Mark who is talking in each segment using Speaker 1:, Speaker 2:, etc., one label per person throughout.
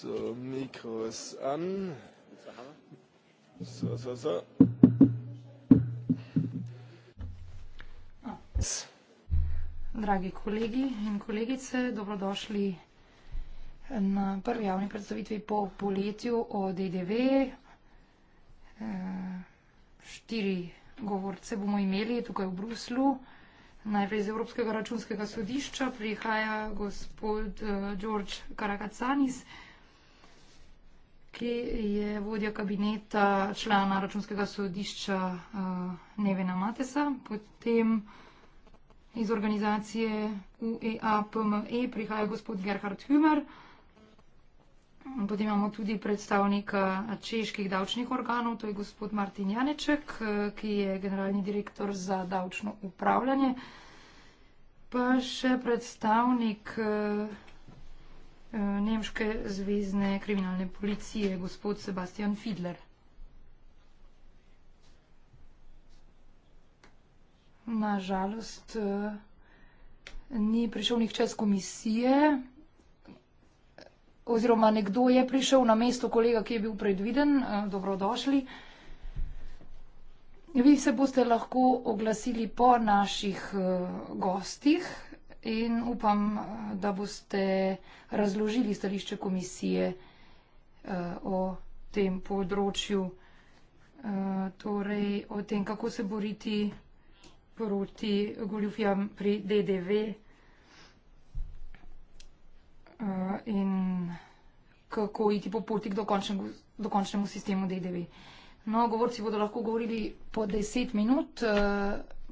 Speaker 1: So, Mikro ist an. So, so, so. Dragi kolegi in kolegice, dobrodošli na prvi javni predstavitvi po poletju o DDV. E, eh, štiri govorce bomo imeli tukaj v Bruslu. Najprej iz Evropskega računskega sodišča prihaja gospod uh, George Karakacanis, ki je vodja kabineta člana računskega sodišča uh, Nevena Matesa. Potem iz organizacije UEAPME e prihaja gospod Gerhard Hümer. Potem imamo tudi predstavnika čeških davčnih organov, to je gospod Martin Janeček, eh, ki je generalni direktor za davčno upravljanje. Pa še predstavnik eh, Eh, nemške zvezne kriminalne policije, gospod Sebastian Fiedler. Nažalost, eh, ni prišel nihče z komisije, oziroma nekdo je prišel na mesto kolega, ki je bil predviden. Eh, dobrodošli. Vi se boste lahko oglasili po naših gostih in upam, da boste razložili stališče komisije eh, o tem področju, eh, torej o tem, kako se boriti proti goljufjam pri DDV eh, in kako iti po poti k dokončnemu, dokončnemu sistemu DDV. No, govorci bodo lahko govorili po deset minut.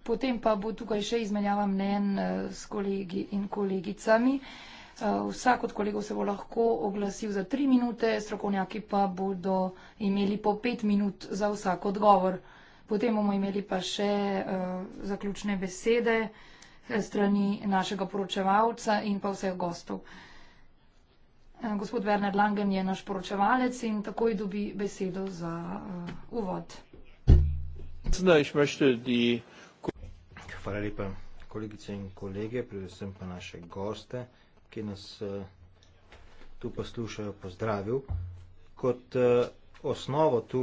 Speaker 1: Potem pa bo tukaj še izmenjava mnen eh, s kolegi in kolegicami. Eh, vsak od kolegov se bo lahko oglasil za tri minute, strokovnjaki pa bodo imeli po pet minut za vsak odgovor. Potem bomo imeli pa še eh, zaključne besede strani našega poročevalca in pa vseh gostov. Gospod Werner Langen je naš poročevalec in takoj dobi besedo za uvod.
Speaker 2: Zdaj, no, Hvala lepa, kolegice in kolege, predvsem pa naše goste, ki nas eh, tu poslušajo, pozdravil. Kot eh, osnovo tu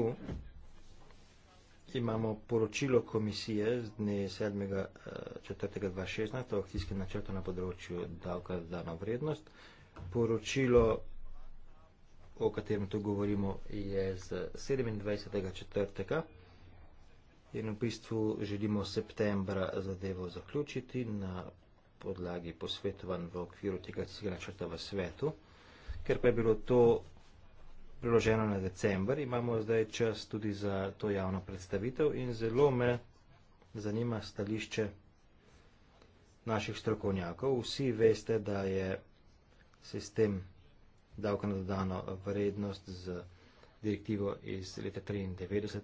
Speaker 2: imamo poročilo komisije z dne 7.4.2016 eh, o akcijskem načrtu na področju davka za dano vrednost. Poročilo, o katerem tu govorimo, je z 27.4. In v bistvu želimo septembra zadevo zaključiti na podlagi posvetovan v okviru tega ciljega načrta v svetu. Ker pa je bilo to priloženo na december, imamo zdaj čas tudi za to javno predstavitev in zelo me zanima stališče naših strokovnjakov. Vsi veste, da je sistem davka na dodano vrednost z direktivo iz leta 1993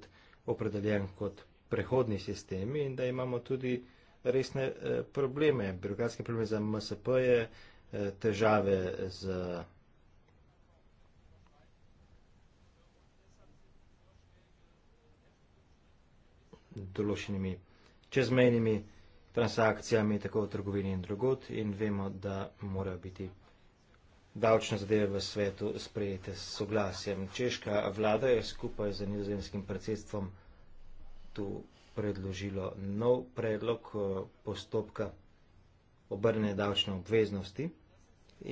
Speaker 2: opredeljen kot prehodni sistemi in da imamo tudi resne eh, probleme, birokratske probleme za MSP-je, eh, težave z določenimi čezmejnimi transakcijami, tako v trgovini in drugod in vemo, da morajo biti davčne zadeve v svetu sprejete s soglasjem. Češka vlada je skupaj z nizozemskim predsedstvom vsega, tu predložilo nov predlog eh, postopka obrnjene davčne obveznosti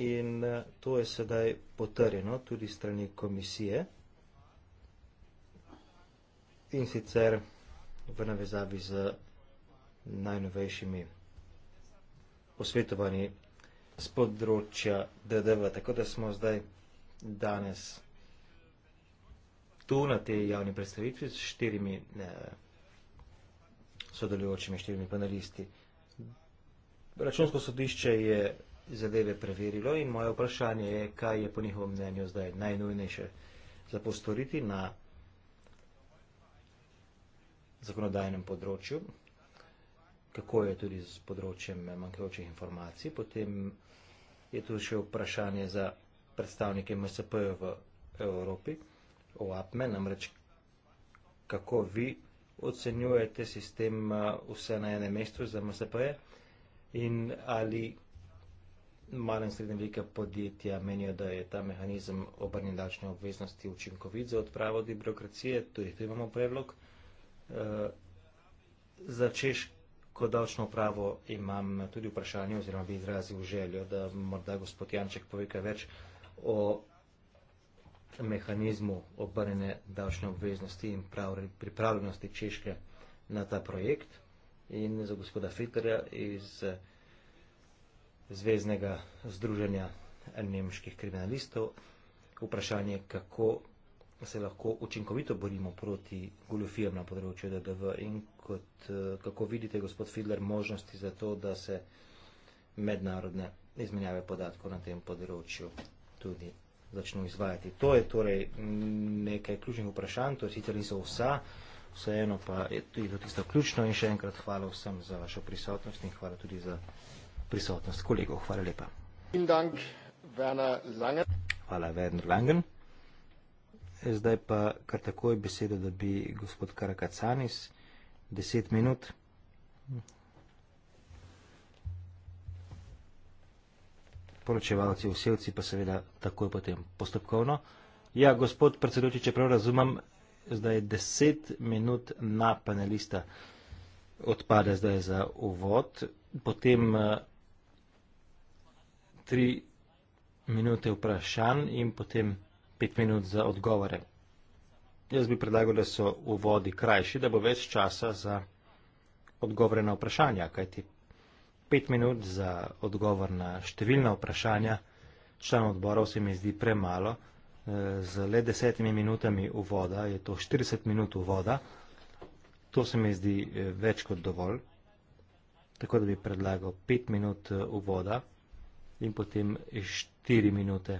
Speaker 2: in eh, to je sedaj potrjeno tudi strani komisije in sicer v navezavi z najnovejšimi posvetovanji z področja DDV. Tako da smo zdaj danes tu na tej javni predstavitvi s štirimi predstavitvi eh, sodelujočimi štirimi panelisti. Računsko sodišče je zadeve preverilo in moje vprašanje je, kaj je po njihovem mnenju zdaj najnujnejše za postoriti na zakonodajnem področju, kako je tudi s področjem manjkajočih informacij. Potem je tu še vprašanje za predstavnike MSP v Evropi, o APME, namreč kako vi ocenjujete sistem uh, vse na enem mestu za MSP-je in ali malo in srednje velike podjetja menijo, da je ta mehanizem obrnjen davčne obveznosti učinkovit za odpravo debirokracije, tudi tu imamo predlog. Uh, za češko davčno upravo imam tudi vprašanje oziroma bi izrazil željo, da morda gospod Janček pove kaj več o mehanizmu obrnjene davčne obveznosti in pripravljenosti Češke na ta projekt in za gospoda Filterja iz Zvezdnega združenja nemških kriminalistov vprašanje, kako se lahko učinkovito borimo proti goljofijam na področju DDV in kot, kako vidite, gospod Fidler, možnosti za to, da se mednarodne izmenjave podatkov na tem področju tudi začnejo izvajati. To je torej nekaj ključnih vprašanj, to je sicer niso vsa, vseeno pa je tudi to tisto ključno in še enkrat hvala vsem za vašo prisotnost in hvala tudi za prisotnost kolegov. Hvala lepa. Hvala, Werner Langen. E, zdaj pa kar takoj besedo, da bi gospod Karakacanis deset minut. poročevalci, vsevci, pa seveda takoj potem postopkovno. Ja, gospod predsedujoči, čeprav razumem, zdaj je deset minut na panelista odpade zdaj za uvod, potem eh, tri minute vprašanj in potem pet minut za odgovore. Jaz bi predlagal, da so uvodi krajši, da bo več časa za odgovore na vprašanja, kajti pet minut za odgovor na številna vprašanja član odborov se mi zdi premalo. E, z le desetimi minutami uvoda je to 40 minut uvoda. To se mi zdi e, več kot dovolj. Tako da bi predlagal pet minut e, uvoda in potem štiri minute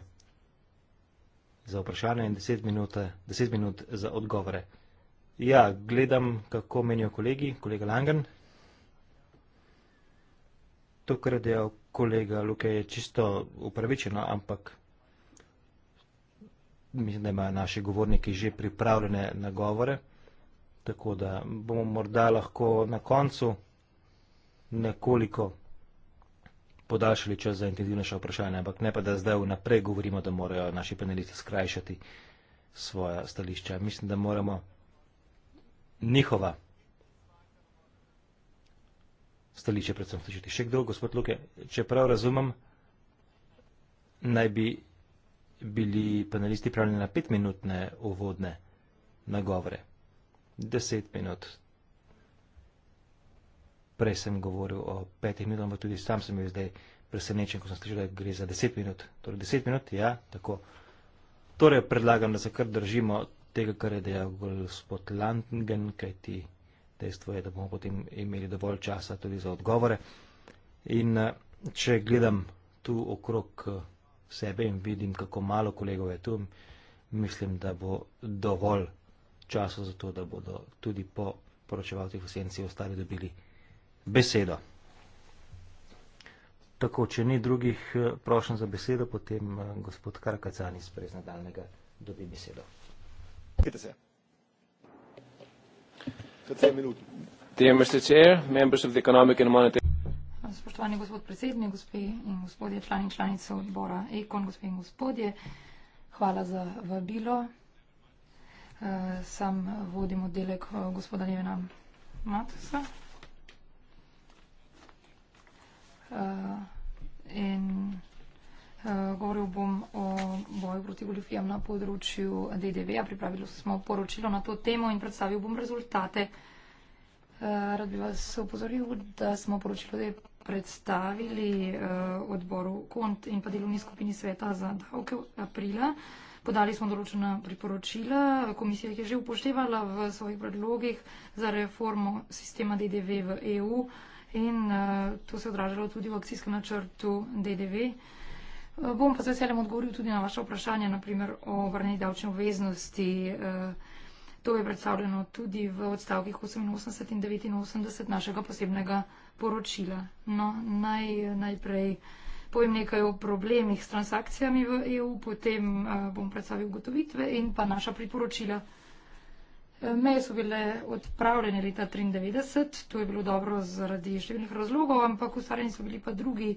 Speaker 2: za vprašanje in deset, minute, deset minut za odgovore. Ja, gledam, kako menijo kolegi, kolega Langen to, kar je dejal kolega Luke, je čisto upravičeno, ampak mislim, da imajo naši govorniki že pripravljene nagovore, tako da bomo morda lahko na koncu nekoliko podaljšali čas za intenzivnejše vprašanje, ampak ne pa, da zdaj vnaprej govorimo, da morajo naši panelisti skrajšati svoja stališča. Mislim, da moramo njihova stališče predvsem slišati. Še kdo, gospod Luke, če prav razumem, naj bi bili panelisti pravljeni na petminutne uvodne nagovore. Deset minut. Prej sem govoril o petih minut, ampak tudi sam sem bil zdaj presenečen, ko sem slišal, da gre za deset minut. Torej, deset minut, ja, tako. Torej, predlagam, da se kar držimo tega, kar je dejal gospod Landgen, kaj ti dejstvo je, da bomo potem imeli dovolj časa tudi za odgovore. In eh, če gledam tu okrog eh, sebe in vidim, kako malo kolegov je tu, mislim, da bo dovolj časa za to, da bodo tudi po poročevalcih v senci ostali dobili besedo. Tako, če ni drugih eh, prošen za besedo, potem gospod Karkacani iz preznadalnega dobi besedo. Pite se.
Speaker 1: Spoštovani gospod predsednik, gospe in gospodje, člani in članice odbora Ekon, gospe in gospodje, hvala za vabilo. Eh, sam vodim oddelek eh, gospoda Levena Matusa. Eh, in Eh, govoril bom o boju proti goljofijam na področju DDV-ja. Pripravili smo poročilo na to temo in predstavil bom rezultate. Eh, rad bi vas upozoril, da smo poročilo predstavili eh, odboru KONT in pa delovni skupini sveta za davke od aprila. Podali smo določena priporočila, komisija jih je že upoštevala v svojih predlogih za reformo sistema DDV v EU in to se je odražalo tudi v akcijskem načrtu DDV. Bom pa z veseljem odgovoril tudi na vaše vprašanje, naprimer o vrnenji davčne obveznosti. Eh, to je predstavljeno tudi v odstavkih 88 in 89 našega posebnega poročila. No, naj, najprej povem nekaj o problemih s transakcijami v EU, potem eh, bom predstavil gotovitve in pa naša priporočila. Eh, meje so bile odpravljene leta 1993, to je bilo dobro zaradi številnih razlogov, ampak ustvarjeni so bili pa drugi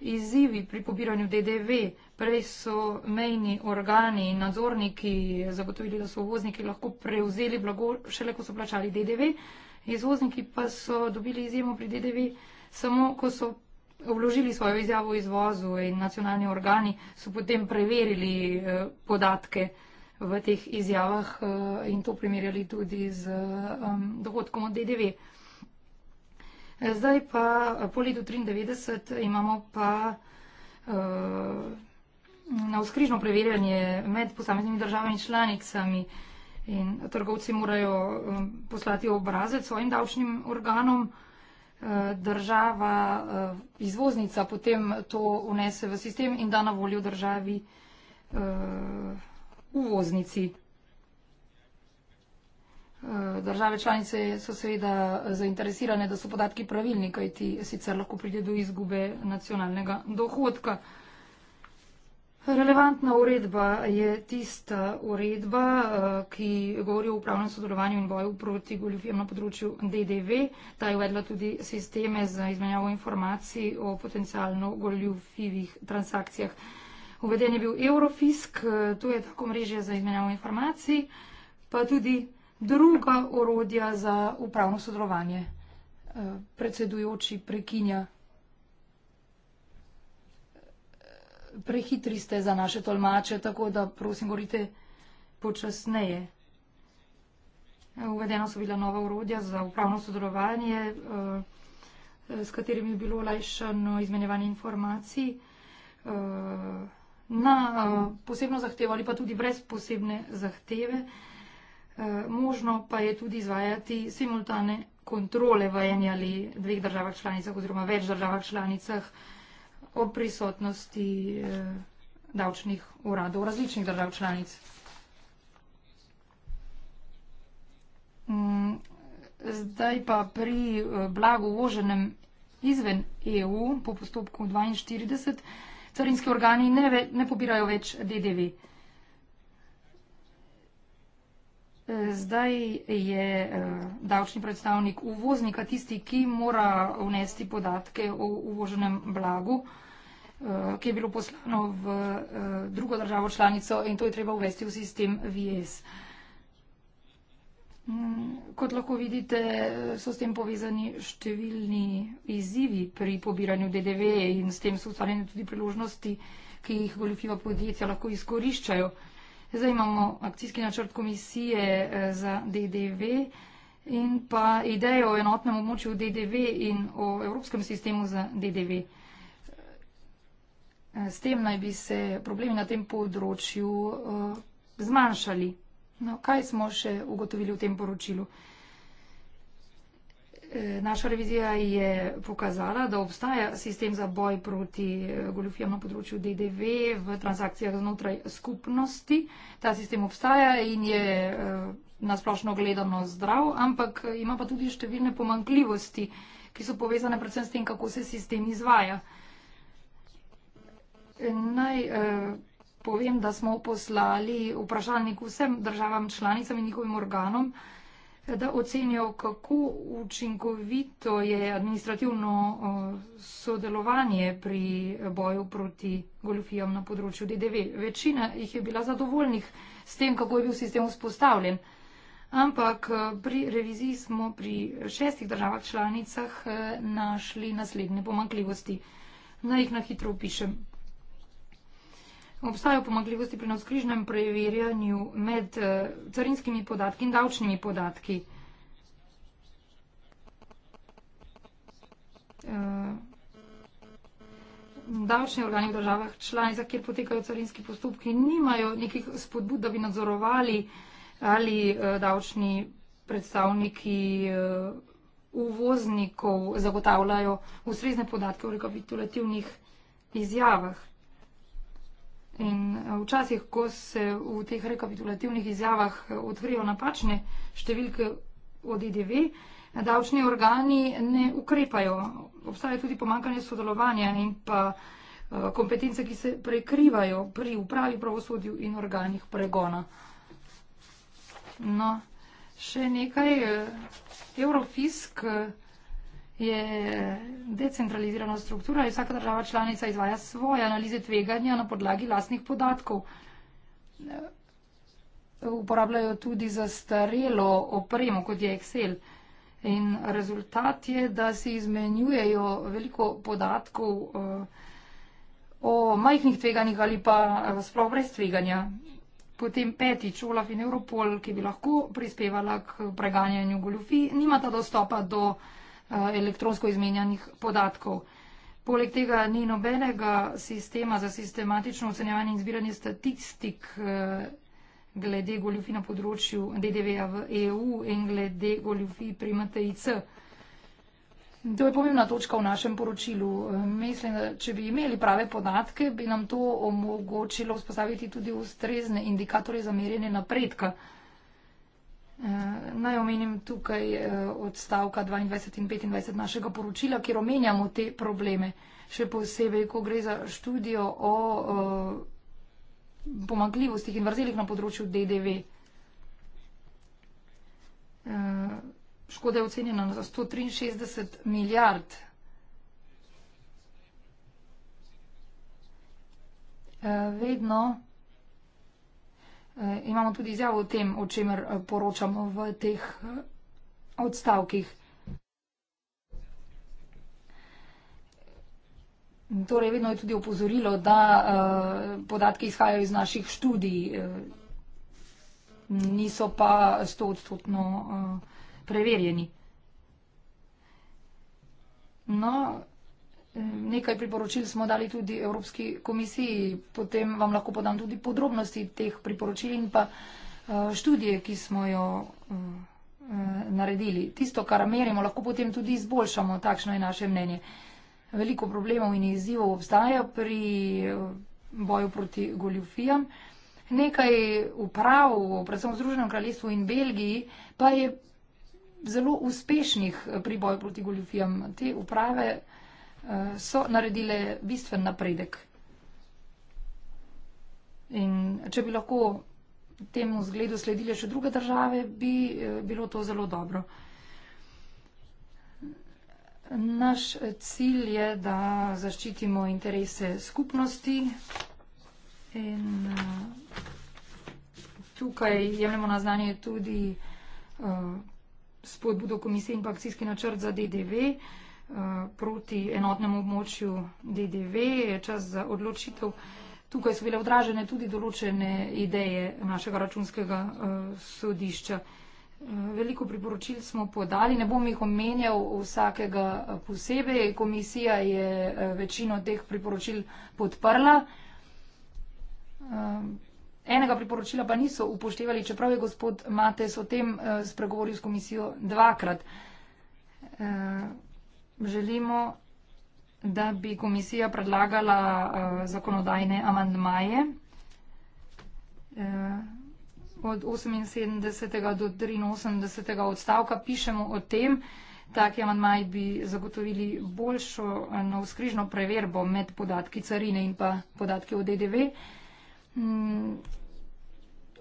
Speaker 1: izzivi pri pobiranju DDV. Prej so mejni organi in nadzorniki zagotovili, da so uvozniki lahko prevzeli blago, šele ko so plačali DDV. Izvozniki pa so dobili izjemo pri DDV samo, ko so vložili svojo izjavo o izvozu in nacionalni organi so potem preverili eh, podatke v teh izjavah eh, in to primerjali tudi z eh, dohodkom od DDV. Zdaj pa, eh, po letu 1993 imamo pa eh, na vzkrižno preverjanje med posameznimi državami in članicami. In trgovci morajo eh, poslati obrazec svojim davčnim organom, država izvoznica potem to unese v sistem in da na voljo državi uvoznici. Eh, države članice so seveda zainteresirane, da so podatki pravilni, kaj ti sicer lahko pride do izgube nacionalnega dohodka. Relevantna uredba je tista uredba, eh, ki govori o upravnem sodelovanju in boju proti goljufijam na področju DDV. Ta je uvedla tudi sisteme za izmenjavo informacij o potencialno goljufivih transakcijah. Uveden je bil Eurofisk, eh, to je tako mreže za izmenjavo informacij, pa tudi druga orodja za upravno sodelovanje. Eh, predsedujoči prekinja. Prehitri ste za naše tolmače, tako da prosim, govorite počasneje. Uvedena so bila nova urodja za upravno sodelovanje, eh, s katerimi je bilo lajšano izmenjevanje informacij eh, na posebno zahtevo ali pa tudi brez posebne zahteve. Eh, možno pa je tudi izvajati simultane kontrole v eni ali dveh državah članicah oziroma več državah članicah o prisotnosti eh, davčnih uradov različnih držav članic. Mm, zdaj pa pri eh, blagu voženem izven EU po postopku 42 carinski organi ne, ve, ne pobirajo več DDV. Zdaj je eh, davčni predstavnik uvoznika tisti, ki mora vnesti podatke o uvoženem blagu, eh, ki je bilo poslano v eh, drugo državo članico in to je treba uvesti v sistem VS. Mm, kot lahko vidite, so s tem povezani številni izzivi pri pobiranju DDV in s tem so ustvarjene tudi priložnosti, ki jih goljofiva podjetja lahko izkoriščajo. Zdaj imamo akcijski načrt komisije eh, za DDV in pa idejo o enotnem območju DDV in o evropskem sistemu za DDV. Eh, s tem naj bi se problemi na tem področju eh, zmanjšali. No, kaj smo še ugotovili v tem poročilu? Eh, naša revizija je pokazala, da obstaja sistem za boj proti eh, goljufijam na področju DDV v transakcijah znotraj skupnosti. Ta sistem obstaja in je eh, nasplošno gledano zdrav, ampak ima pa tudi številne pomankljivosti, ki so povezane predvsem s tem, kako se sistem izvaja. Naj povem, da smo poslali vprašalnik vsem državam članicam in njihovim organom, da ocenijo, kako učinkovito je administrativno sodelovanje pri boju proti goljofijam na področju DDV. Večina jih je bila zadovoljnih s tem, kako je bil sistem vzpostavljen. Ampak pri reviziji smo pri šestih državah članicah e, našli naslednje pomankljivosti. Naj jih na hitro opišem. Obstajajo pomagljivosti pri navzkrižnem preverjanju med eh, carinskimi podatki in davčnimi podatki. Eh, davčni organi v državah članicah, kjer potekajo carinski postopki, nimajo nekih spodbud, da bi nadzorovali, ali eh, davčni predstavniki uvoznikov zagotavljajo ustrezne podatke v rekapitulativnih izjavah. In eh, včasih, ko se v teh rekapitulativnih izjavah eh, odkrijo napačne številke o DDV, eh, davčni organi ne ukrepajo. Obstaja tudi pomankanje sodelovanja in pa kompetence, ki se prekrivajo pri upravi pravosodju in organih pregona. No, še nekaj. Eurofisk je decentralizirana struktura in vsaka država članica izvaja svoje analize tveganja na podlagi lastnih podatkov. Uporabljajo tudi zastarelo opremo, kot je Excel. In rezultat je, da se izmenjujejo veliko podatkov eh, o majhnih tveganjih ali pa eh, sploh brez tveganja. Potem petič, Olaf in Europol, ki bi lahko prispevala k preganjanju goljufi, nimata dostopa do Eh, elektronsko izmenjanih podatkov. Poleg tega ni nobenega sistema za sistematično ocenjevanje in zbiranje statistik eh, glede goljufi na področju DDV-ja v EU in glede goljufi pri MTIC. To je pomembna točka v našem poročilu. Eh, mislim, da če bi imeli prave podatke, bi nam to omogočilo vzpostaviti tudi ustrezne indikatorje za merjenje napredka. Eh, naj omenim tukaj eh, odstavka 22 in 25 našega poročila, kjer omenjamo te probleme. Še posebej, ko gre za študijo o eh, pomankljivostih in vrzelih na področju DDV. Škoda je ocenjena za 163 milijard. Vedno. Eh, imamo tudi izjavo o tem, o čemer eh, poročamo v teh eh, odstavkih. Torej, vedno je tudi opozorilo, da podatki izhajajo iz naših študij, niso pa stotstotno preverjeni. No, Nekaj priporočil smo dali tudi Evropski komisiji, potem vam lahko podam tudi podrobnosti teh priporočil in pa eh, študije, ki smo jo eh, eh, naredili. Tisto, kar merimo, lahko potem tudi izboljšamo, takšno je naše mnenje. Veliko problemov in izzivov obstaja pri boju proti goljufijam. Nekaj uprav, predvsem v Združenem kraljestvu in Belgiji, pa je zelo uspešnih pri boju proti goljufijam. Te uprave so naredile bistven napredek. In če bi lahko temu zgledu sledile še druge države, bi eh, bilo to zelo dobro. Naš cilj je, da zaščitimo interese skupnosti in eh, tukaj jemljamo na znanje tudi eh, spodbudo komisije in pa akcijski načrt za DDV proti enotnemu območju DDV, je čas za odločitev. Tukaj so bile odražene tudi določene ideje našega računskega eh, sodišča. Eh, veliko priporočil smo podali, ne bom jih omenjal vsakega posebej. Komisija je eh, večino teh priporočil podprla. Enega priporočila pa niso upoštevali, čeprav je gospod Mates o tem spregovoril s komisijo dvakrat želimo, da bi komisija predlagala uh, zakonodajne amandmaje uh, od 78. do 83. odstavka. Pišemo o tem, taki amandmaji bi zagotovili boljšo eh, navskrižno no, preverbo med podatki carine in pa podatki o DDV. Mm.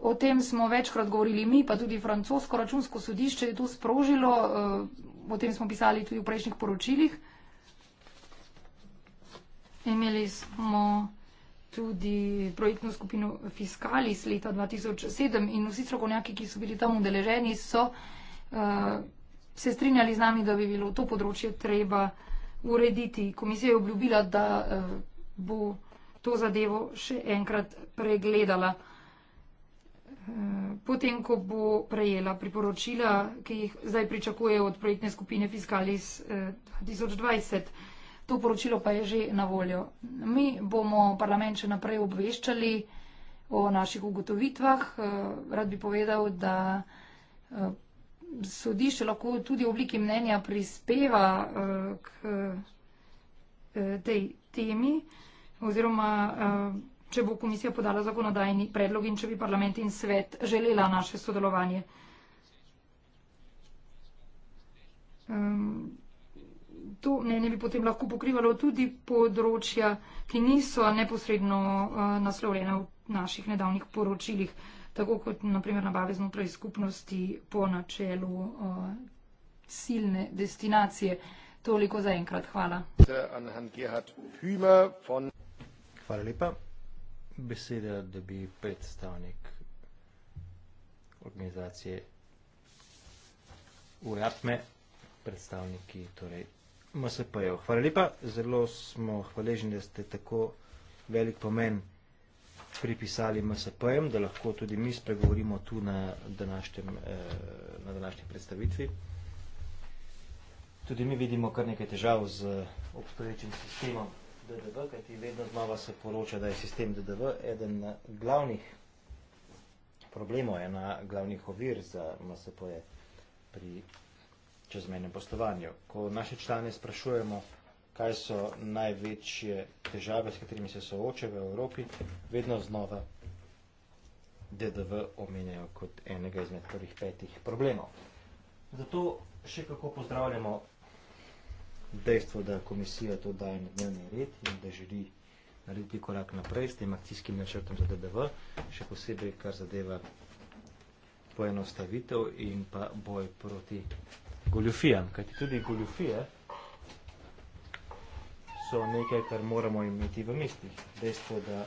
Speaker 1: O tem smo večkrat govorili mi, pa tudi francosko računsko sodišče je to sprožilo, eh, o tem smo pisali tudi v prejšnjih poročilih. Imeli smo tudi projektno skupino Fiskalis leta 2007 in vsi strokovnjaki, ki so bili tam udeleženi, so eh, se strinjali z nami, da bi bilo to področje treba urediti. Komisija je obljubila, da eh, bo to zadevo še enkrat pregledala potem, ko bo prejela priporočila, ki jih zdaj pričakuje od projektne skupine Fiskalis 2020. Eh, to poročilo pa je že na voljo. Mi bomo parlament še naprej obveščali o naših ugotovitvah. Eh, rad bi povedal, da eh, sodišče lahko tudi v obliki mnenja prispeva k tej temi oziroma če bo komisija podala zakonodajni predlog in če bi parlament in svet želela naše sodelovanje. Um, to mnenje bi potem lahko pokrivalo tudi področja, ki niso neposredno uh, naslovljena v naših nedavnih poročilih, tako kot naprimer nabave znotraj skupnosti po načelu uh, silne destinacije. Toliko za enkrat. Hvala.
Speaker 2: Hvala lepa besede, da bi predstavnik organizacije UAPME, predstavniki torej MSP-jev. Hvala lepa, zelo smo hvaležni, da ste tako velik pomen pripisali MSP-jem, da lahko tudi mi spregovorimo tu na, današnjem, eh, na današnji predstavitvi. Tudi mi vidimo kar nekaj težav z obstoječim sistemom. DDV, kajti vedno znova se poroča, da je sistem DDV eden glavnih problemov, ena glavnih ovir za MSP-je pri čezmenem postovanju. Ko naše člane sprašujemo, kaj so največje težave, s katerimi se sooče v Evropi, vedno znova DDV omenjajo kot enega izmed prvih petih problemov. Zato še kako pozdravljamo dejstvo, da komisija to daje na dnevni red in da želi narediti korak naprej s tem akcijskim načrtom za DDV, še posebej, kar zadeva poenostavitev in pa boj proti goljufijam. Kajti tudi goljufije so nekaj, kar moramo imeti v mislih. Dejstvo, da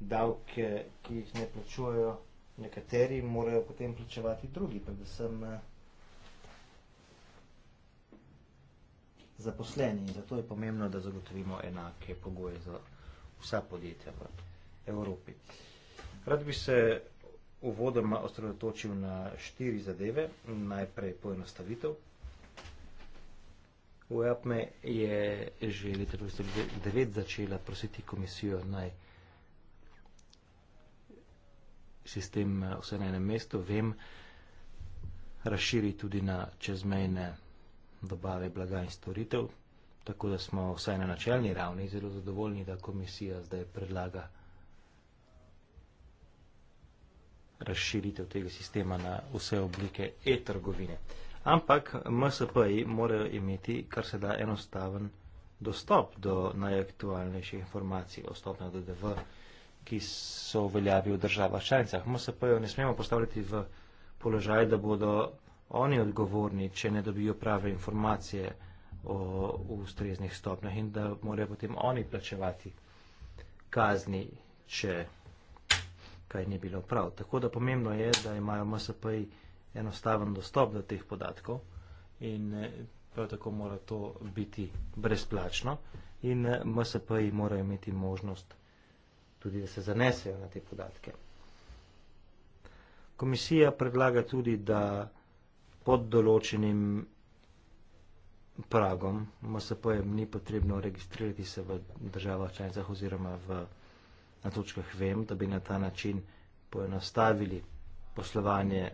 Speaker 2: davke, ki jih ne plačujejo nekateri, morajo potem plačevati drugi, predvsem nekateri. Eh, zaposleni. In zato je pomembno, da zagotovimo enake pogoje za vsa podjetja v Evropi. Rad bi se uvodoma osredotočil na štiri zadeve. Najprej poenostavitev. UAPME je že leta 2009 začela prositi komisijo naj sistem eh, vse na enem mestu, vem, razširi tudi na čezmejne dobave blaga in storitev, tako da smo vsaj na načelni ravni zelo zadovoljni, da komisija zdaj predlaga razširitev tega sistema na vse oblike e-trgovine. Ampak MSP-ji morajo imeti kar se da enostaven dostop do najaktualnejših informacij o stopnju DDV, ki so v veljavi v državah članicah. MSP-jo ne smemo postavljati v položaj, da bodo oni odgovorni, če ne dobijo prave informacije o ustreznih stopnjah in da morajo potem oni plačevati kazni, če kaj ni bilo prav. Tako da pomembno je, da imajo MSP-ji enostaven dostop do teh podatkov in eh, prav tako mora to biti brezplačno in eh, MSP-ji morajo imeti možnost tudi, da se zanesejo na te podatke. Komisija predlaga tudi, da pod določenim pragom. MSP-jem ni potrebno registrirati se v državah članicah oziroma v, na točkah vem, da bi na ta način poenostavili poslovanje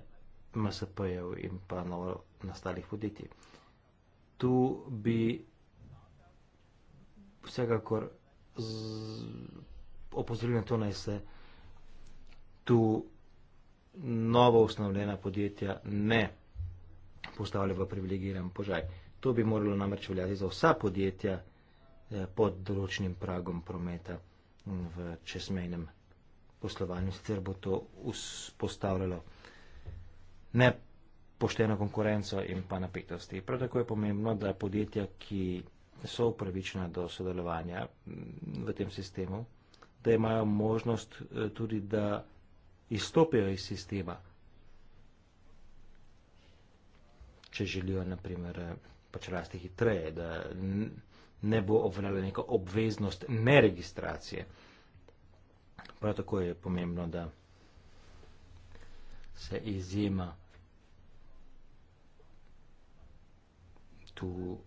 Speaker 2: MSP-jev in pa novo nastalih podjetij. Tu bi vsekakor opozorili na to, naj se tu novo ustanovljena podjetja ne postavlja v privilegiran požaj. To bi moralo namreč veljati za vsa podjetja eh, pod določnim pragom prometa v čezmejnem poslovanju, sicer bo to vzpostavljalo nepošteno konkurenco in pa napetosti. Prav tako je pomembno, da podjetja, ki so upravičena do sodelovanja mm, v tem sistemu, da imajo možnost eh, tudi, da izstopijo iz sistema če želijo naprimer eh, pač rasti hitreje, da ne bo obveljala neka obveznost neregistracije. Prav tako je pomembno, da se izjema tu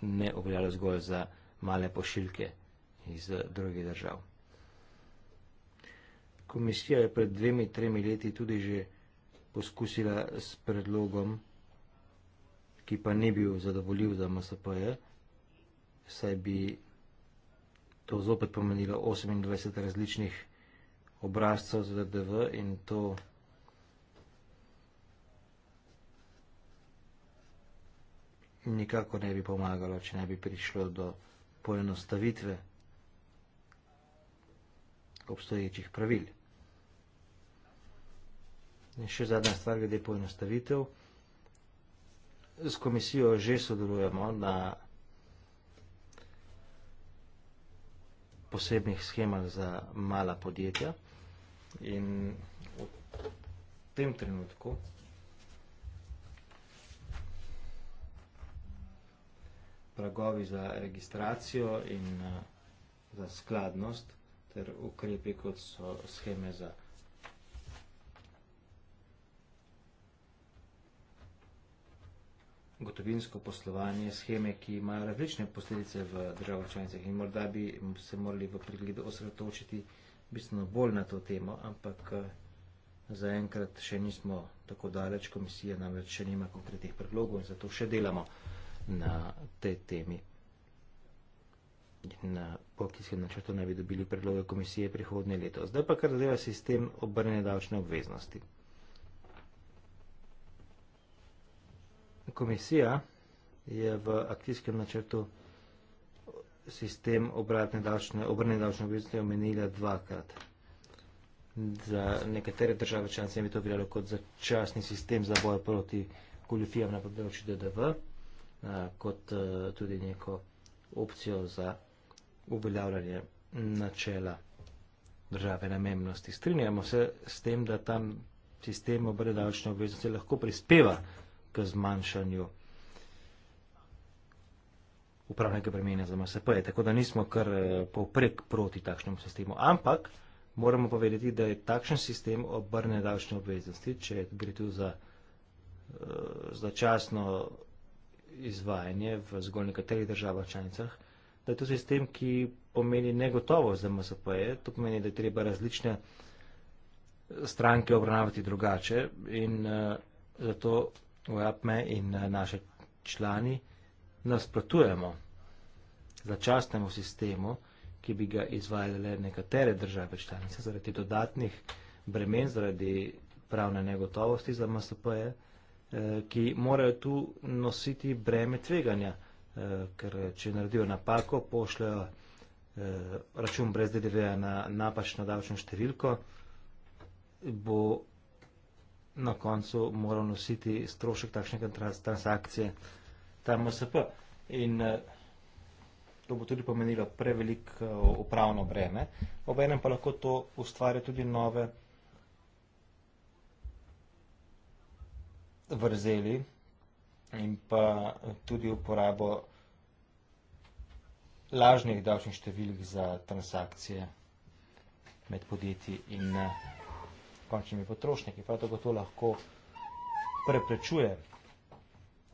Speaker 2: ne obveljala zgolj za male pošiljke iz eh, drugih držav. Komisija je pred dvemi, tremi leti tudi že poskusila s predlogom, ki pa ne bi zadovoljil za MSP-je, saj bi to zopet pomenilo 28 različnih obrazcev za DDV in to nikako ne bi pomagalo, če ne bi prišlo do poenostavitve obstoječih pravilj. In še zadnja stvar glede poenostavitev. S komisijo že sodelujemo na posebnih schemah za mala podjetja in v tem trenutku pragovi za registracijo in eh, za skladnost ter ukrepi, kot so scheme za podjetja, gotovinsko poslovanje, scheme, ki imajo različne posledice v državah članicah in morda bi se morali v pregledu osredotočiti bistveno bolj na to temo, ampak eh, zaenkrat še nismo tako daleč, komisija namreč še nima konkretnih predlogov in zato še delamo na tej temi. Na eh, polkijskem načrtu naj bi dobili predloge komisije prihodnje leto. Zdaj pa kar zadeva sistem obrnjene davčne obveznosti. komisija je v akcijskem načrtu sistem obratne davčne, obrne davčne obveznosti omenila dvakrat. Za nekatere države članice je to veljalo kot začasni sistem za boj proti goljufijam na področju DDV, eh, kot eh, tudi neko opcijo za uveljavljanje načela države namembnosti. Strinjamo se s tem, da tam sistem obrne davčne obveznosti lahko prispeva k zmanjšanju upravnega bremena za MSP. -je. Tako da nismo kar eh, povprek proti takšnemu sistemu. Ampak moramo povedati, da je takšen sistem obrne davčne obveznosti, če gre tu za eh, začasno izvajanje v zgolj nekaterih državah članicah, da je to sistem, ki pomeni negotovost za MSP. -je. To pomeni, da je treba različne stranke obravnavati drugače in uh, zato Urapme in eh, naše člani nasprotujemo začasnemu sistemu, ki bi ga izvajale nekatere države članice zaradi dodatnih bremen, zaradi pravne negotovosti za MSP-je, eh, ki morajo tu nositi breme tveganja, eh, ker če naredijo napako, pošljajo račun brez DDV-ja na napačno davčno številko, bo na koncu moral nositi strošek takšne trans transakcije, ta MSP. In eh, to bo tudi pomenilo prevelik eh, upravno breme. Obenem pa lahko to ustvarja tudi nove vrzeli in pa eh, tudi uporabo lažnih davčnih številk za transakcije med podjetji in končnimi potrošniki. Prav tako to lahko preprečuje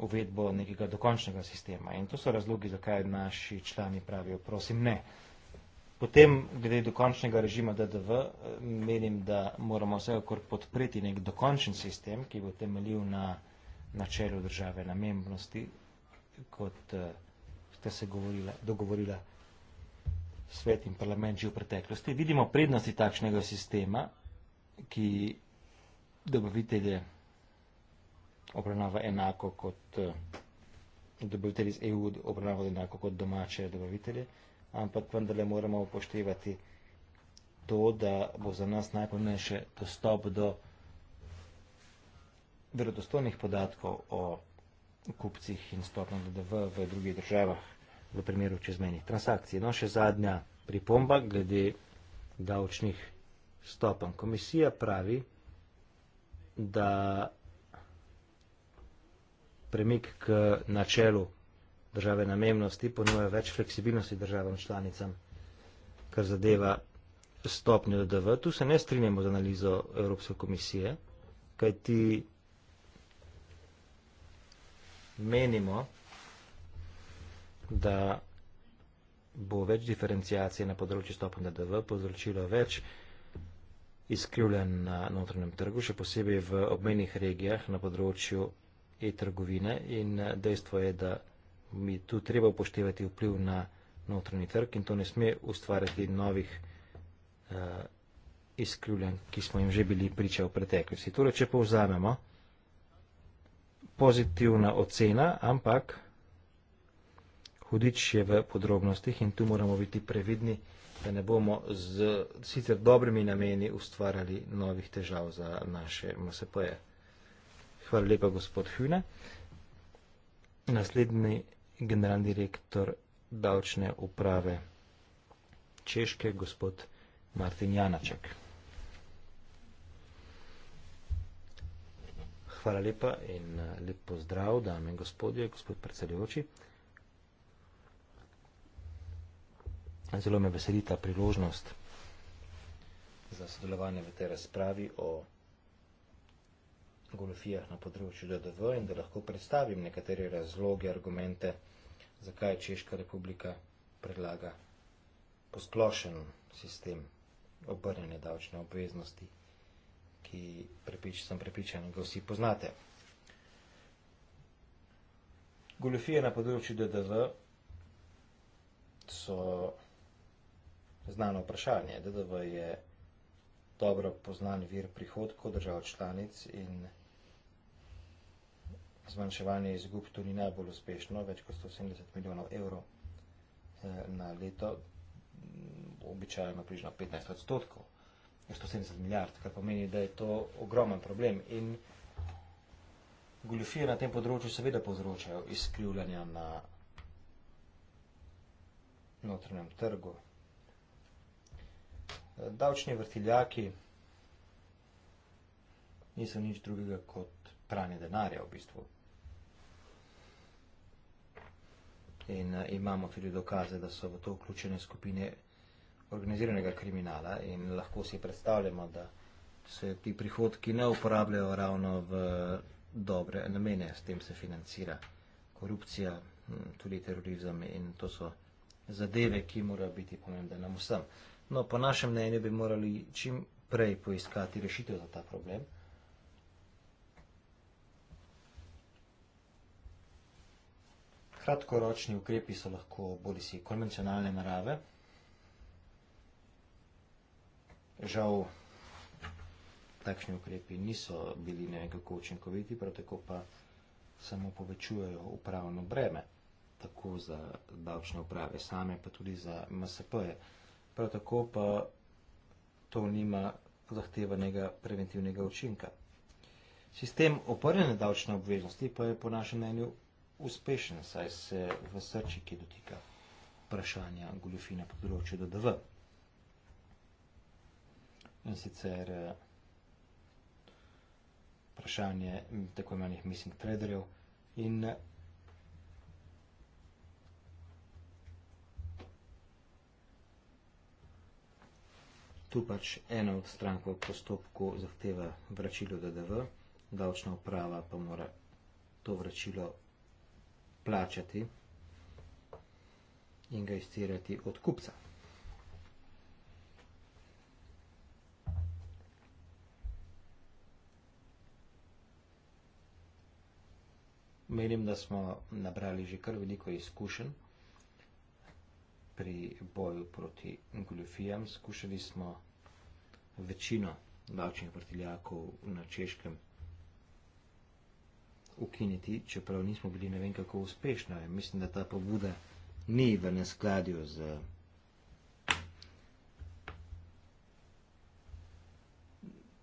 Speaker 2: uvedbo nekega dokončnega sistema. In to so razlogi, zakaj naši člani pravijo, prosim, ne. Potem, glede dokončnega režima DDV, menim, da moramo vsekakor podpreti nek dokončen sistem, ki bo temeljil na načelu države namembnosti, kot ste se govorila, dogovorila svet in parlament že v preteklosti. Vidimo prednosti takšnega sistema, ki dobavitelje obravnava enako kot eh, dobavitelji iz EU obravnava enako kot domače dobavitelje, ampak vendarle moramo upoštevati to, da bo za nas najpomembnejše dostop do verodostojnih podatkov o kupcih in stopnjah DDV v drugih državah v primeru čezmenih transakcij. No, še zadnja pripomba glede davčnih stopenj. Komisija pravi, da premik k načelu države namemnosti ponuja več fleksibilnosti državam članicam, kar zadeva stopnjo DDV. Tu se ne strinjamo z analizo Evropske komisije, kaj ti menimo, da bo več diferencijacije na področju stopnjo DDV povzročilo več fleksibilnosti izkrivljen na notranjem trgu, še posebej v obmejnih regijah na področju e-trgovine in eh, dejstvo je, da mi tu treba upoštevati vpliv na notranji trg in to ne sme ustvarjati novih uh, eh, izkrivljen, ki smo jim že bili priča v preteklosti. Torej, če povzamemo, pozitivna ocena, ampak hudič je v podrobnostih in tu moramo biti previdni da ne bomo z sicer dobrimi nameni ustvarjali novih težav za naše MSP-je. Hvala lepa, gospod Hune. Naslednji generalni direktor davčne uprave Češke, gospod Martin Janaček. Hvala lepa in lep pozdrav, dame in gospodje, gospod predsedujoči. Zelo me veseli ta priložnost za sodelovanje v tej razpravi o golfijah na področju DDV in da lahko predstavim nekatere razloge, argumente, zakaj Češka republika predlaga posplošen sistem obrnjene davčne obveznosti, ki prepič, sem prepričan, ga vsi poznate. Golfije na področju DDV so znano vprašanje. DDV je dobro poznan vir prihodkov držav članic in zmanjševanje izgub tu ni najbolj uspešno, več kot 170 milijonov evrov eh, na leto, običajno približno 15 odstotkov, 170 milijard, kar pomeni, da je to ogromen problem in goljofije na tem področju seveda povzročajo izkrivljanja na notrnem trgu davčni vrtiljaki niso nič drugega kot pranje denarja v bistvu. In eh, imamo tudi dokaze, da so v to vključene skupine organiziranega kriminala in lahko si predstavljamo, da se ti prihodki ne uporabljajo ravno v eh, dobre namene, s tem se financira korupcija, hm, tudi terorizem in to so zadeve, ki morajo biti pomembne nam vsem. No, po našem mnenju bi morali čim prej poiskati rešitev za ta problem. Kratkoročni ukrepi so lahko bodi si konvencionalne narave. Žal, takšni ukrepi niso bili nekako učinkoviti, prav tako pa samo povečujejo upravno breme, tako za davčne uprave same, pa tudi za MSP-je prav tako pa to nima zahtevanega preventivnega učinka. Sistem oprljene davčne obveznosti pa je po našem mnenju uspešen, saj se v srči, ki dotika vprašanja goljofina po področju DDV. In sicer eh, vprašanje tako imenih missing traderjev in Tu pač ena od strank v postopku zahteva vračilo DDV, davčna uprava pa mora to vračilo plačati in ga izterjati od kupca. Menim, da smo nabrali že kar veliko izkušenj pri boju proti goljofijam. Skušali smo večino davčnih vrtiljakov na Češkem ukiniti, čeprav nismo bili ne vem kako uspešni. Mislim, da ta pobuda ni v neskladju z.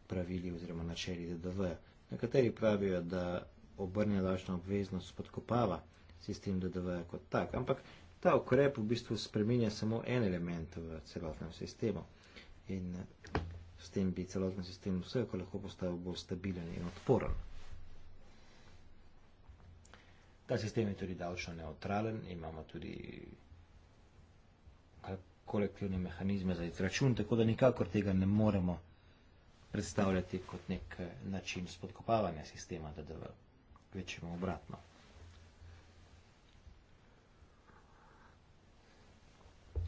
Speaker 2: pravili oziroma načeli DDV. Nekateri pravijo, da obrnjena davčna obveznost podkopava sistem DDV kot tak, ampak ta ukrep v bistvu spremenja samo en element v celotnem sistemu in eh, s tem bi celotni sistem vse, ko lahko postavil bolj stabilen in odporen. Ta sistem je tudi davčno neutralen, imamo tudi eh, kolektivne mehanizme za izračun, tako da nikakor tega ne moremo predstavljati kot nek eh, način spodkopavanja sistema DDV. Večemo obratno.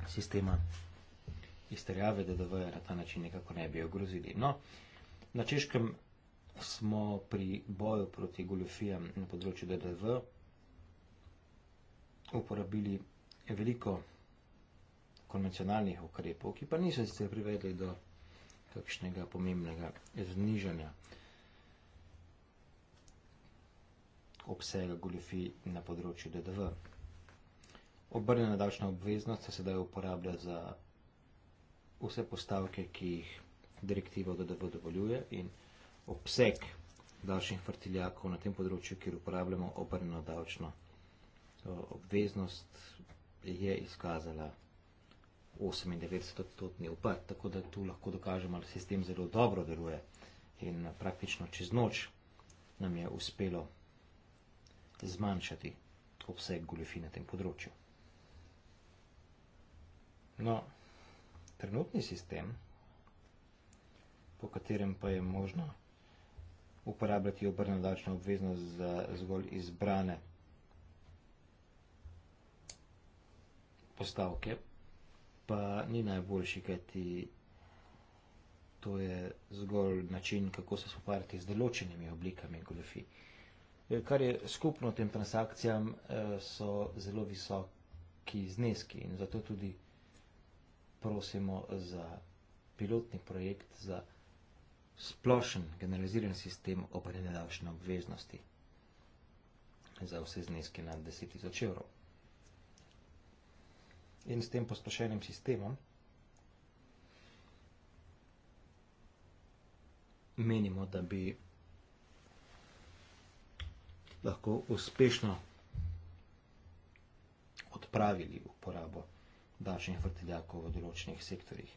Speaker 2: sistema izterjave DDV na ta način nekako ne bi ogrozili. No, na češkem smo pri boju proti goljofijam na področju DDV uporabili veliko konvencionalnih ukrepov, ki pa niso se privedli do kakšnega pomembnega znižanja obsega goljofij na področju DDV. Obrnjena davčna obveznost se sedaj uporablja za vse postavke, ki jih direktiva DDV dovoljuje in obseg davčnih vrtiljakov na tem področju, kjer uporabljamo obrnjeno davčno eh, obveznost, je izkazala 98-totni upad, tako da tu lahko dokažemo, da sistem zelo dobro deluje in praktično čez noč nam je uspelo zmanjšati obseg goljofi na tem področju. No, trenutni sistem, po katerem pa je možno uporabljati obrnjeno davčno obveznost za zgolj izbrane postavke, pa ni najboljši, kajti to je zgolj način, kako se spopariti z določenimi oblikami goljofij. Eh, kar je skupno tem transakcijam, eh, so zelo visoki zneski in zato tudi vsega, prosimo za pilotni projekt za splošen generaliziran sistem obrednje davčne obveznosti za vse zneske na 10 tisoč evrov. In s tem posplošenim sistemom menimo, da bi lahko uspešno odpravili uporabo davčnih vrteljakov v določenih sektorjih.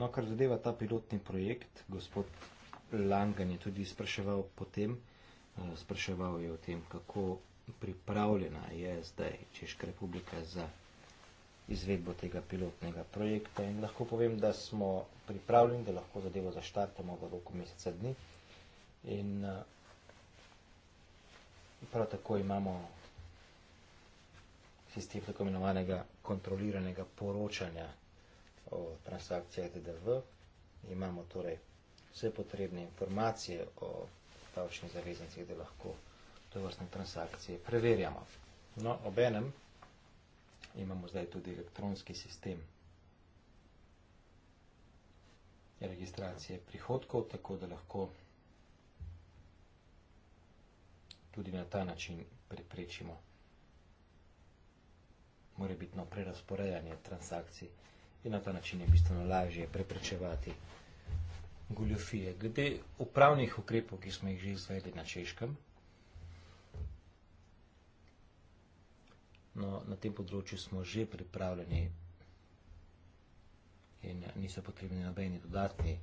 Speaker 2: No, kar zadeva ta pilotni projekt, gospod Langan je tudi spraševal po tem, eh, spraševal je o tem, kako pripravljena je zdaj Češka republika za izvedbo tega pilotnega projekta in lahko povem, da smo pripravljeni, da lahko zadevo zaštartamo v roku meseca dni in eh, prav tako imamo sistem tako imenovanega kontroliranega poročanja o transakcijah DDV. Imamo torej vse potrebne informacije o davčnih zaveznicih, da lahko to vrstne transakcije preverjamo. No, obenem imamo zdaj tudi elektronski sistem registracije prihodkov, tako da lahko tudi na ta način preprečimo informacije morebitno prerasporedanje transakcij in na ta način je bistveno lažje preprečevati goljofije. Glede upravnih ukrepov, ki smo jih že izvedli na Češkem, no, na tem področju smo že pripravljeni in niso potrebni nobeni dodatni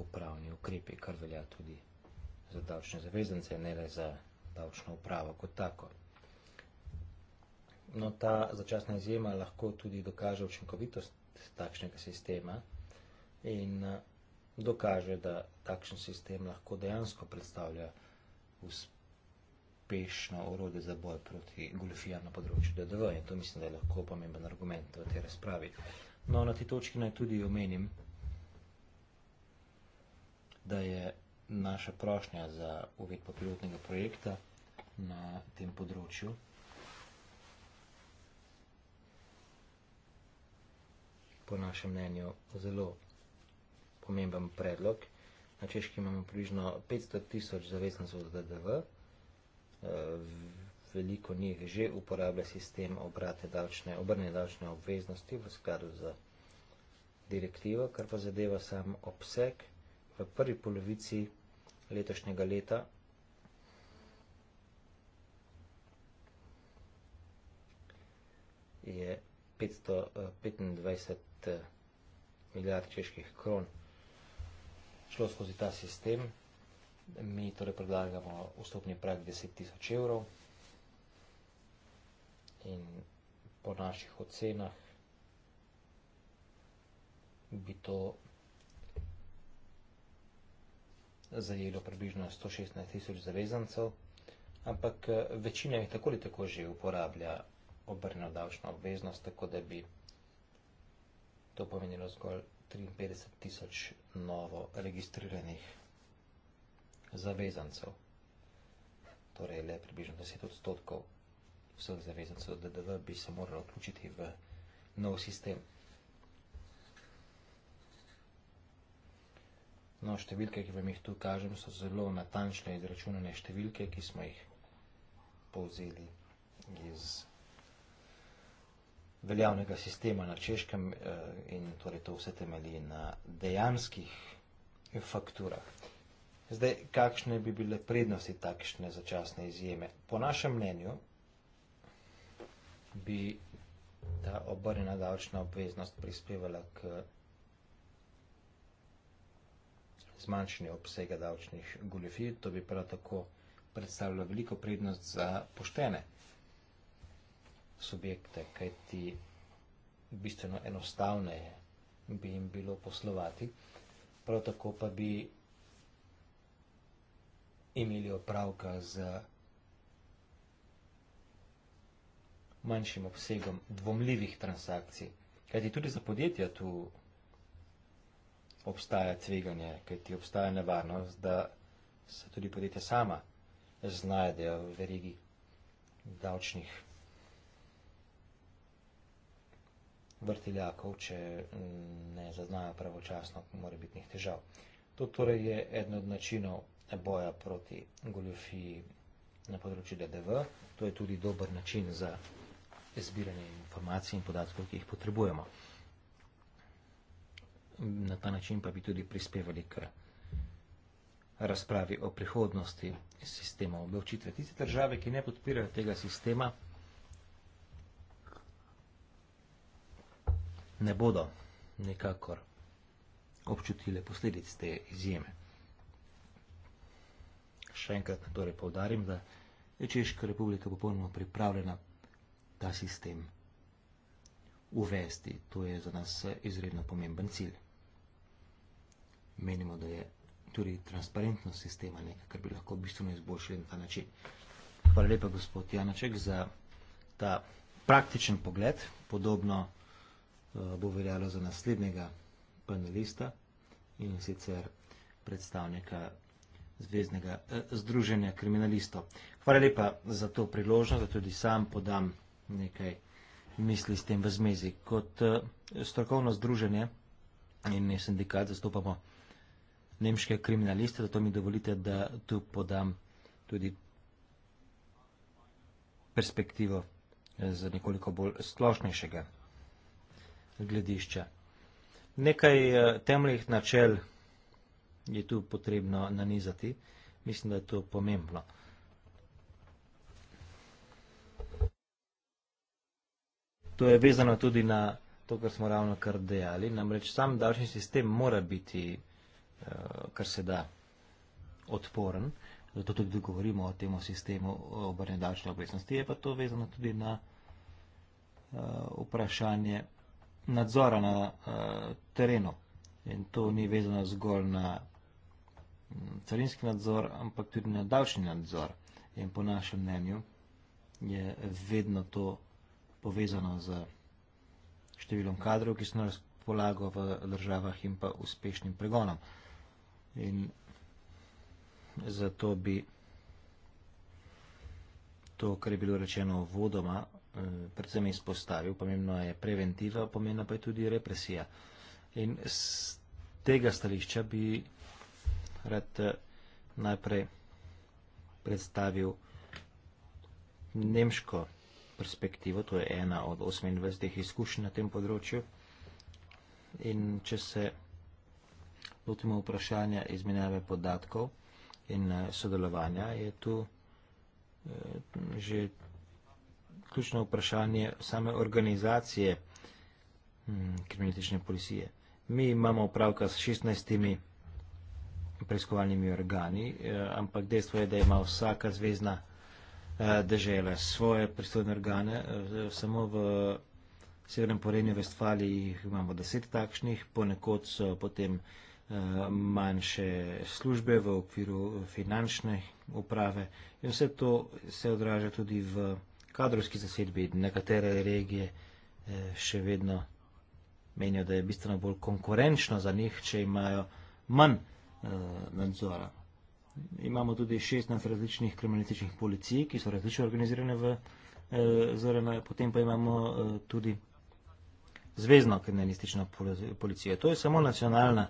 Speaker 2: upravni ukrepi, kar velja tudi za davčne zavezance, ne le za davčno upravo kot tako no, ta začasna izjema lahko tudi dokaže učinkovitost takšnega sistema in eh, dokaže, da takšen sistem lahko dejansko predstavlja uspešno urode za boj proti goljofijam na področju DDV in to mislim, da je lahko pomemben argument v tej razpravi. No, na te točki naj tudi omenim, da je naša prošnja za uvedbo pilotnega projekta na tem področju, po našem mnenju zelo pomemben predlog. Na češki imamo približno 500 tisoč zaveznicov za DDV, eh, veliko njih že uporablja sistem obrate davčne, obrne davčne obveznosti v skladu z direktivo, kar pa zadeva sam obseg v prvi polovici letošnjega leta. je 525 Eh, milijard čeških kron šlo skozi ta sistem. Mi torej predlagamo vstopni prag 10 tisoč evrov in po naših ocenah bi to zajelo približno 116 tisoč zavezancev, ampak eh, večina jih tako ali tako že uporablja obrnjeno davčno obveznost, tako da bi to pomenilo zgolj 53 tisoč novo registriranih zavezancev. Torej, le približno 10 odstotkov vseh zavezancev DDV bi se moralo vključiti v nov sistem. No, številke, ki vam jih tu kažem, so zelo natančne izračunane številke, ki smo jih povzeli iz vsega veljavnega sistema na češkem eh, in torej to vse temelji na dejanskih fakturah. Zdaj, kakšne bi bile prednosti takšne začasne izjeme? Po našem mnenju bi ta obrnjena davčna obveznost prispevala k zmanjšanju obsega davčnih goljofij. To bi prav tako predstavljalo veliko prednost za poštene subjekte, kaj ti bistveno enostavneje bi jim bilo poslovati, prav tako pa bi imeli opravka z manjšim obsegom dvomljivih transakcij. Kajti tudi za podjetja tu obstaja tveganje, kajti obstaja nevarnost, da se tudi podjetja sama znajdejo v verigi davčnih vrtiljakov, če mm, ne zaznajo pravočasno morebitnih težav. To torej je eden od načinov boja proti goljofiji na področju DDV. To je tudi dober način za zbiranje informacij in podatkov, ki jih potrebujemo. Na ta način pa bi tudi prispevali k razpravi o prihodnosti sistema obdavčitve. Tiste države, ki ne podpirajo tega sistema, ne bodo nekakor občutile posledic te izjeme. Še enkrat torej povdarim, da je Češka republika popolnoma pripravljena ta sistem uvesti. To je za nas izredno pomemben cilj. Menimo, da je tudi transparentnost sistema nekaj, kar bi lahko bistveno izboljšili na ta način. Hvala lepa, gospod Janaček, za ta praktičen pogled, podobno vsega, Eh, bo veljalo za naslednjega panelista in sicer predstavnika Zvezdnega eh, združenja kriminalistov. Hvala lepa za to priložnost, da tudi sam podam nekaj misli s tem v zmezi. Kot eh, strokovno združenje in sindikat zastopamo nemške kriminaliste, zato mi dovolite, da tu podam tudi perspektivo za nekoliko bolj splošnejšega gledišča. Nekaj eh, temeljih načel je tu potrebno nanizati. Mislim, da je to pomembno. To je vezano tudi na to, kar smo ravno kar dejali. Namreč sam davčni sistem mora biti, eh, kar se da, odporen. Zato tudi govorimo o tem sistemu obrne davčne obveznosti. Je pa to vezano tudi na eh, vprašanje nadzora na uh, terenu. In to ni vezano zgolj na mm, carinski nadzor, ampak tudi na davčni nadzor. In po našem mnenju je vedno to povezano z številom kadrov, ki so nas polago v državah in pa uspešnim pregonom. In zato bi to, kar je bilo rečeno vodoma, Eh, predvsem izpostavil, pomembno je preventiva, pomembna pa je tudi represija. In z tega stališča bi rad eh, najprej predstavil nemško perspektivo, to je ena od 28 izkušenj na tem področju. In če se lotimo vprašanja izmenjave podatkov in eh, sodelovanja, je tu že ključno vprašanje same organizacije mm, kriminalistične policije. Mi imamo upravka s 16 preiskovalnimi organi, eh, ampak dejstvo je, da ima vsaka zvezdna eh, držela svoje pristojne organe. Eh, samo v Severnem Porenju v Estfaliji imamo deset takšnih, ponekod so potem manjše službe v okviru finančne uprave in vse to se odraža tudi v kadrovski zasedbi nekatere regije eh, še vedno menijo, da je bistveno bolj konkurenčno za njih, če imajo manj eh, nadzora. Imamo tudi 16 različnih kriminalističnih policij, ki so različno organizirane v eh, ZRN, potem pa imamo tudi zvezdno kriminalistično policijo. To je samo nacionalna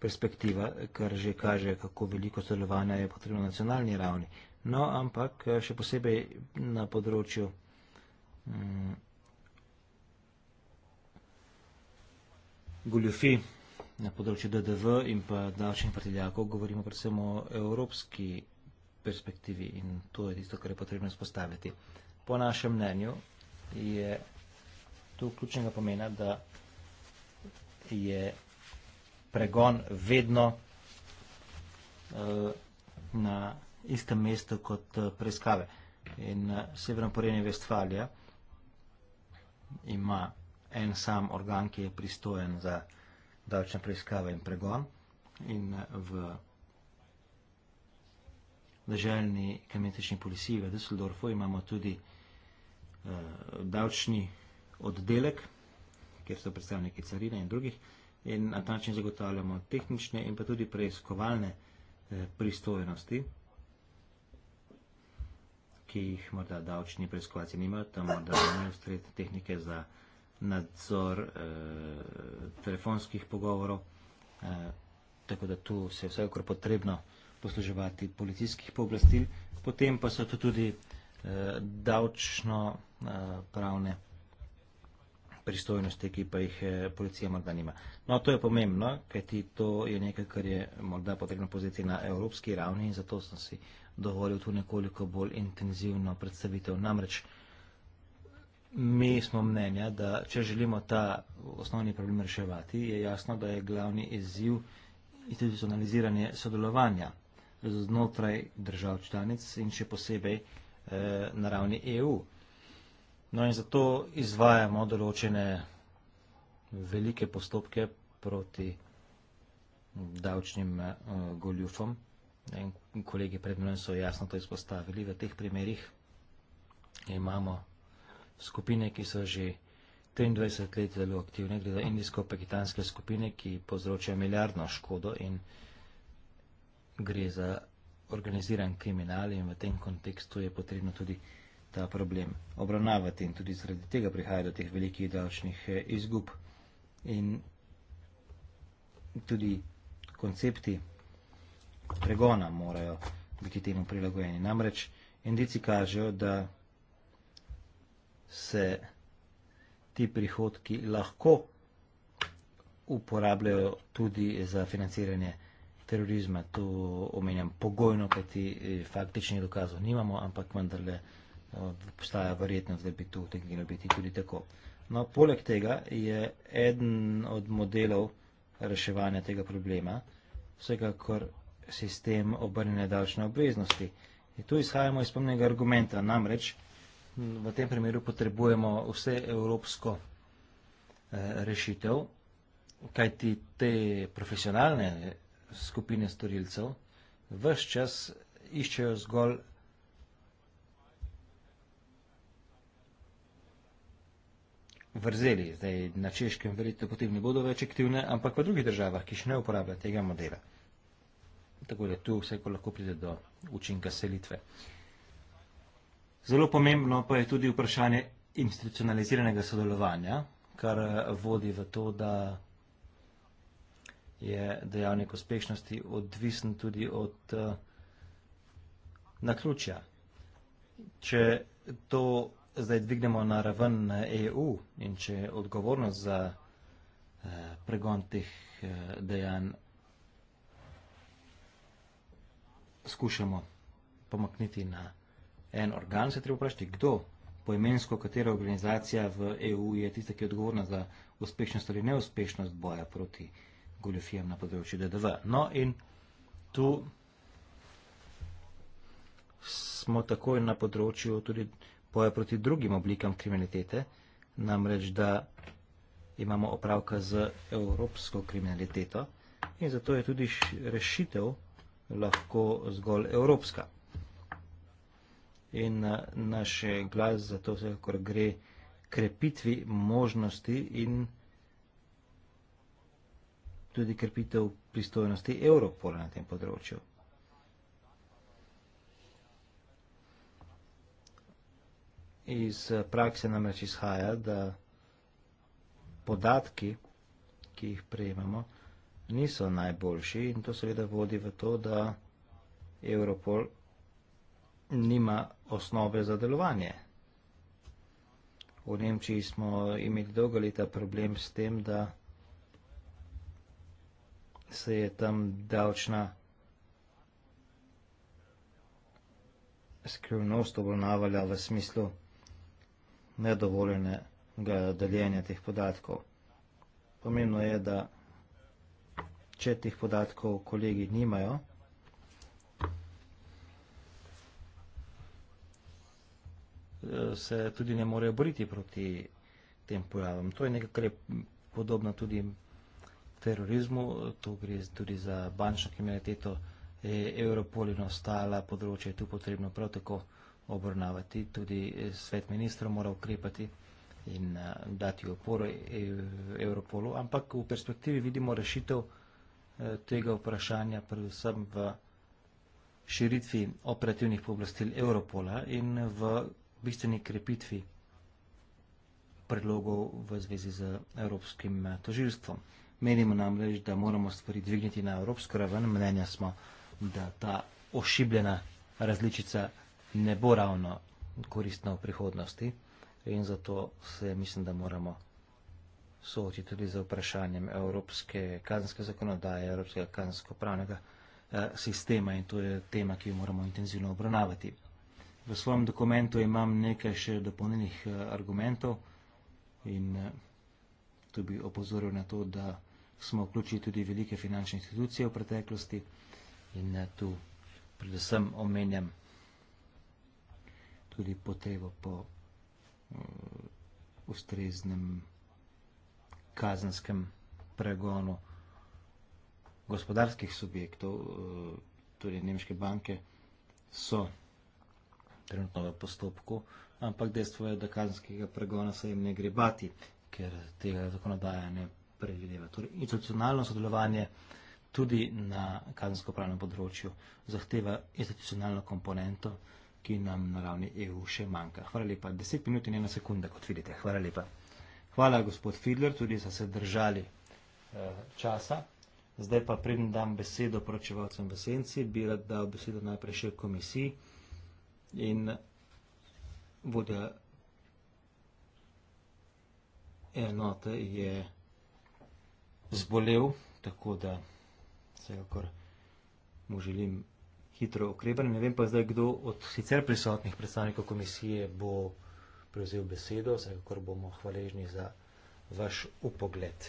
Speaker 2: perspektiva, kar že kaže, kako veliko sodelovanja je potrebno na nacionalni ravni. No, ampak eh, še posebej na področju mm, goljofi, na področju DDV in pa davčnih partiljakov, govorimo predvsem o evropski perspektivi in to je tisto, kar je potrebno spostaviti. Po našem mnenju je tu ključnega pomena, da je pregon vedno uh, na istem mestu kot eh, preiskave. In eh, Severna Porenje Vestfalija ima en sam organ, ki je pristojen za davčne preiskave in pregon in eh, v državni kamenitečni policiji v Düsseldorfu imamo tudi uh, davčni oddelek, kjer so predstavniki carine in drugih in na ta način zagotavljamo tehnične in pa tudi preiskovalne uh, pristojnosti ki jih morda davčni preiskovalci nimajo, tam morda ne ustrezne tehnike za nadzor eh, telefonskih pogovorov. Eh, tako da tu se je vsekakor potrebno posluževati policijskih pooblastil, potem pa so tu tudi eh, davčno-pravne. Eh, pristojnosti, ki pa jih eh, policija morda nima. No, to je pomembno, kajti to je nekaj, kar je morda potrebno pozeti na evropski ravni in zato sem si dovolil tu nekoliko bolj intenzivno predstavitev. Namreč mi smo mnenja, da če želimo ta osnovni problem reševati, je jasno, da je glavni izziv institucionaliziranje sodelovanja znotraj držav članic in še posebej eh, na ravni EU. No in zato izvajamo določene velike postopke proti davčnim eh, goljufom. Kolegi pred mnoj so jasno to izpostavili. V teh primerih imamo skupine, ki so že 23 let zelo aktivne, gre za indijsko-pakitanske skupine, ki povzročajo milijardno škodo in gre za organiziran kriminal in v tem kontekstu je potrebno tudi ta problem obravnavati in tudi zaradi tega prihaja do teh velikih davčnih eh, izgub. In tudi koncepti pregona morajo biti temu prilagojeni. Namreč indici kažejo, da se ti prihodki lahko uporabljajo tudi za financiranje terorizma. Tu omenjam pogojno, kajti eh, faktičnih dokazov nimamo, ampak vendarle obstaja verjetnost, da bi to utegnilo biti tudi tako. No, poleg tega je eden od modelov reševanja tega problema vsekakor sistem obrnjene davčne obveznosti. In tu izhajamo iz pomnega argumenta, namreč v tem primeru potrebujemo vse evropsko eh, rešitev, kajti te profesionalne skupine storilcev vse čas iščejo zgolj vrzeli. Zdaj, na češkem verjetno potem ne bodo več aktivne, ampak v drugih državah, ki še ne uporablja tega modela. Tako da tu vse lahko pride do učinka selitve. Zelo pomembno pa je tudi vprašanje institucionaliziranega sodelovanja, kar eh, vodi v to, da je dejavnik uspešnosti odvisen tudi od uh, naključja. Če to zdaj dvignemo na raven EU eh, e in če je odgovornost za eh, pregon teh eh, dejanj skušamo pomakniti na en organ, se treba vprašati, kdo poimensko, katera organizacija v EU je tista, ki je odgovorna za uspešnost ali neuspešnost boja proti goljofijam na področju DDV. No in tu smo takoj na področju tudi boja proti drugim oblikam kriminalitete, namreč da imamo opravka z evropsko kriminaliteto in zato je tudi rešitev lahko zgolj evropska. In eh, naš glas za to vsekakor gre krepitvi možnosti in tudi krepitev pristojnosti Evropola na tem področju. Iz eh, prakse namreč izhaja, da podatki, ki jih prejemamo, niso najboljši in to seveda vodi v to, da Europol nima osnove za delovanje. V Nemčiji smo imeli dolga leta problem s tem, da se je tam davčna skrivnost obravnavala v smislu, nedovoljenega deljenja teh podatkov. Pomembno je, da če teh podatkov kolegi nimajo, se tudi ne morejo boriti proti tem pojavom. To je nekaj, kar je podobno tudi terorizmu, to gre tudi za bančno kriminaliteto, e, Europol in ostala področja je tu potrebno prav tako vsega obravnavati. Tudi eh, svet ministrov mora ukrepati in eh, dati oporo Evropolu, ampak v perspektivi vidimo rešitev eh, tega vprašanja predvsem v širitvi operativnih poblastil Evropola in v bistveni krepitvi predlogov v zvezi z evropskim toživstvom. Menimo namreč, da moramo stvari dvigniti na evropsko raven. Mnenja smo, da ta ošibljena različica ne bo ravno koristna v prihodnosti in zato se mislim, da moramo soočiti tudi za vprašanjem evropske kazenske zakonodaje, evropskega kazensko pravnega eh, sistema in to je tema, ki jo moramo intenzivno obravnavati. V svojem dokumentu imam nekaj še dopolnjenih eh, argumentov in eh, tu bi opozoril na to, da smo vključili tudi velike finančne institucije v preteklosti in tu predvsem omenjam tudi potrebo po uh, ustreznem kazenskem pregonu gospodarskih subjektov, eh, tudi torej nemške banke, so trenutno v postopku, ampak dejstvo je, da kazenskega pregona se jim ne gre bati, ker tega zakonodaja ne predvideva. Torej, institucionalno sodelovanje tudi na kazensko-pravnem področju zahteva institucionalno komponento, ki nam na ravni EU še manjka. Hvala lepa. 10 minut in 1 sekunda, kot vidite. Hvala lepa. Hvala, gospod Fidler, tudi za se držali eh, časa. Zdaj pa predn dam besedo poročevalcem v Senci, bi rad dal besedo najprej še komisiji in vodja enote je zbolel, tako da vsekakor mu želim hitro okrepanje. Ne vem pa zdaj, kdo od sicer prisotnih predstavnikov komisije bo prevzel besedo, vsaj kakor bomo hvaležni za vaš upogled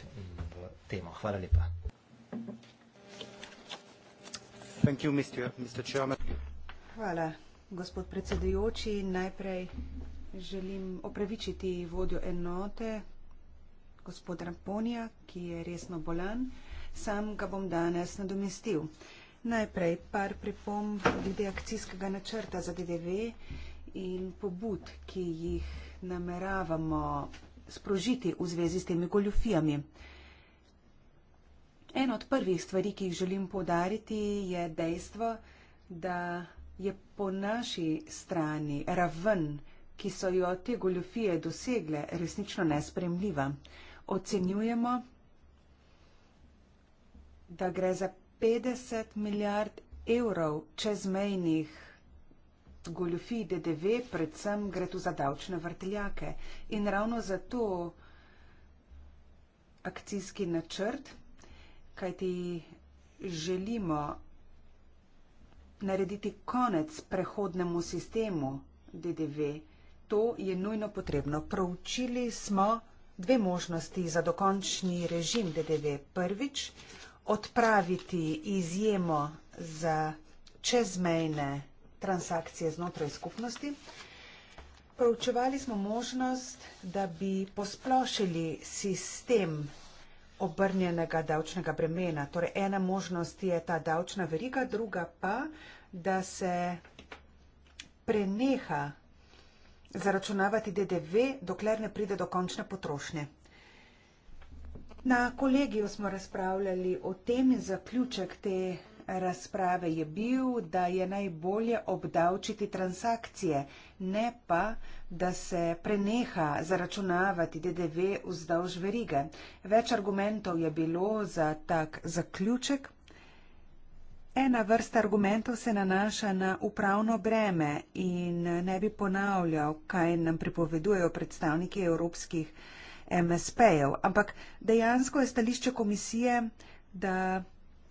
Speaker 2: v temo. Hvala lepa. Thank you, Mr. Mr. Chairman.
Speaker 3: Hvala, gospod predsedujoči. Najprej želim opravičiti vodjo enote, gospod Ramponija, ki je resno bolan. Sam ga bom danes nadomestil. Uh, Najprej par pripomb glede akcijskega načrta za DDV in pobud, ki jih nameravamo sprožiti v zvezi s temi goljufijami. Ena od prvih stvari, ki jih želim povdariti, je dejstvo, da je po naši strani raven, ki so jo te goljufije dosegle, resnično nespremljiva. Ocenjujemo, da gre za 50 milijard evrov čezmejnih goljufij DDV, predvsem gre tu za davčne vrteljake. In ravno zato akcijski načrt, kajti želimo narediti konec prehodnemu sistemu DDV, to je nujno potrebno. Proučili smo dve možnosti za dokončni režim DDV. Prvič, odpraviti izjemo za čezmejne transakcije znotraj skupnosti. Proučevali smo možnost, da bi posplošili sistem obrnjenega davčnega bremena. Torej, ena možnost je ta davčna veriga, druga pa, da se preneha zaračunavati DDV, dokler ne pride do končne potrošnje. Na kolegiju smo razpravljali o tem in zaključek te razprave je bil, da je najbolje obdavčiti transakcije, ne pa, da se preneha zaračunavati DDV vzdolž verige. Več argumentov je bilo za tak zaključek. Ena vrsta argumentov se nanaša na upravno breme in ne bi ponavljal, kaj nam pripovedujejo predstavniki evropskih držav. MSP-jev. Ampak dejansko je stališče komisije, da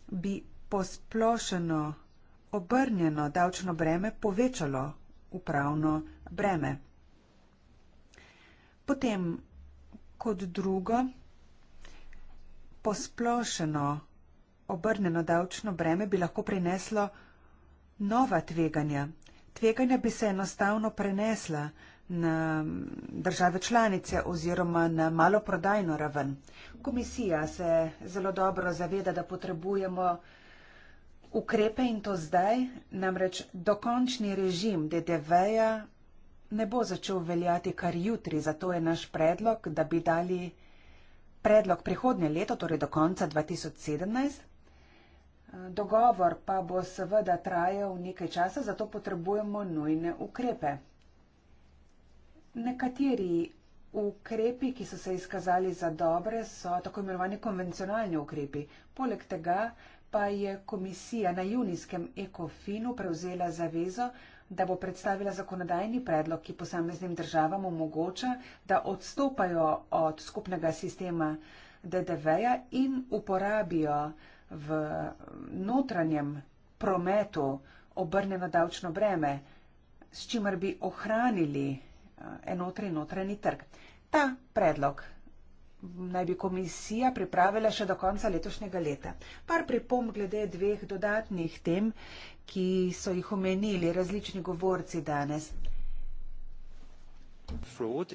Speaker 3: bi posplošeno obrnjeno davčno breme povečalo upravno breme. Potem kot drugo, posplošeno obrnjeno davčno breme bi lahko prineslo nova tveganja. Tveganja bi se enostavno prenesla na države članice oziroma na maloprodajno raven. Komisija se zelo dobro zaveda, da potrebujemo ukrepe in to zdaj, namreč dokončni režim DDV-ja ne bo začel veljati kar jutri, zato je naš predlog, da bi dali predlog prihodnje leto, torej do konca 2017. Dogovor pa bo seveda trajal nekaj časa, zato potrebujemo nujne ukrepe. Nekateri ukrepi, ki so se izkazali za dobre, so tako imenovani konvencionalni ukrepi. Poleg tega pa je komisija na junijskem ekofinu prevzela zavezo, da bo predstavila zakonodajni predlog, ki posameznim državam omogoča, da odstopajo od skupnega sistema DDV-ja in uporabijo v notranjem prometu obrneno davčno breme, s čimer bi ohranili Eh, enotri notreni trg. Ta predlog naj bi komisija pripravila še do konca letošnjega leta. Par pripom glede dveh dodatnih tem, ki so jih omenili različni govorci danes. Fraud,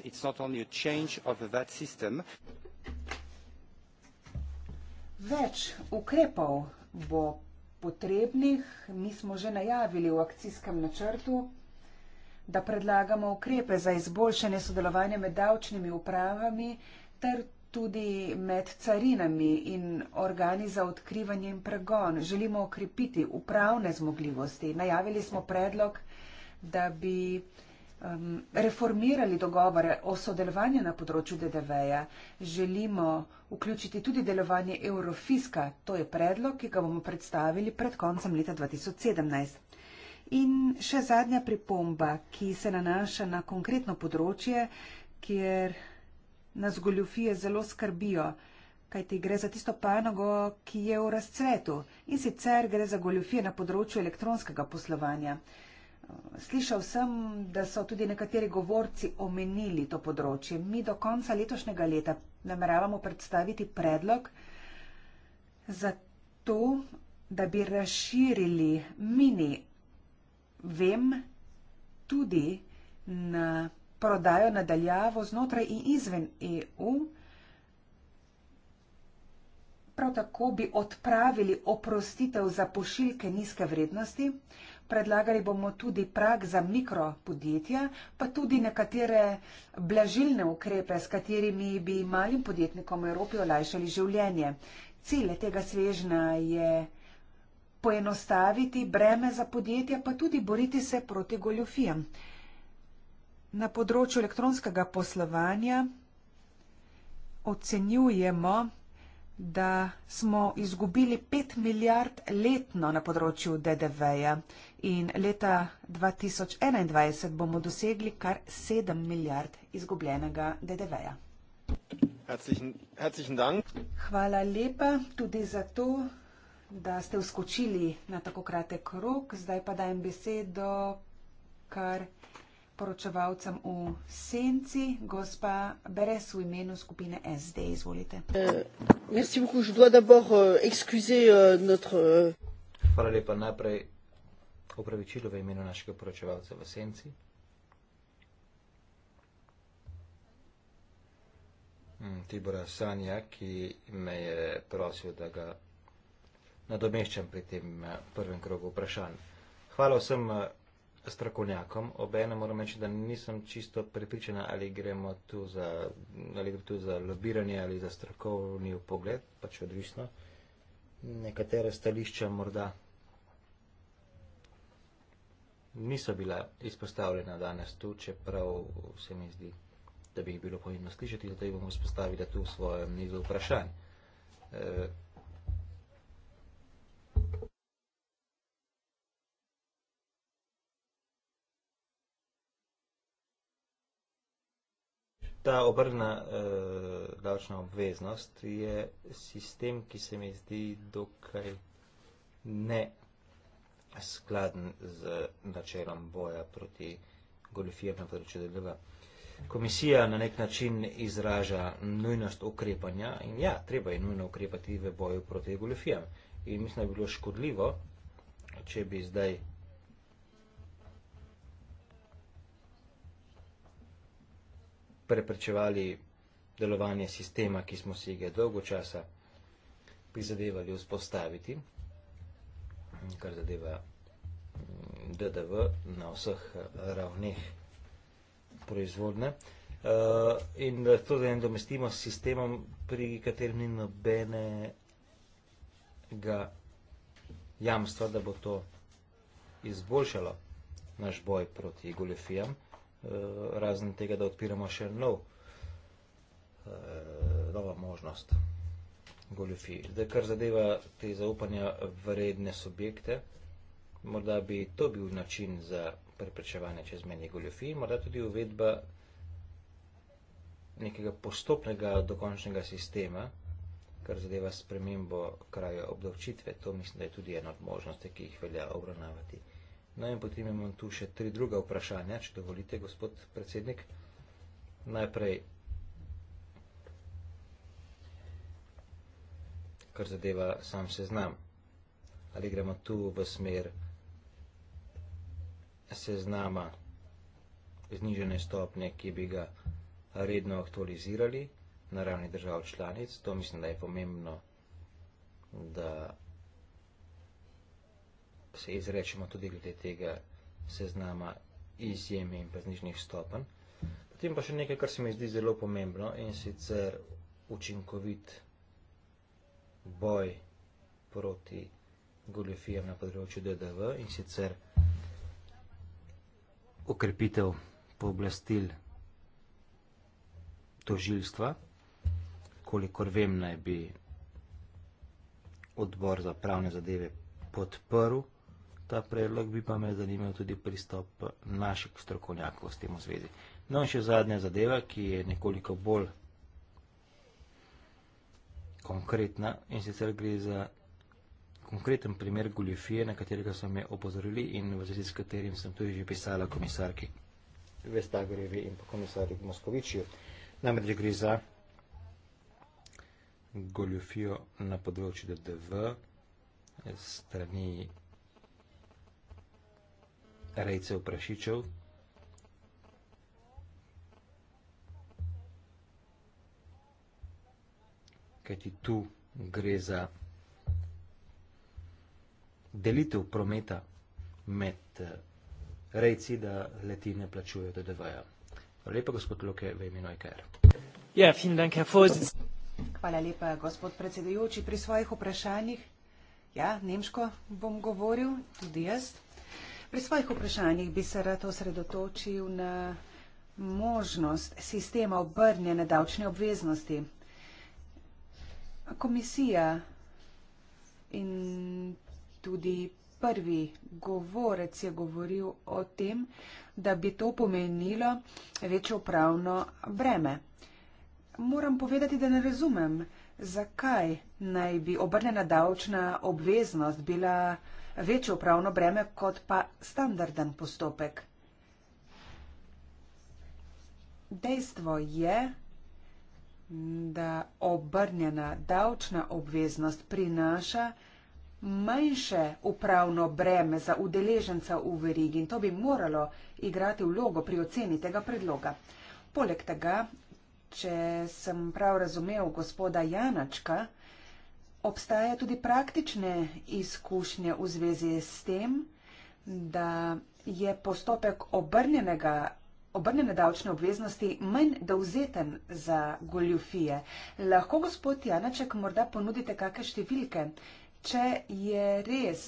Speaker 3: Več ukrepov bo potrebnih, mi smo že najavili v akcijskem načrtu da predlagamo ukrepe za izboljšanje sodelovanja med davčnimi upravami ter tudi med carinami in organi za odkrivanje in pregon. Želimo okrepiti upravne zmogljivosti. Najavili smo predlog, da bi um, reformirali dogovore o sodelovanju na področju DDV-ja. Želimo vključiti tudi delovanje Eurofiska. To je predlog, ki ga bomo predstavili pred koncem leta 2017. In še zadnja pripomba, ki se nanaša na konkretno področje, kjer nas goljofije zelo skrbijo, kajti gre za tisto panogo, ki je v razcvetu in sicer gre za goljofije na področju elektronskega poslovanja. Slišal sem, da so tudi nekateri govorci omenili to področje. Mi do konca letošnjega leta nameravamo predstaviti predlog za to, da bi razširili mini vem, tudi na prodajo nadaljavo znotraj in izven EU. Prav tako bi odpravili oprostitev za pošiljke nizke vrednosti. Predlagali bomo tudi prag za mikropodjetja, pa tudi nekatere blažilne ukrepe, s katerimi bi malim podjetnikom v Evropi olajšali življenje. Cilj tega svežna je poenostaviti breme za podjetja, pa tudi boriti se proti goljofijam. Na področju elektronskega poslovanja ocenjujemo, da smo izgubili 5 milijard letno na področju DDV-ja in leta 2021 bomo dosegli kar 7 milijard izgubljenega DDV-ja. Hvala lepa tudi za to da ste vskočili na tako kratek rok. Zdaj pa dajem besedo kar poročevalcem v senci. Gospa Beres v imenu skupine SD, izvolite. Eh,
Speaker 1: eh, eh,
Speaker 2: Hvala lepa najprej opravičilo v imenu našega poročevalca v senci. Hmm, Tibora Sanja, ki me je prosil, da ga nadomeščam pri tem eh, prvem krogu vprašanj. Hvala vsem eh, strokovnjakom, obejene moram reči, da nisem čisto pripričana, ali gremo tu za, ali gre tu za lobiranje ali za strokovni pogled, pač odvisno. Nekatere stališča morda niso bila izpostavljena danes tu, čeprav se mi zdi, da bi jih bilo pomembno slišati, zato jih bomo spostavili tu v svojem nizu vprašanj. E, ta obrna uh, davčna obveznost je sistem, ki se mi zdi dokaj ne skladen z načelom boja proti golifijem na področju DDV. Komisija na nek način izraža nujnost ukrepanja in ja, treba je nujno ukrepati v boju proti golifijem. In mislim, da bi bilo škodljivo, če bi zdaj preprečevali delovanje sistema, ki smo si ga dolgo časa prizadevali vzpostaviti, kar zadeva mm, DDV na vseh eh, ravneh proizvodne. Eh, in eh, da to zdaj domestimo s sistemom, pri katerem ni nobenega jamstva, da bo to izboljšalo naš boj proti goljofijam. Eh, razen tega, da odpiramo še nov, eh, nova možnost goljofije. Zdaj, kar zadeva te zaupanja vredne subjekte, morda bi to bil način za preprečevanje čezmenje goljofije, morda tudi uvedba nekega postopnega dokončnega sistema, kar zadeva spremembo kraja obdavčitve. To mislim, da je tudi ena od možnosti, ki jih velja obravnavati. No in potem imam tu še tri druga vprašanja, če dovolite, gospod predsednik. Najprej, kar zadeva sam seznam. Ali gremo tu v smer seznama znižene stopnje, ki bi ga redno aktualizirali na ravni držav članic. To mislim, da je pomembno, da se izrečemo tudi glede tega seznama izjeme in znižnih stopenj. Potem pa še nekaj, kar se mi zdi zelo pomembno in sicer učinkovit boj proti goljofijam na področju DDV in sicer ukrepitev pooblastil tožilstva. Kolikor vem, naj bi odbor za pravne zadeve podprl ta predlog, bi pa me zanimal tudi pristop naših strokovnjakov s tem v zvezi. No in še zadnja zadeva, ki je nekoliko bolj konkretna in sicer gre za konkreten primer goljofije, na katerega so me opozorili in v zvezi s katerim sem tudi že pisala komisarki Vestagorjevi in pa komisarji Moskovičiju. Namreč gre za goljofijo na področju DDV strani rejcev prašičev. Kajti tu gre za delitev prometa med eh, rejci, da leti ne plačujejo DDV-ja. Lepa gospod Luke, v imenu IKR. E ja, dank,
Speaker 3: Hvala lepa, gospod predsedujoči. Pri svojih vprašanjih, ja, nemško bom govoril, tudi jaz. Pri svojih vprašanjih bi se rad osredotočil na možnost sistema obrnjene davčne obveznosti. Komisija in tudi prvi govorec je govoril o tem, da bi to pomenilo večjo upravno breme. Moram povedati, da ne razumem, zakaj naj bi obrnjena davčna obveznost bila večjo pravno breme kot pa standarden postopek. Dejstvo je, da obrnjena davčna obveznost prinaša manjše upravno breme za udeleženca v verigi in to bi moralo igrati vlogo pri oceni tega predloga. Poleg tega, če sem prav razumel gospoda Janačka, obstaja tudi praktične izkušnje v zvezi s tem, da je postopek obrnjenega obrnjene davčne obveznosti manj dovzeten za goljufije. Lahko gospod Janaček morda ponudite kakšne številke, če je res,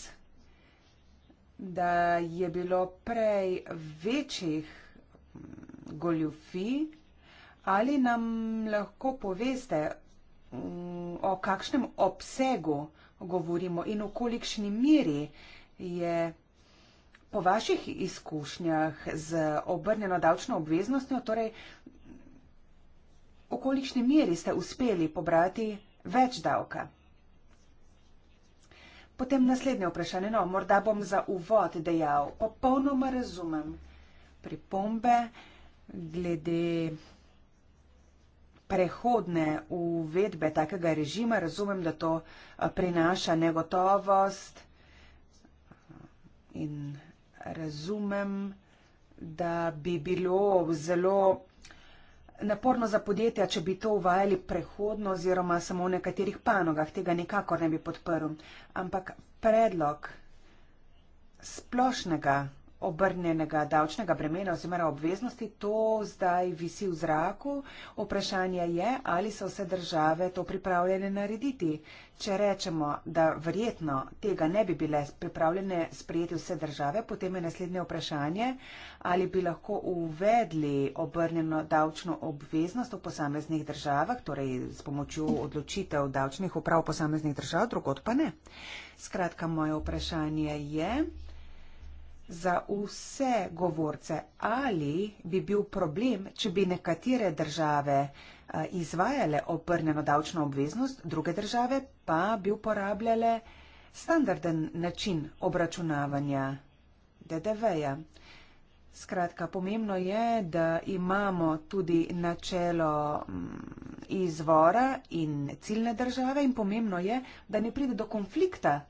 Speaker 3: da je bilo prej večjih mm, goljufij, ali nam lahko poveste, o kakšnem obsegu govorimo in v kolikšni miri je po vaših izkušnjah z obrnjeno davčno obveznostjo, torej v kolikšni miri ste uspeli pobrati več davka. Potem naslednje vprašanje, no, morda bom za uvod dejal, popolnoma razumem pripombe glede prehodne uvedbe takega režima. Razumem, da to prinaša negotovost in razumem, da bi bilo zelo naporno za podjetja, če bi to uvajali prehodno oziroma samo v nekaterih panogah. Tega nikakor ne bi podprl. Ampak predlog splošnega obrnjenega davčnega bremena oziroma obveznosti, to zdaj visi v zraku. Vprašanje je, ali so vse države to pripravljene narediti. Če rečemo, da verjetno tega ne bi bile pripravljene sprejeti vse države, potem je naslednje vprašanje, ali bi lahko uvedli obrnjeno davčno obveznost v posameznih državah, torej s pomočjo odločitev davčnih uprav posameznih držav, drugot pa ne. Skratka, moje vprašanje je, za vse govorce ali bi bil problem, če bi nekatere države eh, izvajale obrneno davčno obveznost, druge države pa bi uporabljale standarden način obračunavanja DDV-ja. Skratka, pomembno je, da imamo tudi načelo mm, izvora in ciljne države in pomembno je, da ne pride do konflikta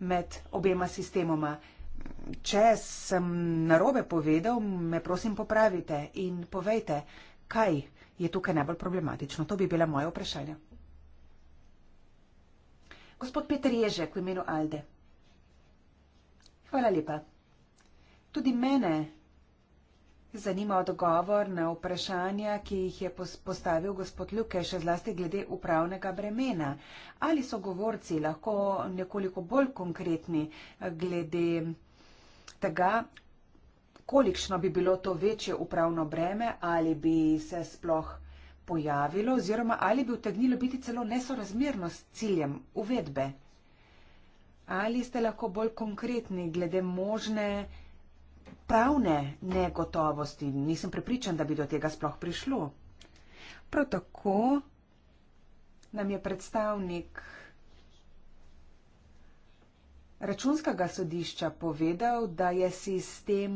Speaker 3: med obema sistemoma če sem narobe povedal, me prosim popravite in povejte, kaj je tukaj najbolj problematično. To bi bila moja vprašanja. Gospod Petr Ježek v imenu Alde. Hvala lepa. Tudi mene zanima odgovor na vprašanja, ki jih je postavil gospod Ljuke, še zlasti glede upravnega bremena. Ali so govorci lahko nekoliko bolj konkretni eh, glede tega, kolikšno bi bilo to večje upravno breme, ali bi se sploh pojavilo, oziroma ali bi utegnilo biti celo nesorazmerno s ciljem uvedbe. Ali ste lahko bolj konkretni glede možne pravne negotovosti? Nisem prepričan, da bi do tega sploh prišlo. Prav tako nam je predstavnik računskega sodišča povedal, da je sistem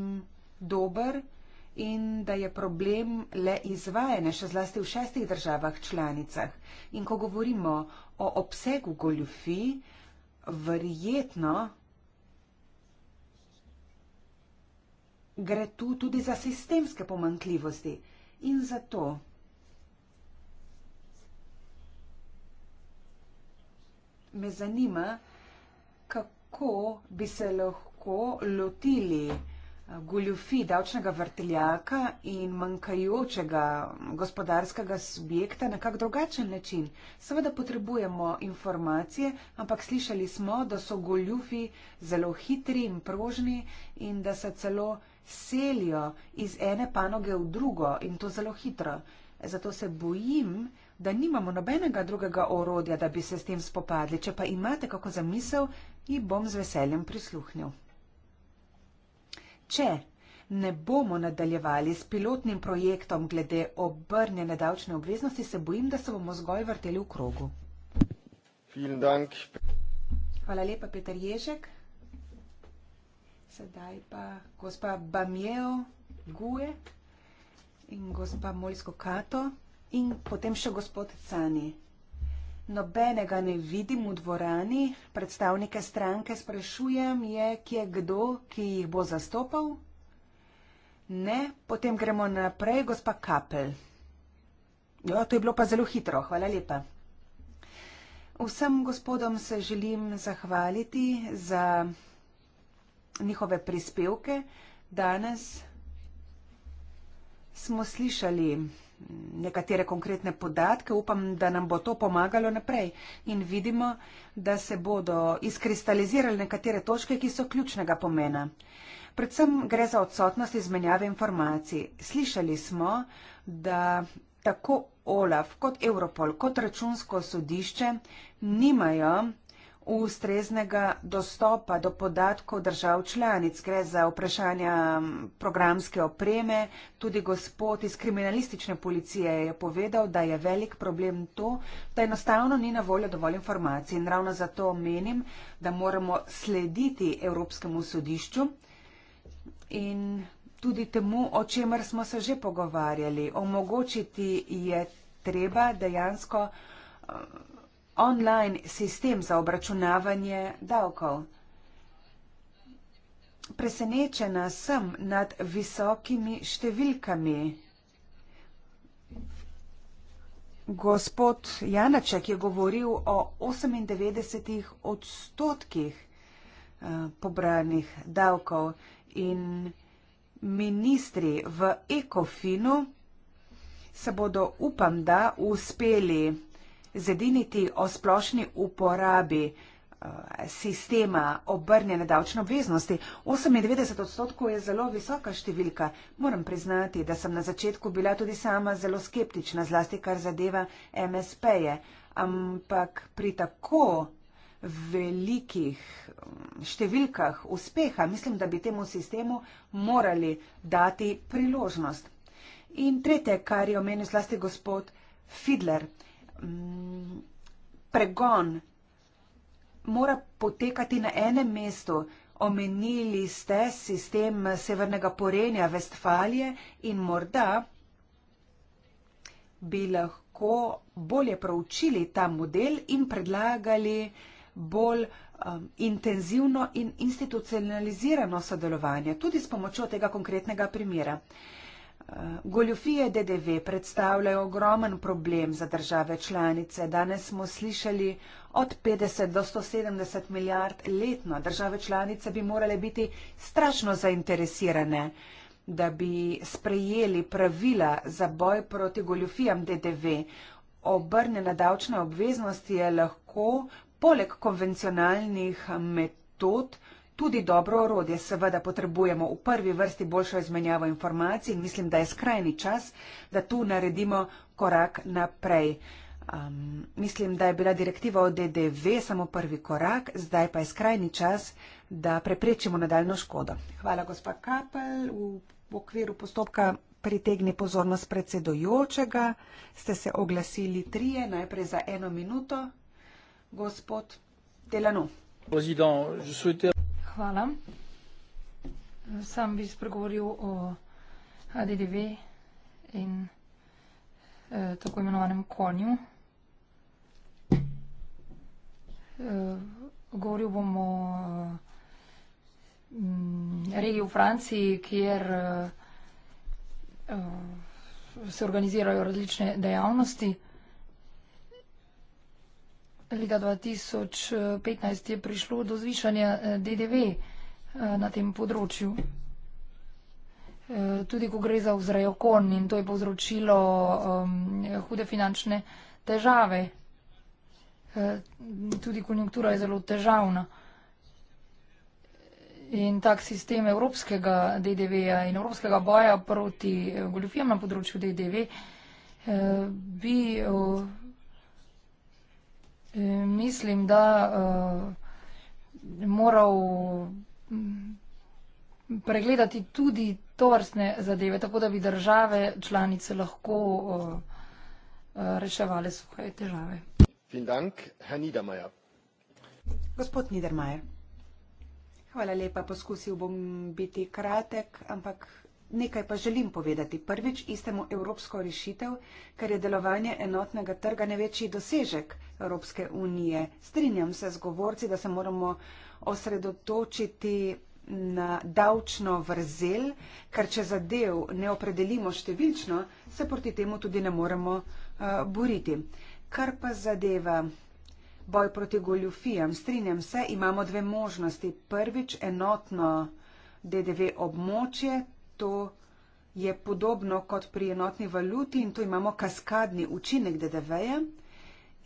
Speaker 3: dober in da je problem le izvajanje, še zlasti v šestih državah članicah. In ko govorimo o obsegu goljufi, verjetno gre tu tudi za sistemske pomankljivosti in zato. Me zanima, kako bi se lahko lotili eh, goljufi davčnega vrteljaka in manjkajočega gospodarskega subjekta na kak drugačen način. Seveda potrebujemo informacije, ampak slišali smo, da so goljufi zelo hitri in prožni in da se celo selijo iz ene panoge v drugo in to zelo hitro. Zato se bojim, da nimamo nobenega drugega orodja, da bi se s tem spopadli. Če pa imate kako zamisel, ji bom z veseljem prisluhnil. Če ne bomo nadaljevali s pilotnim projektom glede obrnjene davčne obveznosti, se bojim, da se bomo zgolj vrteli v krogu. Hvala lepa, Peter Ježek. Sedaj pa gospa Bamjeo Guje in gospa Molsko Kato in potem še gospod Cani. Nobenega ne vidim v dvorani, predstavnike stranke sprašujem je, kje kdo, ki jih bo zastopal. Ne, potem gremo naprej, gospa Kapel. Jo, ja, to je bilo pa zelo hitro, hvala lepa. Vsem gospodom se želim zahvaliti za njihove prispevke. Danes smo slišali nekatere konkretne podatke, upam, da nam bo to pomagalo naprej in vidimo, da se bodo izkristalizirale nekatere točke, ki so ključnega pomena. Predvsem gre za odsotnost izmenjave informacij. Slišali smo, da tako OLAF kot Europol kot računsko sodišče nimajo ustreznega dostopa do podatkov držav članic. Gre za vprašanja programske opreme. Tudi gospod iz kriminalistične policije je povedal, da je velik problem to, da enostavno ni na voljo dovolj informacij. In ravno zato menim, da moramo slediti Evropskemu sodišču in tudi temu, o čemer smo se že pogovarjali. Omogočiti je treba dejansko online sistem za obračunavanje davkov. Presenečena sem nad visokimi številkami. Gospod Janaček je govoril o 98 odstotkih eh, pobranih davkov in ministri v Ekofinu se bodo, upam, da uspeli zediniti o splošni uporabi eh, sistema obrnjene davčne obveznosti. 98 odstotkov je zelo visoka številka. Moram priznati, da sem na začetku bila tudi sama zelo skeptična, zlasti kar zadeva MSP-je, ampak pri tako velikih mm, številkah uspeha, mislim, da bi temu sistemu morali dati priložnost. In tretje, kar je omenil zlasti gospod Fidler, Mm, pregon mora potekati na enem mestu. Omenili ste sistem severnega porenja Vestfalije in morda bi lahko bolje proučili ta model in predlagali bolj um, intenzivno in institucionalizirano sodelovanje, tudi s pomočjo tega konkretnega primera. Uh, Eh, Goljofije DDV predstavljajo ogromen problem za države članice. Danes smo slišali od 50 do 170 milijard letno. Države članice bi morale biti strašno zainteresirane, da bi sprejeli pravila za boj proti goljofijam DDV. Obrnjena davčna obveznost je lahko poleg konvencionalnih metod Tudi dobro orodje seveda potrebujemo v prvi vrsti boljšo izmenjavo informacij in mislim, da je skrajni čas, da tu naredimo korak naprej. Um, mislim, da je bila direktiva o DDV samo prvi korak, zdaj pa je skrajni čas, da preprečimo nadaljno škodo. Hvala, gospa Kapel. V, v okviru postopka pritegni pozornost predsedojočega. Ste se oglasili trije, najprej za eno minuto. Gospod Delano. Hvala.
Speaker 1: Sam bi spregovoril o ADDV in e, tako imenovanem konju. E, govoril bom o e, regiji v Franciji, kjer e, e se organizirajo različne dejavnosti. E, leta 2015 je prišlo do zvišanja eh, DDV eh, na tem področju. Eh, tudi, ko gre za vzrejo konj in to je povzročilo hude finančne težave. Tudi konjunktura je zelo težavna. In tak sistem evropskega DDV-ja in evropskega boja proti goljufijam na področju DDV bi E, mislim, da uh, moral pregledati tudi tovrstne zadeve, tako da bi države članice
Speaker 3: lahko uh, e, reševali svoje težave. Dank, Gospod Niedermayer, hvala lepa, poskusil bom biti kratek, ampak Nekaj pa želim povedati. Prvič istemu evropsko rešitev, ker je delovanje enotnega trga največji dosežek Evropske unije. Strinjam se z govorci, da se moramo osredotočiti na davčno vrzel, ker če zadev ne opredelimo številčno, se proti temu tudi ne moremo uh, boriti. Kar pa zadeva boj proti goljufijam, strinjam se, imamo dve možnosti. Prvič enotno. DDV območje, to je podobno kot pri enotni valuti in to imamo kaskadni učinek DDV-ja.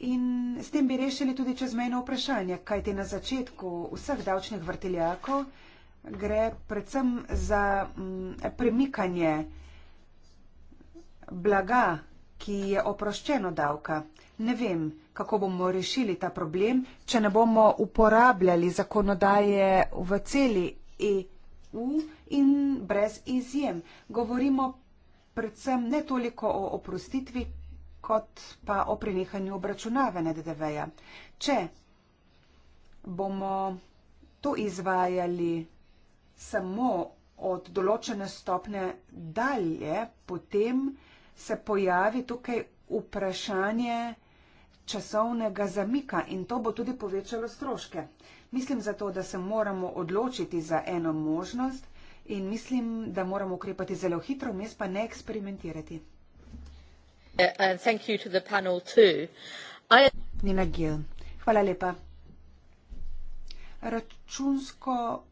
Speaker 3: In s tem bi rešili tudi čezmejno vprašanje, kaj te na začetku vseh davčnih vrteljakov gre predvsem za mm, premikanje blaga, ki je oproščeno davka. Ne vem, kako bomo rešili ta problem, če ne bomo uporabljali zakonodaje v celi EU v in brez izjem. Govorimo predvsem ne toliko o oprostitvi, kot pa o prenehanju obračunavanja DDV-ja. Če bomo to izvajali samo od določene stopne dalje, potem se pojavi tukaj vprašanje časovnega zamika in to bo tudi povečalo stroške. Mislim zato, da se moramo odločiti za eno možnost in mislim, da moramo ukrepati zelo hitro, mes pa ne eksperimentirati. Uh, Nina Gill, hvala lepa. Računsko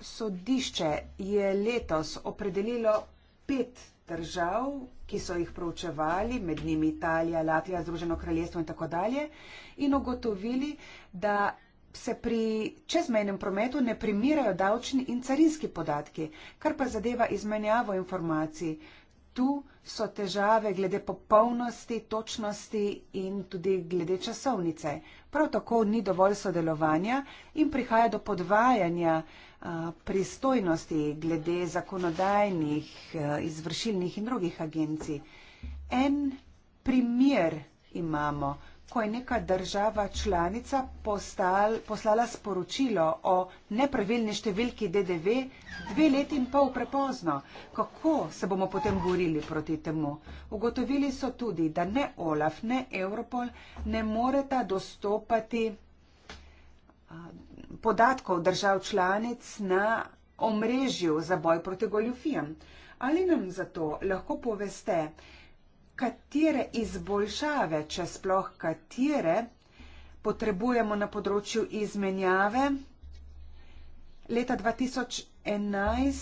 Speaker 3: sodišče je letos opredelilo pet držav, ki so jih proučevali, med njimi Italija, Latvija, Združeno kraljestvo in tako dalje, in ugotovili, da se pri čezmejnem prometu ne primirajo davčni in carinski podatki, kar pa zadeva izmenjavo informacij. Tu so težave glede popolnosti, točnosti in tudi glede časovnice. Prav tako ni dovolj sodelovanja in prihaja do podvajanja a, pristojnosti glede zakonodajnih, a, izvršilnih in drugih agencij. En primer imamo ko je neka država članica postal, poslala sporočilo o nepravilni številki DDV dve leti in pol prepozno. Kako se bomo potem borili proti temu? Ugotovili so tudi, da ne Olaf, ne Europol ne moreta dostopati podatkov držav članic na omrežju za boj proti goljufijam. Ali nam zato lahko poveste, katere izboljšave, če sploh katere, potrebujemo na področju izmenjave. Leta 2011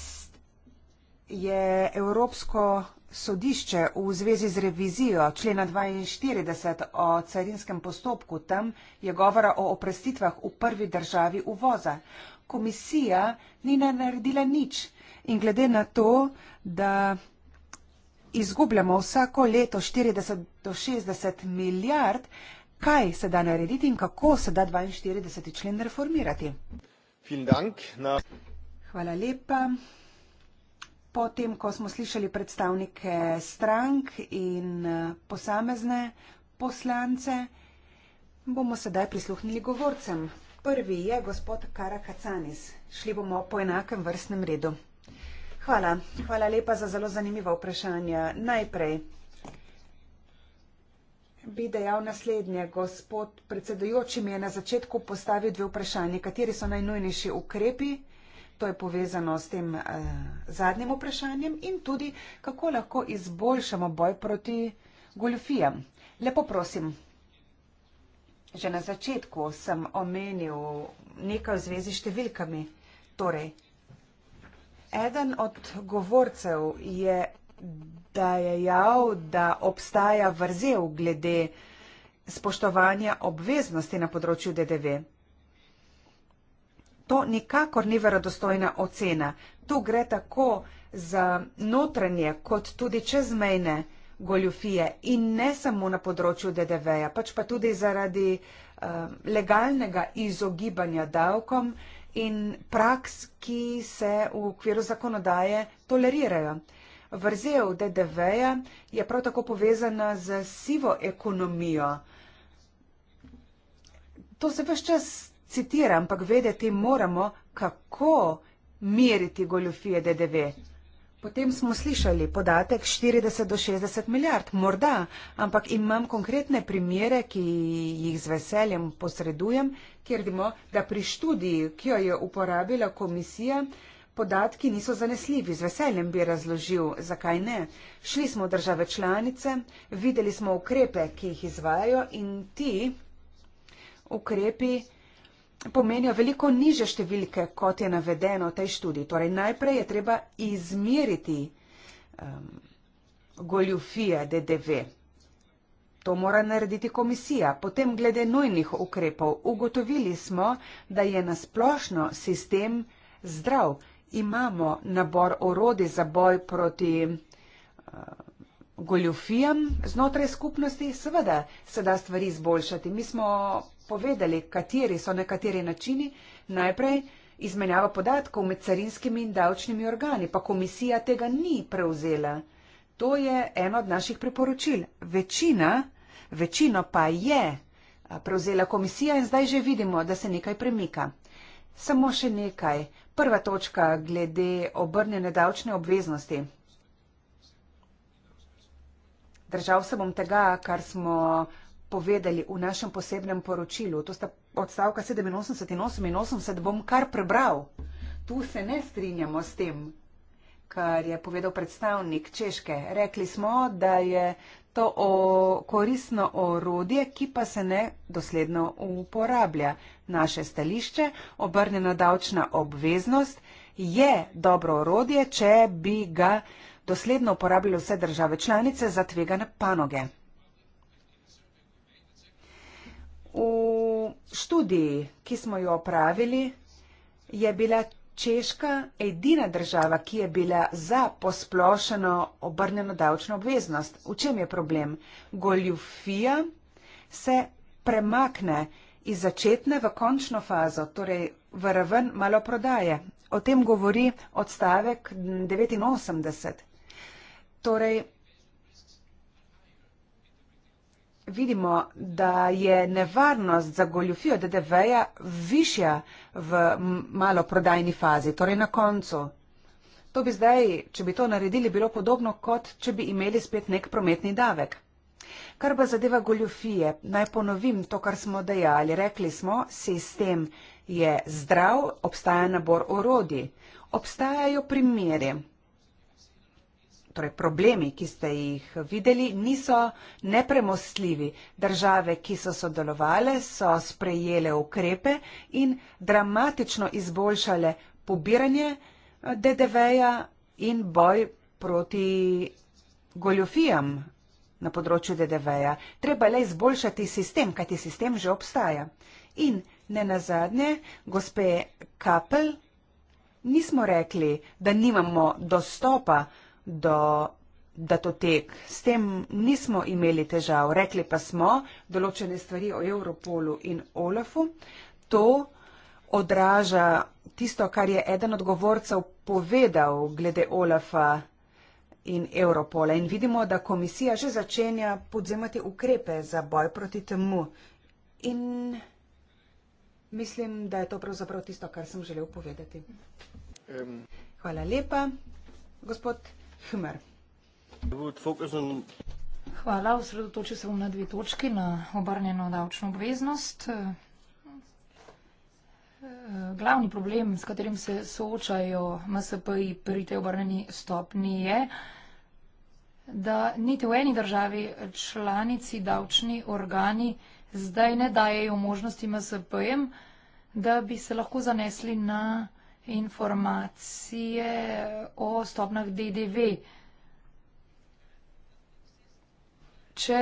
Speaker 3: je Evropsko sodišče v zvezi z revizijo člena 42 o carinskem postopku, tam je govora o oprestitvah v prvi državi uvoza. Komisija ni naredila nič in glede na to, da izgubljamo vsako leto 40 do 60 milijard, kaj se da narediti in kako se da 42. člen reformirati? Hvala lepa. Potem, ko smo slišali predstavnike strank in posamezne poslance, bomo sedaj prisluhnili govorcem. Prvi je gospod Karakacanis. Šli bomo po enakem vrstnem redu. Hvala. Hvala lepa za zelo zanimiva vprašanja. Najprej bi dejal naslednje. Gospod predsedujoči mi je na začetku postavil dve vprašanje. Kateri so najnujnejši ukrepi? To je povezano s tem eh, zadnjim vprašanjem in tudi, kako lahko izboljšamo boj proti goljofijam. Lepo prosim. Že na začetku sem omenil nekaj v zvezi s številkami. Torej, eden od govorcev je dejal, da obstaja vrzel glede spoštovanja obveznosti na področju DDV. To nikakor ni verodostojna ocena. Tu gre tako za notranje kot tudi čezmejne goljufije in ne samo na področju DDV-ja, pač pa tudi zaradi uh, legalnega izogibanja davkom in praks, ki se v okviru zakonodaje tolerirajo. Vrzel DDV-ja je prav tako povezana z sivo ekonomijo. To se veš čas citira, ampak vedeti moramo, kako meriti goljofije DDV. -ja. Potem smo slišali podatek 40 do 60 milijard, morda, ampak imam konkretne primere, ki jih z veseljem posredujem, kjer vidimo, da pri študiji, ki jo je uporabila komisija, podatki niso zanesljivi. Z veseljem bi razložil, zakaj ne. Šli smo v države članice, videli smo ukrepe, ki jih izvajo in ti ukrepi pomenijo veliko niže številke, kot je navedeno v tej študiji. Torej, najprej je treba izmeriti um, goljufije DDV. To mora narediti komisija. Potem, glede nujnih ukrepov, ugotovili smo, da je nasplošno sistem zdrav. Imamo nabor orodi za boj proti. Um, goljufijam znotraj skupnosti, seveda se da stvari izboljšati. Mi smo povedali, kateri so nekateri načini. Najprej izmenjava podatkov med carinskimi in davčnimi organi, pa komisija tega ni prevzela. To je eno od naših priporočil. Večina, večino pa je prevzela komisija in zdaj že vidimo, da se nekaj premika. Samo še nekaj. Prva točka glede obrnjene davčne obveznosti. Držal se bom tega, kar smo povedali v našem posebnem poročilu. To sta odstavka 87 in 88, bom kar prebral. Tu se ne strinjamo s tem, kar je povedal predstavnik Češke. Rekli smo, da je to o koristno orodje, ki pa se ne dosledno uporablja. Naše stališče, obrnjena davčna obveznost, je dobro orodje, če bi ga dosledno uporabljali vse države članice za tvegane panoge. V študiji, ki smo jo opravili, je bila Češka edina država, ki je bila za posplošeno obrnjeno davčno obveznost. V čem je problem? Goljufija se premakne iz začetne v končno fazo, torej v raven maloprodaje. O tem govori odstavek 89. Torej, vidimo, da je nevarnost za goljufijo DDV-ja višja v maloprodajni fazi, torej na koncu. To bi zdaj, če bi to naredili, bilo podobno, kot če bi imeli spet nek prometni davek. Kar pa zadeva goljufije, naj ponovim to, kar smo dejali. Rekli smo, sistem je zdrav, obstaja nabor orodij, obstajajo primeri. Torej, problemi, ki ste jih videli, niso nepremostljivi. Države, ki so sodelovale, so sprejele ukrepe in dramatično izboljšale pobiranje eh, DDV-ja in boj proti goljofijam na področju DDV-ja. Treba le izboljšati sistem, kajti sistem že obstaja. In ne nazadnje, gospe Kapel, nismo rekli, da nimamo dostopa do datotek. S tem nismo imeli težav. Rekli pa smo določene stvari o Europolu in Olafu. To odraža tisto, kar je eden od govorcev povedal glede Olafa in Europola. In vidimo, da komisija že začenja podzemati ukrepe za boj proti temu. In mislim, da je to pravzaprav tisto, kar sem želel povedati. Hvala lepa, gospod. Hmer.
Speaker 1: Hvala. Osredotočil se bom na dve točki, na obrnjeno davčno obveznost. Glavni problem, s katerim se soočajo MSP-ji pri tej obrnjeni stopni je, da niti v eni državi članici davčni organi zdaj ne dajejo možnosti MSP-jem, da bi se lahko zanesli na informacije o stopnah DDV. Če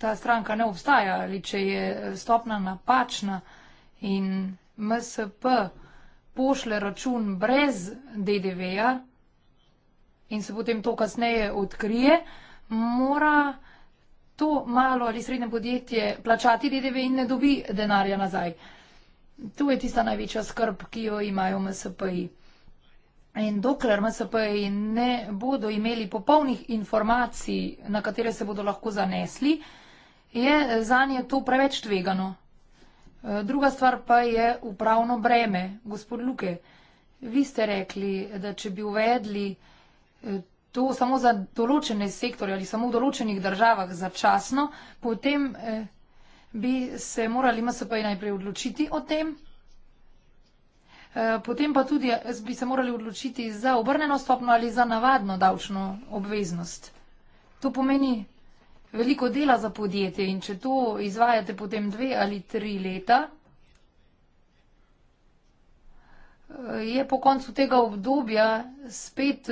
Speaker 1: ta stranka ne obstaja ali če je stopna napačna in MSP pošle račun brez DDV-ja in se potem to kasneje odkrije, mora to malo ali srednje podjetje plačati DDV in ne dobi denarja nazaj. To je tista največja skrb, ki jo imajo MSP-ji. In dokler MSP-ji ne bodo imeli popolnih informacij, na katere se bodo lahko zanesli, je za nje to preveč tvegano. E, druga stvar pa je upravno breme. Gospod Luke, vi ste rekli, da če bi uvedli e, to samo za določene sektorje ali samo v določenih državah začasno, potem. Eh, bi se morali MSP-ji najprej odločiti o tem, eh, potem pa tudi eh, bi se morali odločiti za obrneno stopno ali za navadno davčno obveznost. To pomeni veliko dela za podjetje in če to izvajate potem dve ali tri leta, eh, je po koncu tega obdobja spet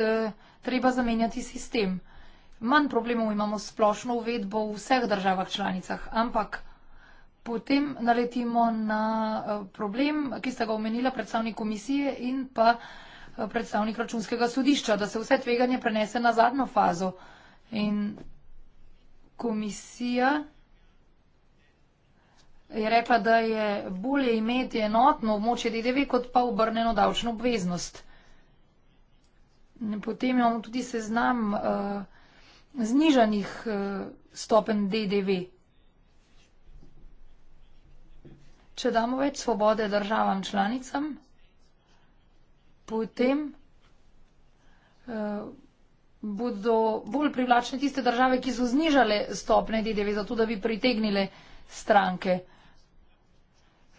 Speaker 1: treba zamenjati sistem. Manj problemov imamo splošno uvedbo v vseh državah članicah, ampak Potem naletimo na eh, problem, ki ste ga omenila predstavnik komisije in pa eh, predstavnik računskega sodišča, da se vse tveganje prenese na zadnjo fazo. In komisija je rekla, da je bolje imeti enotno območje DDV kot pa obrneno davčno obveznost. Potem imamo tudi seznam uh, znižanih uh, stopen DDV. Če damo več svobode državam članicam, potem uh, bodo bolj privlačne tiste države, ki so znižale stopne DDV, zato da bi pritegnile stranke.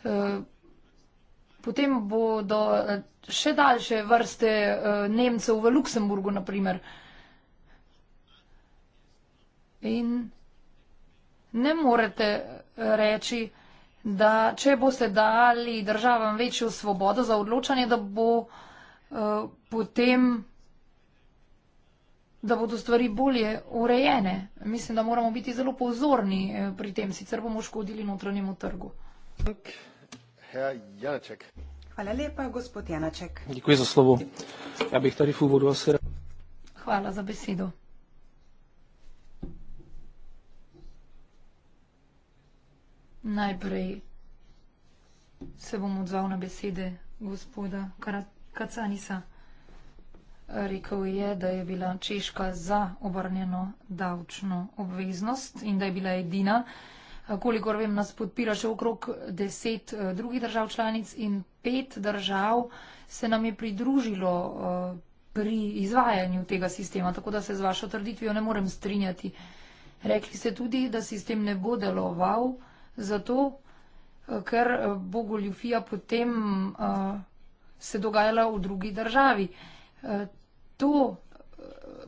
Speaker 1: Uh, potem bodo eh, še daljše vrste uh, Nemcev v Luksemburgu, naprimer. In ne morete reči, da če boste dali državam večjo svobodo za odločanje, da bo uh, potem da bodo stvari bolje urejene. Mislim, da moramo biti zelo pozorni eh, pri tem, sicer bomo škodili notranjemu trgu.
Speaker 3: Hvala lepa, gospod Janaček. Hvala za besedo.
Speaker 1: Najprej se bom odzval na besede gospoda Kacanisa. Rekl je, da je bila Češka za obrnjeno davčno obveznost in da je bila edina. Kolikor vem, nas podpira še okrog deset eh, drugih držav članic in pet držav se nam je pridružilo eh, pri izvajanju tega sistema, tako da se z vašo trditvijo ne morem strinjati. Rekli ste tudi, da sistem ne bo deloval zato, eh, ker eh, bo goljufija potem uh, se dogajala v drugi državi. Uh, to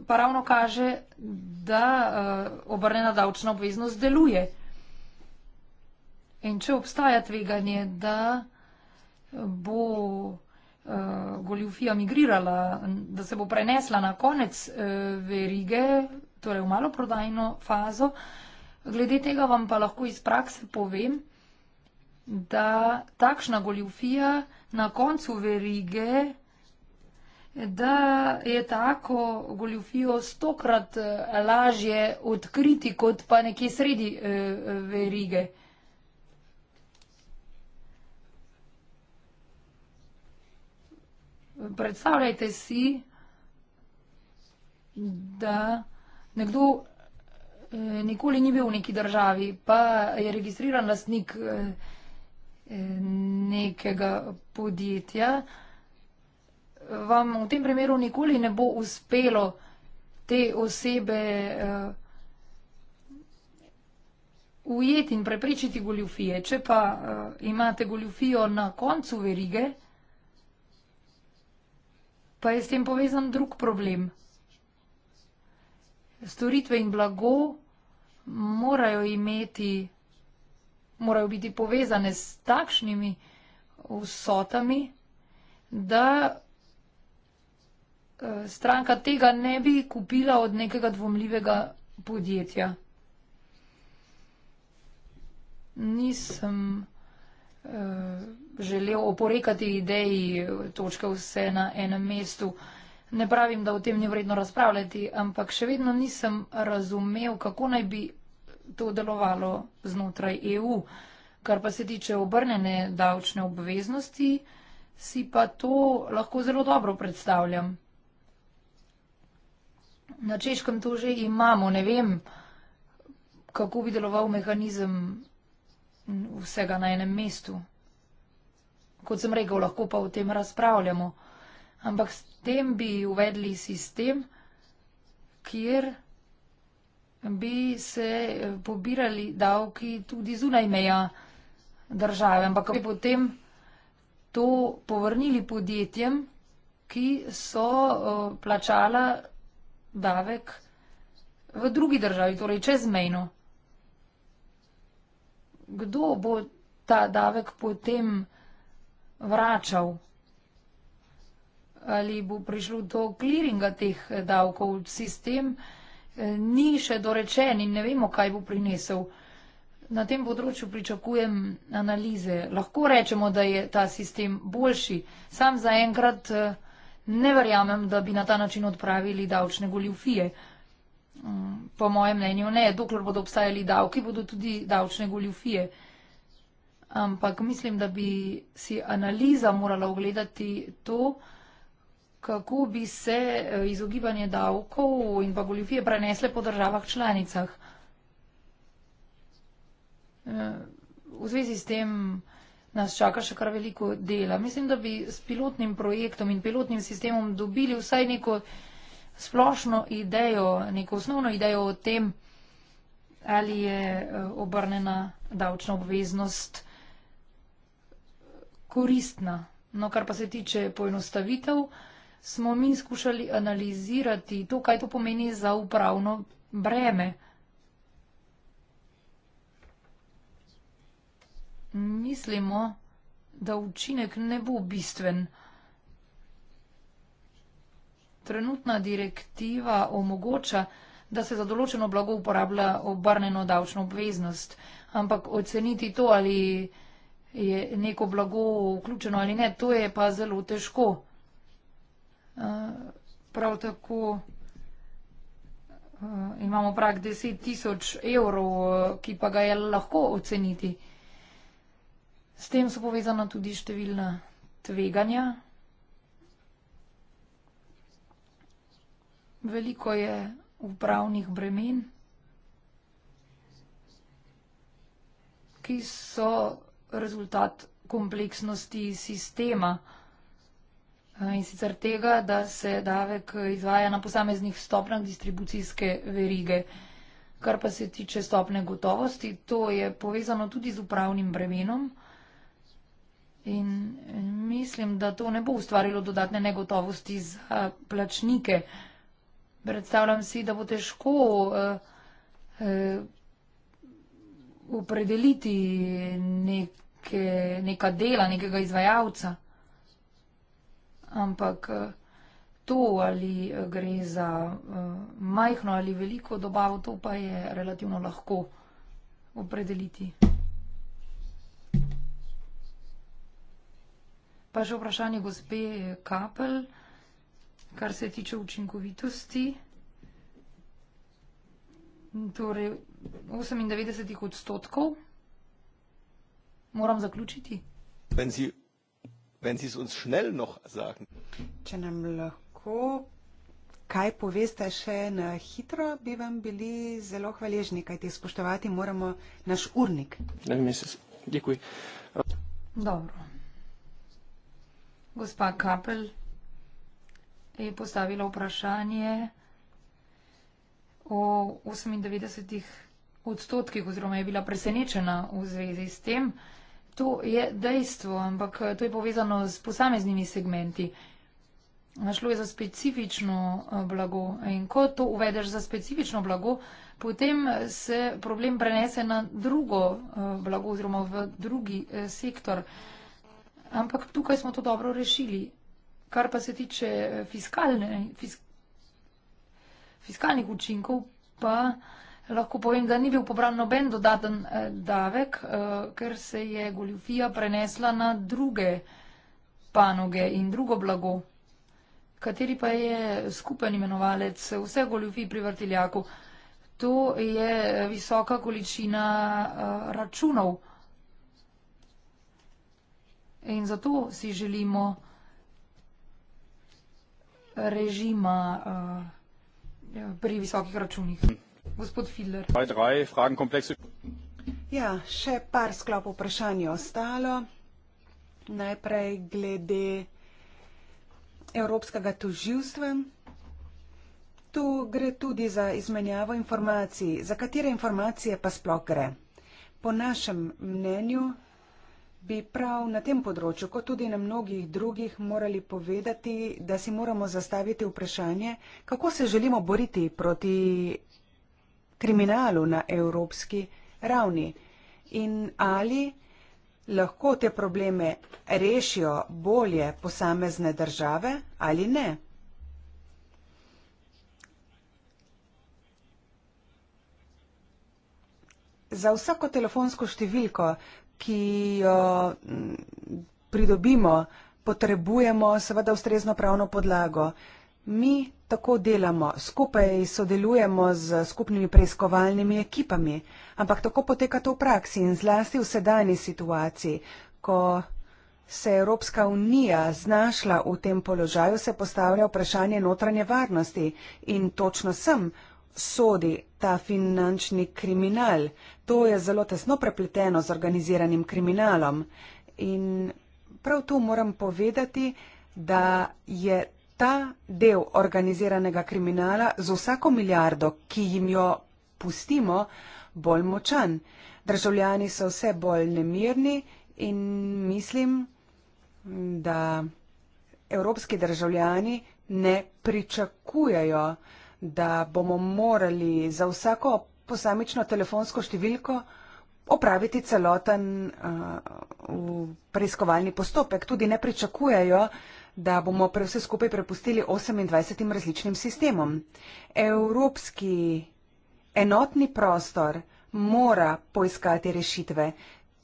Speaker 1: pa ravno kaže, da uh, obrnjena davčna obveznost deluje. In če obstaja tveganje, da bo uh, goljufija migrirala, da se bo prenesla na konec uh, verige, torej v maloprodajno fazo, uh, Glede tega vam pa lahko iz prakse povem, da takšna goljufija na koncu verige, da je tako goljufijo stokrat eh, lažje odkriti, kot pa nekje sredi eh, verige. Predstavljajte si, da nekdo Eh, nikoli ni bil v neki državi, pa je registriran lastnik eh, eh, nekega podjetja. Vam v tem primeru nikoli ne bo uspelo te osebe ujeti in preprečiti goljufije. Če pa imate goljufijo na koncu verige, pa je s tem povezan drug problem storitve in blago morajo imeti, morajo biti povezane s takšnimi vsotami, da eh, stranka tega ne bi kupila od nekega dvomljivega podjetja. Nisem eh, želel oporekati ideji točke vse na enem mestu. Ne pravim, da o tem ni vredno razpravljati, ampak še vedno nisem razumel, kako naj bi to delovalo znotraj EU. Kar pa se tiče obrnjene davčne obveznosti, si pa to lahko zelo dobro predstavljam. Na češkem to že imamo, ne vem, kako bi deloval mehanizem vsega na enem mestu. Kot sem rekel, lahko pa o tem razpravljamo ampak s tem bi uvedli sistem, kjer bi se eh, pobirali davki tudi zunaj meja države, ampak bi potem to povrnili podjetjem, ki so eh, plačala davek v drugi državi, torej čezmejno. Kdo bo ta davek potem vračal? ali bo prišlo do kliringa teh eh, davkov. Sistem eh, ni še dorečen in ne vemo, kaj bo prinesel. Na tem področju pričakujem analize. Lahko rečemo, da je ta sistem boljši. Sam zaenkrat eh, ne verjamem, da bi na ta način odpravili davčne goljufije. Mm, po mojem mnenju ne. Dokler bodo obstajali davki, bodo tudi davčne goljufije. Ampak mislim, da bi si analiza morala ogledati to, da kako bi se eh, izogibanje davkov in pa goljufije prenesle po državah članicah. Eh, v zvezi s tem nas čaka še kar veliko dela. Mislim, da bi s pilotnim projektom in pilotnim sistemom dobili vsaj neko splošno idejo, neko osnovno idejo o tem, ali je eh, obrnjena davčna obveznost koristna. No, kar pa se tiče poenostavitev, smo mi skušali analizirati to, kaj to pomeni za upravno breme. Mislimo, da učinek ne bo bistven. Trenutna direktiva omogoča, da se za določeno blago uporablja obrneno davčno obveznost, ampak oceniti to, ali je neko blago vključeno ali ne, to je pa zelo težko prav tako eh, imamo prak 10 tisoč evrov, eh, ki pa ga je lahko oceniti. S tem so povezana tudi številna tveganja. Veliko je upravnih bremen, ki so rezultat kompleksnosti sistema. Eh, in sicer tega, da se davek izvaja na posameznih stopnjah distribucijske verige. Kar pa se tiče stopne gotovosti, to je povezano tudi z upravnim bremenom. In eh, mislim, da to ne bo ustvarilo dodatne negotovosti za plačnike. Predstavljam si, da bo težko opredeliti eh, eh, neke, neka dela, nekega izvajalca ampak eh, to, ali eh, gre za eh, majhno ali veliko dobavo, to pa je relativno lahko opredeliti. Pa še vprašanje gospe Kapel, kar se tiče učinkovitosti. Torej, 98 odstotkov. Moram
Speaker 3: zaključiti
Speaker 2: wenn Sie es uns schnell noch sagen.
Speaker 3: Če nam lahko kaj poveste še na hitro, bi vam bili zelo hvaležni, kajti spoštovati moramo naš urnik.
Speaker 2: Ne, mesec. Dekuj.
Speaker 3: Dobro. Gospa Kapel
Speaker 1: je postavila vprašanje o 98 odstotkih oziroma je bila presenečena v zvezi s tem. Uh, To je dejstvo, ampak eh, to je povezano s posameznimi segmenti. Našlo je za specifično eh, blago in ko to uvedeš za specifično blago, potem eh, se problem prenese na drugo blago oziroma v drugi sektor. Ampak tukaj smo to dobro rešili. Kar pa se tiče fiskalne, fisk, fiskalnih učinkov, pa. Lahko povem, da ni bil pobran noben dodaten eh, davek, eh, ker se je goljufija prenesla na druge panoge in drugo blago. Kateri pa je skupen imenovalec vse goljufij pri vrtiljaku? To je visoka količina eh, računov. In zato si želimo
Speaker 3: režima pri visokih računih. Gospod Filler.
Speaker 1: Bei drei Fragenkomplexe.
Speaker 3: Ja, še par sklop vprašanj je ostalo. Najprej glede Evropskega toživstva. Tu gre tudi za izmenjavo informacij. Za katere informacije pa sploh gre? Po našem mnenju bi prav na tem področju, kot tudi na mnogih drugih, morali povedati, da si moramo zastaviti vprašanje, kako se želimo boriti proti kriminalu na evropski ravni. In ali lahko te probleme rešijo bolje posamezne države ali ne? Za vsako telefonsko številko, ki jo pridobimo, potrebujemo seveda ustrezno pravno podlago. Mi![›› tako delamo, skupaj sodelujemo z skupnimi preiskovalnimi ekipami, ampak tako poteka to v praksi in zlasti v sedajni situaciji, ko se je Evropska unija znašla v tem položaju, se postavlja vprašanje notranje varnosti in točno sem sodi ta finančni kriminal. To je zelo tesno prepleteno z organiziranim kriminalom. In prav tu moram povedati, da je ta del organiziranega kriminala z vsako milijardo, ki jim jo pustimo, bolj močan. Državljani so vse bolj nemirni in mislim, da evropski državljani ne pričakujejo, da bomo morali za vsako posamično telefonsko številko opraviti celoten uh, preiskovalni postopek. Tudi ne pričakujejo, uh, da bomo pre vse skupaj prepustili 28 različnim sistemom. Evropski enotni prostor mora poiskati rešitve.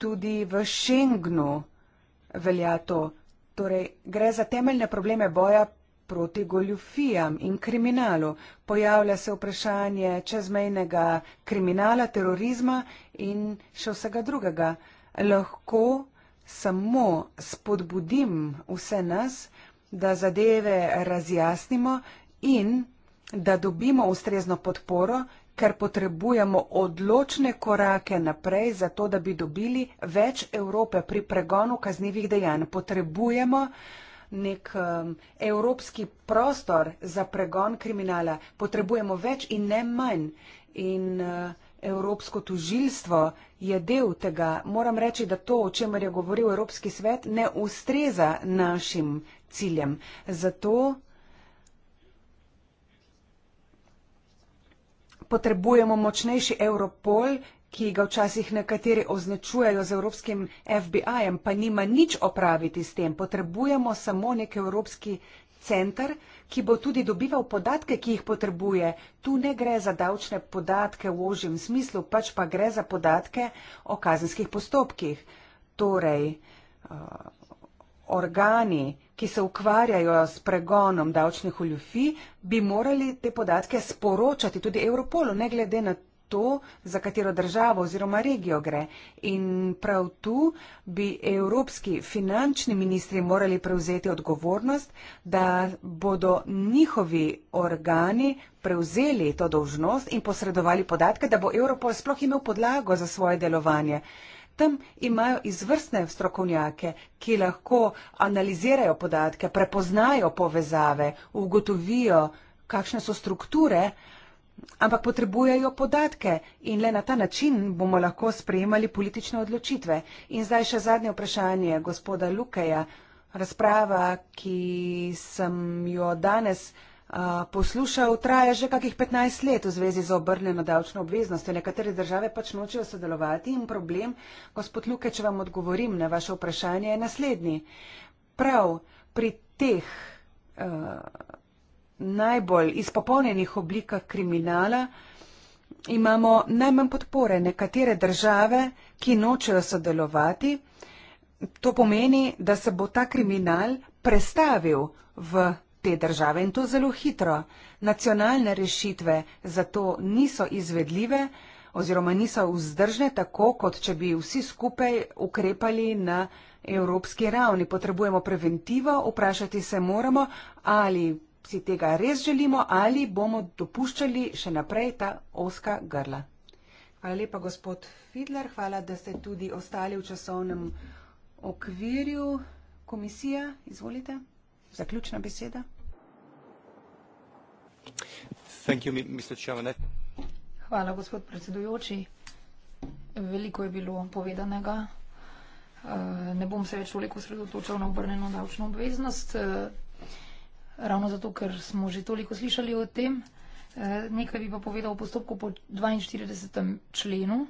Speaker 3: Tudi v Schengnu velja to. Torej, gre za temeljne probleme boja proti goljufijam in kriminalu. Pojavlja se vprašanje čezmejnega kriminala, terorizma in še vsega drugega. Lahko samo spodbudim vse nas, da zadeve razjasnimo in da dobimo ustrezno podporo, ker potrebujemo odločne korake naprej, zato da bi dobili več Evrope pri pregonu kaznjivih dejanj. Potrebujemo nek um, evropski prostor za pregon kriminala. Potrebujemo več in ne manj. In, uh, Evropsko tužilstvo je del tega. Moram reči, da to, o čemer je govoril Evropski svet, ne ustreza našim ciljem. Zato potrebujemo močnejši Europol, ki ga včasih nekateri označujejo z Evropskim FBI-jem, pa nima nič opraviti s tem. Potrebujemo samo nek Evropski center, ki bo tudi dobival podatke, ki jih potrebuje. Tu ne gre za davčne podatke v ožjem smislu, pač pa gre za podatke o kazenskih postopkih. Torej, eh, organi, ki se ukvarjajo s pregonom davčnih uljufi, bi morali te podatke sporočati tudi Europolu, ne glede na to, to, za katero državo oziroma regijo gre. In prav tu bi evropski finančni ministri morali prevzeti odgovornost, da bodo njihovi organi prevzeli to dožnost in posredovali podatke, da bo Europol sploh imel podlago za svoje delovanje. Tam imajo izvrstne strokovnjake, ki lahko analizirajo podatke, prepoznajo povezave, ugotovijo, kakšne so strukture, ampak potrebujejo podatke in le na ta način bomo lahko sprejemali politične odločitve. In zdaj še zadnje vprašanje gospoda Lukeja. Razprava, ki sem jo danes uh, poslušal, traja že kakih 15 let v zvezi z obrnjeno davčno obveznostjo. Nekatere države pač nočejo sodelovati in problem, gospod Luke, če vam odgovorim na vaše vprašanje, je naslednji. Prav pri teh uh, najbolj izpopolnjenih oblikah kriminala, imamo najmanj podpore nekatere države, ki nočejo sodelovati. To pomeni, da se bo ta kriminal prestavil v te države in to zelo hitro. Nacionalne rešitve zato niso izvedljive oziroma niso vzdržne tako, kot če bi vsi skupaj ukrepali na evropski ravni. Potrebujemo preventivo, vprašati se moramo, ali si tega res želimo ali bomo dopuščali še naprej ta oska grla. Hvala lepa, gospod Fidler. Hvala, da ste tudi ostali v časovnem okvirju. Komisija, izvolite. Zaključna beseda. Hvala,
Speaker 1: gospod predsedujoči. Veliko je bilo povedanega. Eh, ne bom se več toliko sredotočal na obrneno davčno obveznost. Eh, ravno zato, ker smo že toliko slišali o tem. Eh, nekaj bi pa povedal o postopku po 42. členu.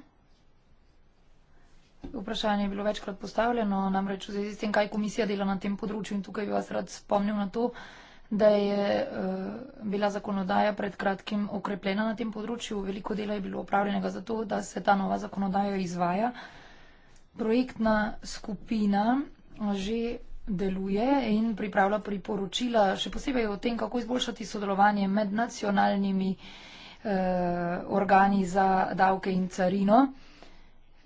Speaker 1: Vprašanje je bilo večkrat postavljeno, namreč v zvezi s tem, kaj komisija dela na tem področju in tukaj bi vas rad spomnil na to, da je uh, bila zakonodaja pred kratkim okrepljena na tem področju. Veliko dela je bilo opravljenega za to, da se ta nova zakonodaja izvaja. Projektna skupina že deluje in pripravlja priporočila, še posebej o tem, kako izboljšati sodelovanje med nacionalnimi eh, organi za davke in carino.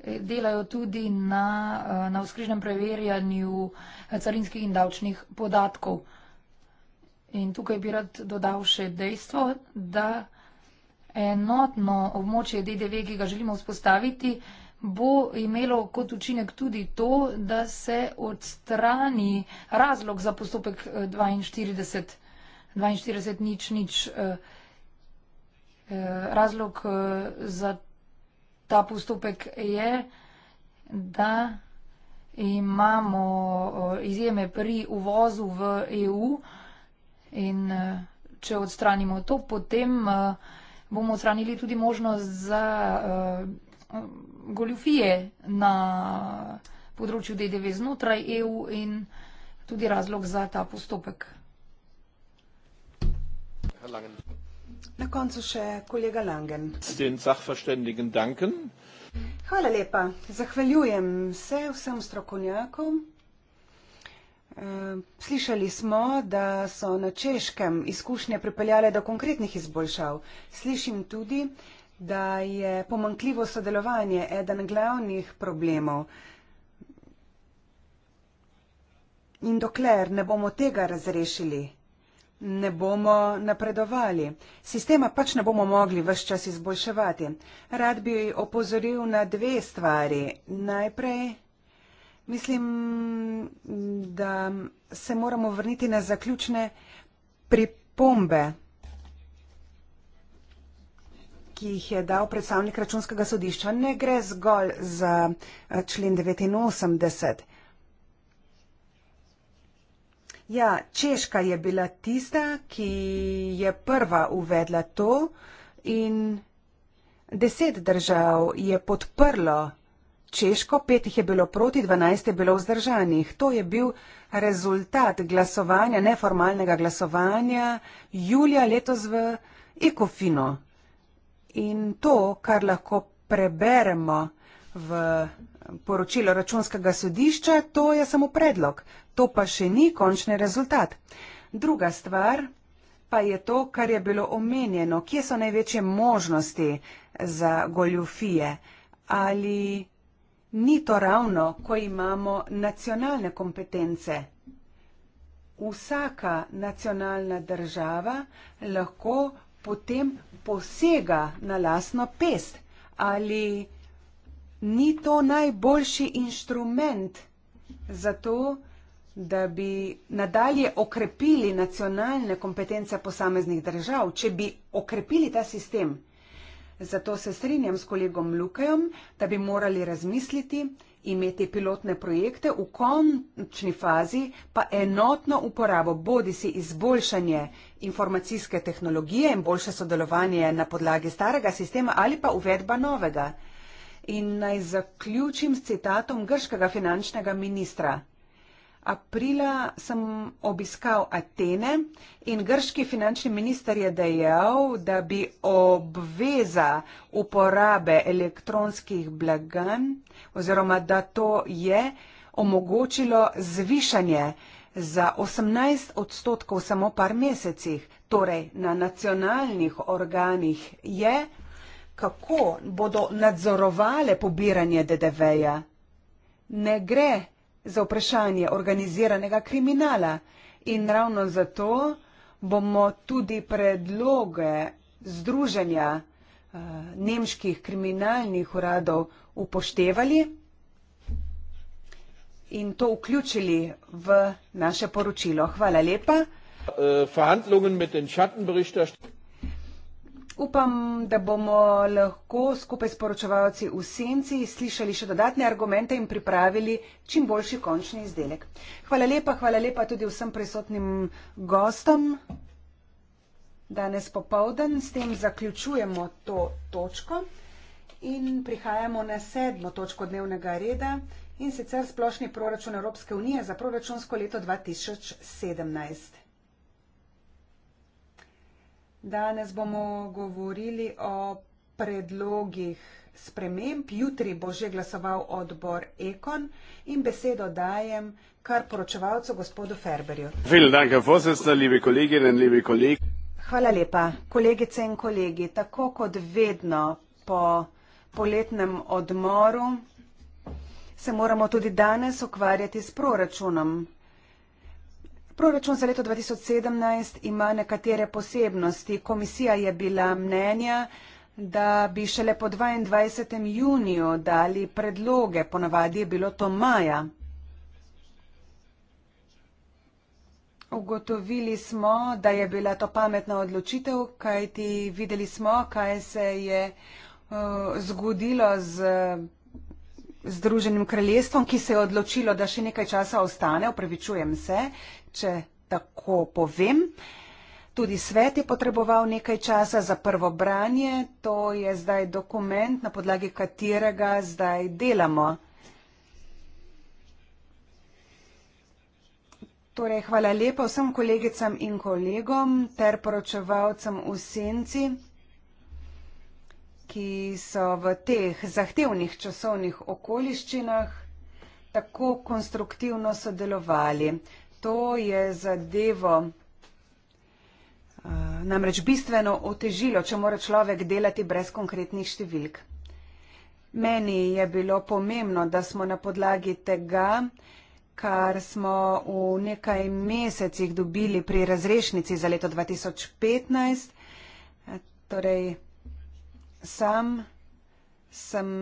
Speaker 1: Eh, delajo tudi na, eh, na vzkrižnem preverjanju eh, carinskih in davčnih podatkov. In tukaj bi rad dodal še dejstvo, da enotno območje DDV, ki ga želimo vzpostaviti, eh, bo imelo kot učinek tudi to, da se odstrani razlog za postopek 42, eh, 42 nič nič. Eh, eh, razlog za ta postopek je, da imamo izjeme pri uvozu v EU in če odstranimo to, potem bomo odstranili tudi možnost za goljufije na področju DDV znotraj EU in tudi razlog za ta postopek.
Speaker 3: Na koncu še kolega Langen. Hvala lepa. Zahvaljujem se vsem strokovnjakom. Eh, slišali smo, da so na češkem izkušnje pripeljale do konkretnih izboljšav. Slišim tudi, da je pomankljivo sodelovanje eden glavnih problemov. In dokler ne bomo tega razrešili, ne bomo napredovali. Sistema pač ne bomo mogli vse čas izboljševati. Rad bi opozoril na dve stvari. Najprej mislim, da se moramo vrniti na zaključne pripombe ki jih je dal predstavnik računskega sodišča, ne gre zgolj za eh, člen 89. Ja, Češka je bila tista, ki je prva uvedla to in deset držav je podprlo Češko, pet jih je bilo proti, dvanajst je bilo vzdržanih. To je bil rezultat glasovanja, neformalnega glasovanja julija letos v Ekofino. In to, kar lahko preberemo v poročilo računskega sodišča, to je samo predlog. To pa še ni končni rezultat. Druga stvar pa je to, kar je bilo omenjeno. Kje so največje možnosti za goljufije? Ali ni to ravno, ko imamo nacionalne kompetence? Vsaka nacionalna država lahko potem posega na lasno pest, ali ni to najboljši inštrument za to, da bi nadalje okrepili nacionalne kompetence posameznih držav, če bi okrepili ta sistem. Zato se strinjam s kolegom Lukajem, da bi morali razmisliti, imeti pilotne projekte, v končni fazi pa enotno uporabo, bodi si izboljšanje informacijske tehnologije in boljše sodelovanje na podlagi starega sistema ali pa uvedba novega. In naj zaključim s citatom grškega finančnega ministra aprila sem obiskal Atene in grški finančni minister je dejal, da bi obveza uporabe elektronskih blagan oziroma da to je omogočilo zvišanje za 18 odstotkov samo par mesecih, torej na nacionalnih organih je, kako bodo nadzorovale pobiranje DDV-ja. Ne gre za vprašanje organiziranega kriminala in ravno zato bomo tudi predloge Združenja eh, nemških kriminalnih uradov upoštevali in to vključili v naše poročilo. Hvala lepa. Uh, upam, da bomo lahko skupaj s poročevalci v senci slišali še dodatne argumente in pripravili čim boljši končni izdelek. Hvala lepa, hvala lepa tudi vsem prisotnim gostom. Danes popovdan s tem zaključujemo to točko in prihajamo na sedmo točko dnevnega reda in sicer splošni proračun Evropske unije za proračunsko leto 2017. Danes bomo govorili o predlogih sprememb. Jutri bo že glasoval odbor Ekon in besedo dajem kar poročevalcu gospodu Ferberju. Hvala lepa, kolegice in kolegi. Tako kot vedno po poletnem odmoru se moramo tudi danes ukvarjati s proračunom Proračun za leto 2017 ima nekatere posebnosti. Komisija je bila mnenja, da bi šele po 22. juniju dali predloge, ponavadi je bilo to maja. Ugotovili smo, da je bila to pametna odločitev, kajti videli smo, kaj se je eh, zgodilo z Združenim kraljestvom, ki se je odločilo, da še nekaj časa ostane, upravičujem se, če tako povem. Tudi svet je potreboval nekaj časa za prvo branje. To je zdaj dokument, na podlagi katerega zdaj delamo. Torej, hvala lepa vsem kolegicam in kolegom ter poročevalcem v senci, ki so v teh zahtevnih časovnih okoliščinah tako konstruktivno sodelovali to je zadevo eh, namreč bistveno otežilo, če mora človek delati brez konkretnih številk. Meni je bilo pomembno, da smo na podlagi tega, kar smo v nekaj mesecih dobili pri razrešnici za leto 2015, eh, torej sam sem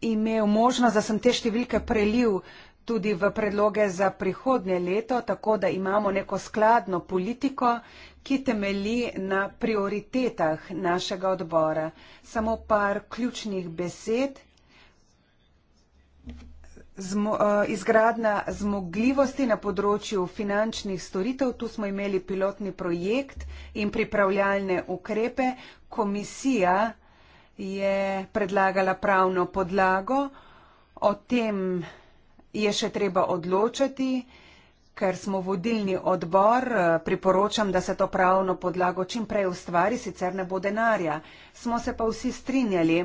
Speaker 3: imel možnost, da sem te številke prelil tudi v predloge za prihodnje leto, tako da imamo neko skladno politiko, ki temeli na prioritetah našega odbora. Samo par ključnih besed. Eh, Izgradna zmogljivosti na področju finančnih storitev, tu smo imeli pilotni projekt in pripravljalne ukrepe. Komisija je predlagala pravno podlago. O tem je še treba odločati, ker smo vodilni odbor. Eh, priporočam, da se to pravno podlago čim prej ustvari, sicer ne bo denarja. Smo se pa vsi strinjali,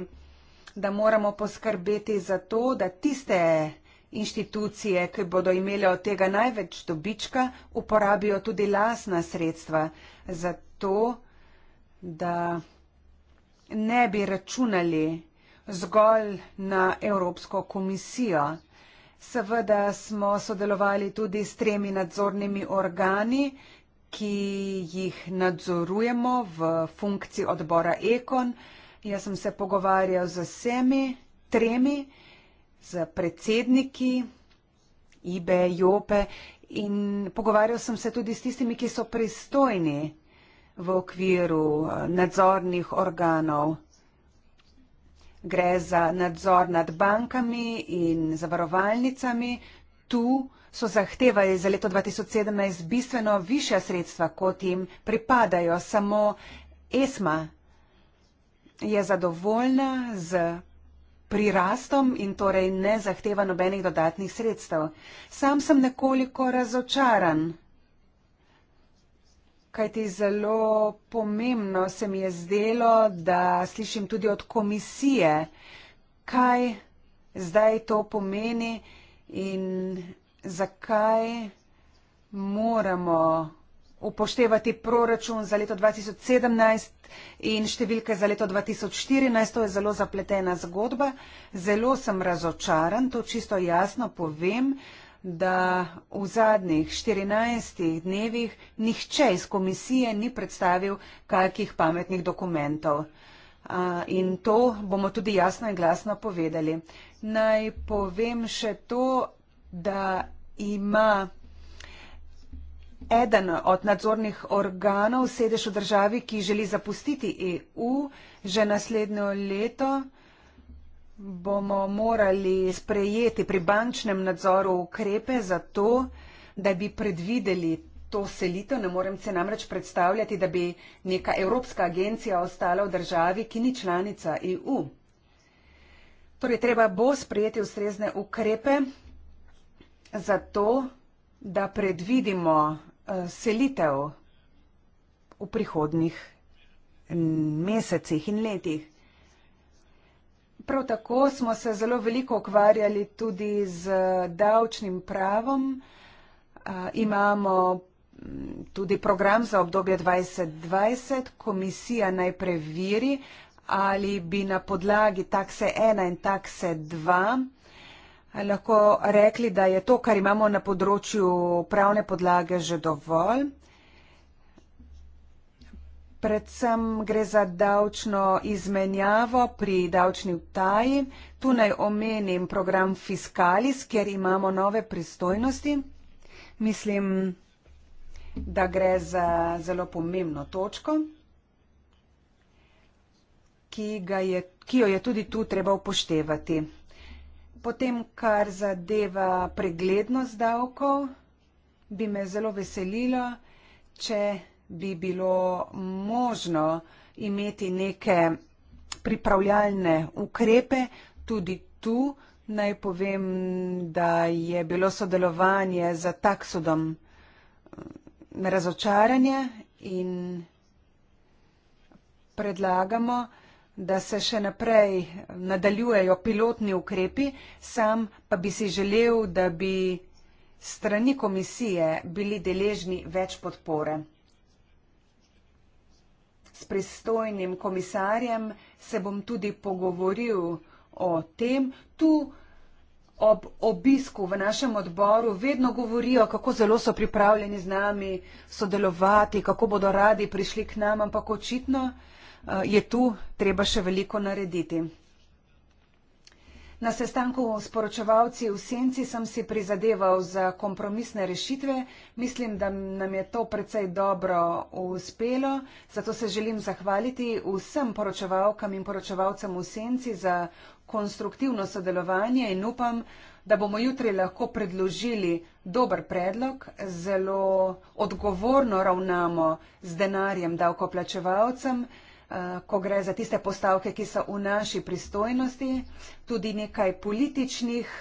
Speaker 3: da moramo poskrbeti za to, da tiste inštitucije, ki bodo imele od tega največ dobička, uporabijo tudi lasna sredstva za to, da ne bi računali zgolj na Evropsko komisijo. Seveda smo sodelovali tudi s tremi nadzornimi organi, ki jih nadzorujemo v funkciji odbora Ekon. Jaz sem se pogovarjal z vsemi tremi, z predsedniki IBE, JOPE in pogovarjal sem se tudi s tistimi, ki so pristojni v okviru eh, nadzornih organov. Gre za nadzor nad bankami in zavarovalnicami. Tu so zahtevali za leto 2017 bistveno više sredstva, kot jim pripadajo. Samo ESMA je zadovoljna z prirastom in torej ne zahteva nobenih dodatnih sredstev. Sam sem nekoliko razočaran kajti zelo pomembno se mi je zdelo, da slišim tudi od komisije, kaj zdaj to pomeni in zakaj moramo upoštevati proračun za leto 2017 in številke za leto 2014. To je zelo zapletena zgodba. Zelo sem razočaran, to čisto jasno povem. Uh, da v zadnjih 14 dnevih nihče iz komisije ni predstavil kakih pametnih dokumentov. In to bomo tudi jasno in glasno povedali. Naj povem še to, da ima eden od nadzornih organov sedež v državi, ki želi zapustiti EU že naslednjo leto bomo morali sprejeti pri bančnem nadzoru ukrepe za to, da bi predvideli to selitev. Ne morem se namreč predstavljati, da bi neka evropska agencija ostala v državi, ki ni članica EU. Torej, treba bo sprejeti ustrezne ukrepe za to, da predvidimo eh, selitev v prihodnih mesecih in letih. Prav tako smo se zelo veliko ukvarjali tudi z eh, davčnim pravom. Eh, imamo mm, tudi program za obdobje 2020. Komisija naj preveri, ali bi na podlagi takse 1 in takse 2 eh, lahko rekli, da je to, kar imamo na področju pravne podlage, že dovolj predvsem gre za davčno izmenjavo pri davčni vtaji. Tu naj omenim program Fiskalis, kjer imamo nove pristojnosti. Mislim, da gre za zelo pomembno točko, ki, je, ki jo je tudi tu treba upoštevati. Potem, kar zadeva preglednost davkov, bi me zelo veselilo, če bi bilo možno imeti neke pripravljalne ukrepe. Tudi tu naj povem, da je bilo sodelovanje za taksodom eh, razočaranje in predlagamo, da se še naprej nadaljujejo pilotni ukrepi, sam pa bi si želel, da bi strani komisije bili deležni več podpore pristojnim komisarjem se bom tudi pogovoril o tem. Tu ob obisku v našem odboru vedno govorijo, kako zelo so pripravljeni z nami sodelovati, kako bodo radi prišli k nam, ampak očitno eh, je tu treba še veliko narediti. Na sestanku s poročevalci v senci sem si prizadeval za kompromisne rešitve. Mislim, da nam je to precej dobro uspelo. Zato se želim zahvaliti vsem poročevalkam in poročevalcem v senci za konstruktivno sodelovanje in upam, da bomo jutri lahko predložili dober predlog. Zelo odgovorno ravnamo z denarjem davkoplačevalcem. Eh, ko gre za tiste postavke, ki so v naši pristojnosti, tudi nekaj političnih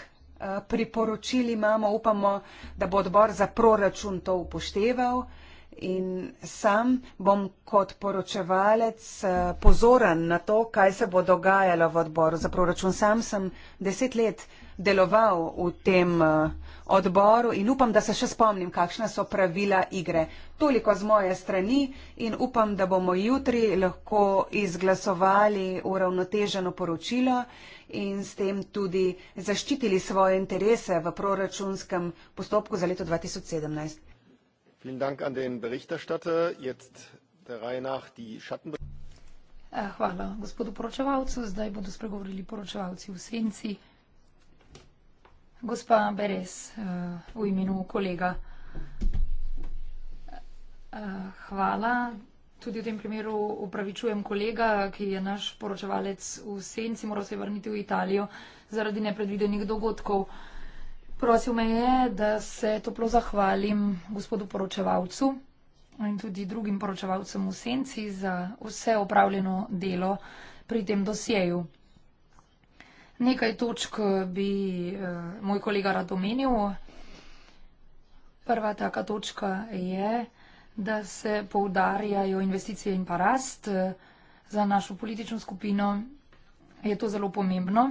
Speaker 3: eh, priporočil imamo, upamo, da bo odbor za proračun to upošteval in sam bom kot poročevalec eh, pozoren na to, kaj se bo dogajalo v odboru za proračun. Sam sem deset let deloval v tem uh, odboru in upam, da se še spomnim, kakšna so pravila igre. Toliko z moje strani in upam, da bomo jutri lahko izglasovali uravnoteženo poročilo in s tem tudi zaščitili svoje interese v proračunskem postopku za leto 2017.
Speaker 1: Eh, hvala gospodu poročevalcu. Zdaj bodo spregovorili poročevalci v senci. Gospa Beres, eh, v imenu kolega. Eh, hvala. Tudi v tem primeru upravičujem kolega, ki je naš poročevalec v senci, moral se vrniti v Italijo zaradi nepredvidenih dogodkov. Prosil me je, da se toplo zahvalim gospodu poročevalcu in tudi drugim poročevalcem v senci za vse opravljeno delo pri tem dosjeju. Nekaj točk eh, bi uh, moj kolega rad omenil. Prva taka točka je, da se poudarjajo investicije in pa rast. Eh, za našo politično skupino je to zelo pomembno.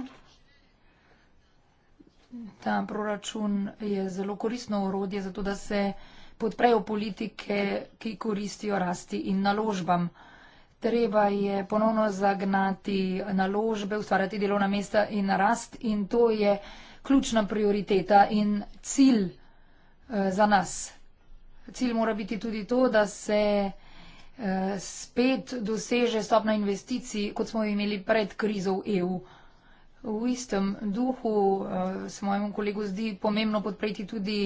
Speaker 1: Ta proračun je zelo koristno urodje za to, da se podprejo politike, ki koristijo rasti in naložbam. Treba je ponovno zagnati naložbe, ustvarjati delovna mesta in rast in to je ključna prioriteta in cilj eh, za nas. Cilj mora biti tudi to, da se eh, spet doseže stopna investicij, kot smo imeli pred krizo v EU. V istem duhu eh, se mojemu kolegu zdi pomembno podpreti tudi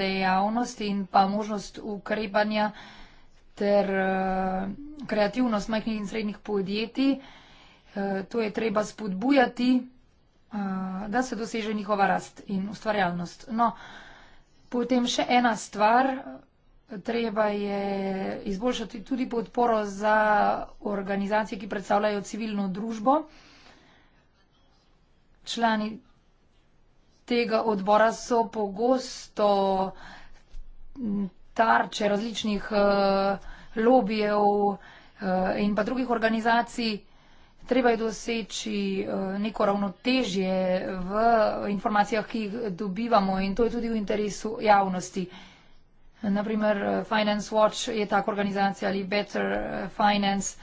Speaker 1: dejavnost in pa možnost ukrepanja ter eh, kreativnost majhnih in srednjih podjetij. Eh, to je treba spodbujati, eh, da se doseže njihova rast in ustvarjalnost. No, potem še ena stvar, treba je izboljšati tudi podporo za organizacije, ki predstavljajo civilno družbo. Člani tega odbora so pogosto tarče različnih uh, lobijev uh, in pa drugih organizacij. Treba je doseči eh, neko ravnotežje v informacijah, ki jih dobivamo in to je tudi v interesu javnosti. Naprimer, Finance Watch je tak organizacija ali Better Finance.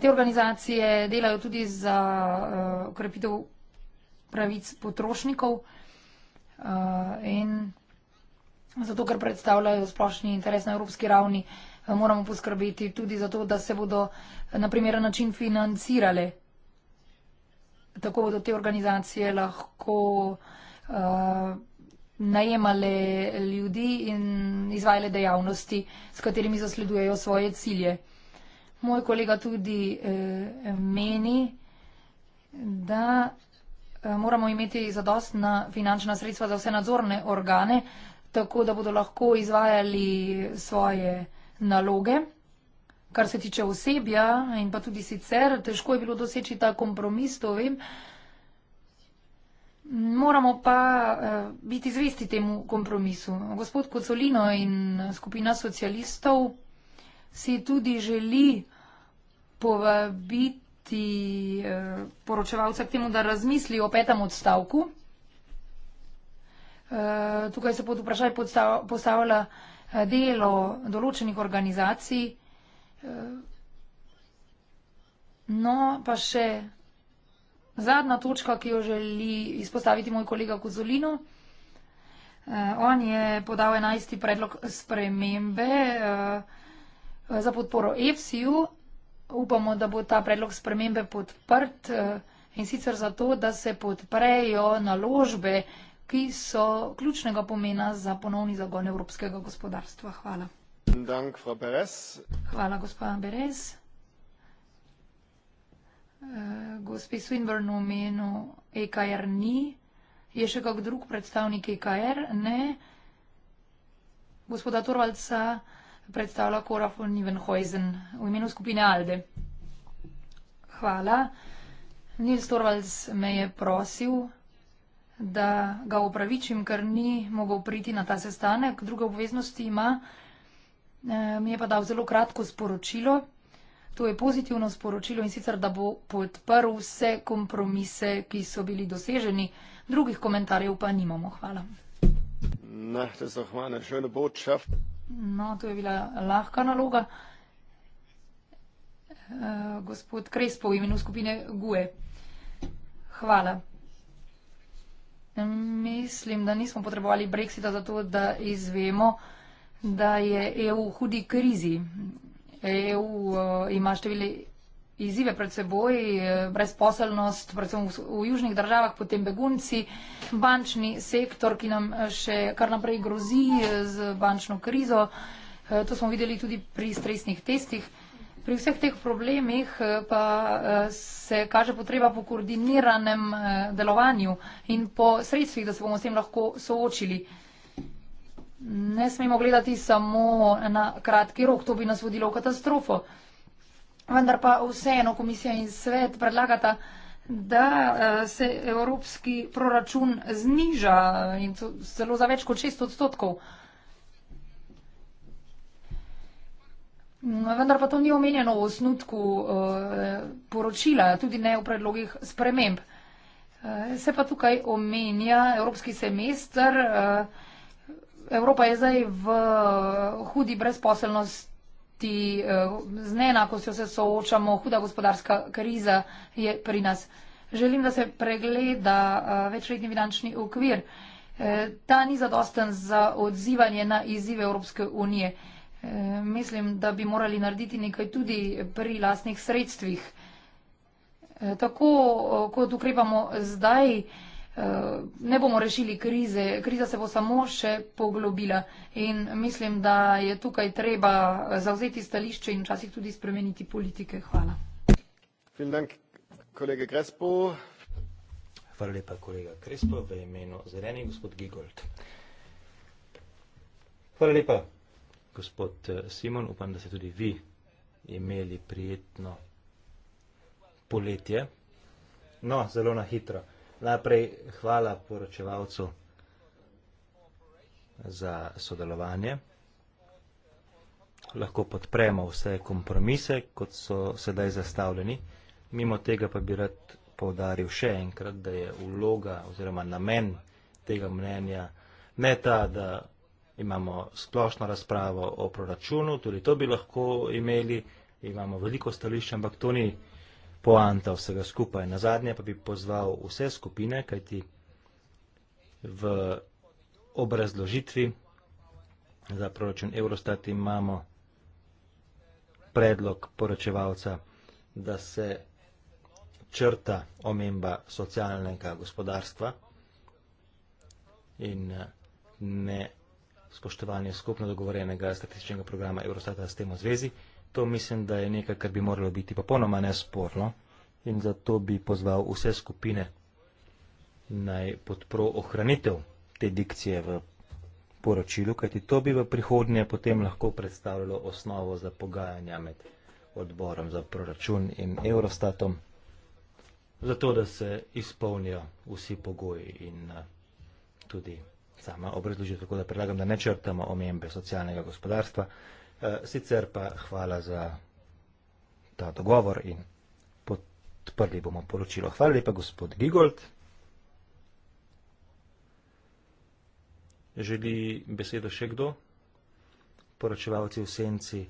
Speaker 1: Te organizacije delajo tudi za ukrepitev pravic potrošnikov in zato ker predstavljajo splošni interes na evropski ravni, eh, moramo poskrbeti tudi za to, da se bodo eh, na primeren način financirale. Tako bodo te organizacije lahko uh, najemale ljudi in izvajale dejavnosti, s katerimi zasledujejo svoje cilje. Moj kolega tudi eh, meni, da eh, moramo imeti zadostna finančna sredstva za vse nadzorne organe, tako da bodo lahko izvajali svoje naloge. Kar se tiče osebja in pa tudi sicer, težko je bilo doseči ta kompromis, to vem. Moramo pa eh, biti zvesti temu kompromisu. Gospod Kocolino in skupina socialistov si tudi želi povabiti eh, poročevalca k temu, da razmisli o petem odstavku. Eh, tukaj se pod vprašaj postavlja eh, delo določenih organizacij. Eh, no, pa še zadnja točka, ki jo želi izpostaviti moj kolega Kozolino. On je podal enajsti predlog spremembe za podporo EFSI-ju. Upamo, da bo ta predlog spremembe podprt in sicer zato, da se podprejo naložbe ki so ključnega pomena za ponovni zagon evropskega gospodarstva. Hvala. Dank, Hvala, gospod Beres. Eh, Gospi Svinbrnu menu EKR ni. Je še kak drug predstavnik EKR? Ne. Gospoda Torvaldsa predstavlja Kora von Nivenhoizen v imenu skupine ALDE. Hvala. Nils Torvalds me je prosil da ga upravičim, ker ni mogel priti na ta sestanek. Druge obveznosti ima, eh, mi je pa dal zelo kratko sporočilo. To je pozitivno sporočilo in sicer, da bo podprl vse kompromise, ki so bili doseženi. Drugih komentarjev pa nimamo. Hvala. No, to je bila lahka naloga. Eh, gospod Krespov, imenu skupine GUE. Hvala. Mislim, da nismo potrebovali brexita zato, da izvemo, da je EU v hudi krizi. EU uh, ima številne izzive pred seboj, eh, brezposelnost, predvsem v, v južnih državah, potem begunci, bančni sektor, ki nam eh, še kar naprej grozi eh, z bančno krizo. Uh, to smo videli tudi pri stresnih testih. Uh, Pri vseh teh problemih eh, pa eh, se kaže potreba po koordiniranem eh, delovanju in po sredstvih, da se bomo s tem lahko soočili. Ne smemo gledati samo na kratki rok, to bi nas vodilo v katastrofo. Vendar pa vseeno komisija in svet predlagata, da se evropski proračun zniža in celo za več kot 6 odstotkov. No, vendar pa to ni omenjeno v osnutku eh, poročila, tudi ne v predlogih sprememb. Eh, se pa tukaj omenja evropski semester. Eh, Evropa je zdaj v hudi brezposelnosti, z neenakostjo se soočamo, huda gospodarska kriza je pri nas. Želim, da se pregleda večletni finančni okvir. Ta ni zadosten za odzivanje na izzive Evropske unije. Eh, mislim, da bi morali narediti nekaj tudi pri lasnih sredstvih. Eh, tako eh, kot ukrepamo zdaj, ne bomo rešili krize. Kriza se bo samo še poglobila in mislim, da je tukaj treba zauzeti stališče in včasih tudi spremeniti politike. Hvala.
Speaker 2: Hvala lepa, kolega Krespo, v imenu Zelenih, gospod Gigold. Hvala lepa gospod eh, Simon, upam, da ste tudi vi imeli prijetno poletje. No, zelo na hitro. Najprej hvala poročevalcu za sodelovanje. Lahko podpremo vse kompromise, kot so sedaj zastavljeni. Mimo tega pa bi rad povdaril še enkrat, da je vloga oziroma namen tega mnenja ne ta, da imamo splošno razpravo o proračunu, tudi to bi lahko imeli, imamo veliko stališč, ampak to ni poanta vsega skupaj. Na zadnje pa bi pozval vse skupine, kajti v obrazložitvi za proračun Eurostat imamo predlog poročevalca, da se črta omemba socialnega gospodarstva in eh, ne vsega spoštovanje skupno dogovorenega statističnega programa Eurostata s tem v zvezi. To mislim, da je nekaj, kar bi moralo biti popolnoma nesporno in zato bi pozval vse skupine naj podpro ohranitev te dikcije v poročilu, kajti to bi v prihodnje potem lahko predstavljalo osnovo za pogajanja med odborom za proračun in Eurostatom, zato da se izpolnijo vsi pogoji in eh, tudi sama obrazložitev, tako da predlagam, da ne črtamo omembe socialnega gospodarstva. Eh, sicer pa hvala za ta dogovor in podprli bomo poročilo. Hvala lepa, gospod Gigold. Želi besedo še kdo? Poročevalci v senci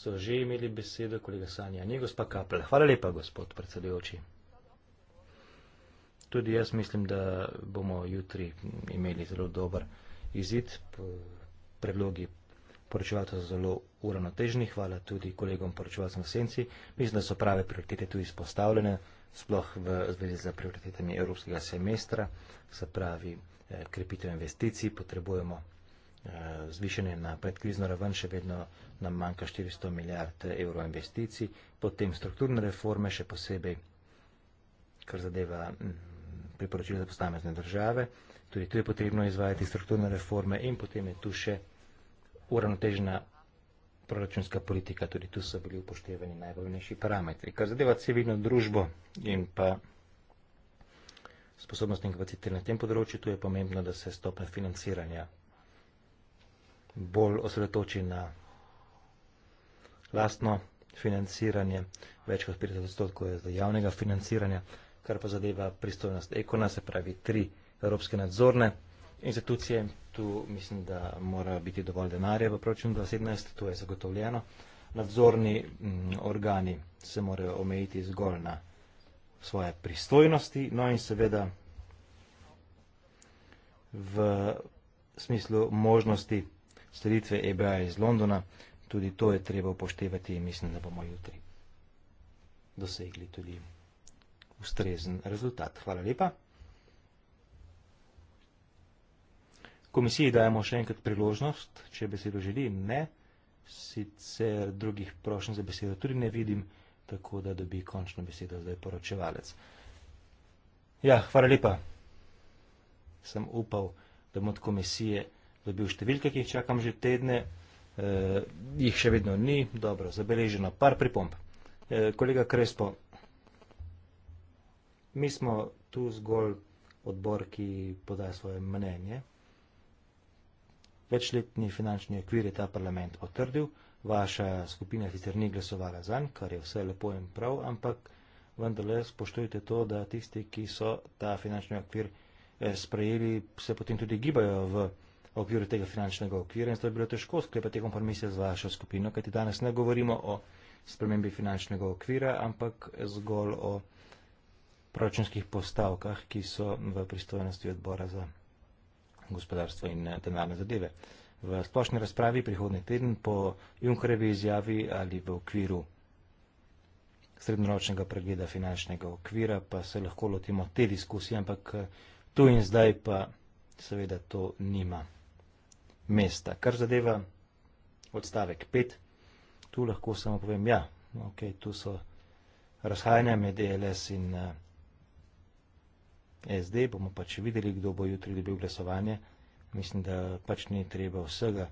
Speaker 2: so že imeli besedo, kolega Sanja, ni gospa Kapel. Hvala lepa, gospod predsedujoči tudi jaz mislim, da bomo jutri imeli zelo dober izid. Predlogi poročevalcev so zelo uravnotežni, hvala tudi kolegom poročevalcem v senci. Mislim, da so prave prioritete tu izpostavljene, sploh v zvezi z prioritetami evropskega semestra, se pravi eh, krepitev investicij, potrebujemo eh, zvišanje na predkrizno raven, še vedno nam manjka 400 milijard eh, evrov investicij, potem strukturne reforme, še posebej, kar zadeva mm, priporočila za posamezne države. Tudi tu je potrebno izvajati strukturne reforme in potem je tu še uravnotežena proračunska politika, tudi tu so bili upoštevani najboljnejši parametri. Kar zadeva civilno družbo in pa sposobnost in kapacitet na tem področju, tu je pomembno, da se stopne financiranja bolj osredotoči na lastno financiranje, več kot 50 odstotkov je za javnega financiranja kar pa zadeva pristojnost ekona, se pravi tri evropske nadzorne institucije. Tu mislim, da mora biti dovolj denarja v proračunu 2017, to je zagotovljeno. Nadzorni mm, organi se morajo omejiti zgolj na svoje pristojnosti, no in seveda v smislu možnosti sreditve EBA iz Londona, tudi to je treba upoštevati in mislim, da bomo jutri dosegli tudi ustrezen rezultat. Hvala lepa. Komisiji dajemo še enkrat priložnost, če besedo želi, ne, sicer drugih prošen za besedo tudi ne vidim, tako da dobi končno besedo zdaj poročevalec. Ja, hvala lepa. Sem upal, da bom od komisije dobil številke, ki jih čakam že tedne, e, jih še vedno ni, dobro, zabeleženo, par pripomp. E, eh, kolega Krespo, Mi smo tu zgolj odbor, ki podaja svoje mnenje. Večletni finančni okvir je ta parlament potrdil, vaša skupina sicer ni glasovala zanj, kar je vse lepo in prav, ampak vendarle spoštujte to, da tisti, ki so ta finančni okvir eh, sprejeli, se potem tudi gibajo v okviru tega finančnega okvira in zato je bilo težko sklepati kompromise z vašo skupino, kajti danes ne govorimo o spremembi finančnega okvira, ampak zgolj o proračunskih postavkah, ki so v pristojnosti odbora za gospodarstvo in eh, denarne zadeve. V splošni razpravi prihodnji teden po Junkerevi izjavi ali v okviru srednjeročnega pregleda finančnega okvira pa se lahko lotimo te diskusije, ampak eh, tu in zdaj pa seveda to nima mesta. Kar zadeva odstavek 5, tu lahko samo povem, ja, ok, tu so razhajanja med DLS e in uh, SD, bomo pač videli, kdo bo jutri dobil glasovanje. Mislim, da pač ni treba vsega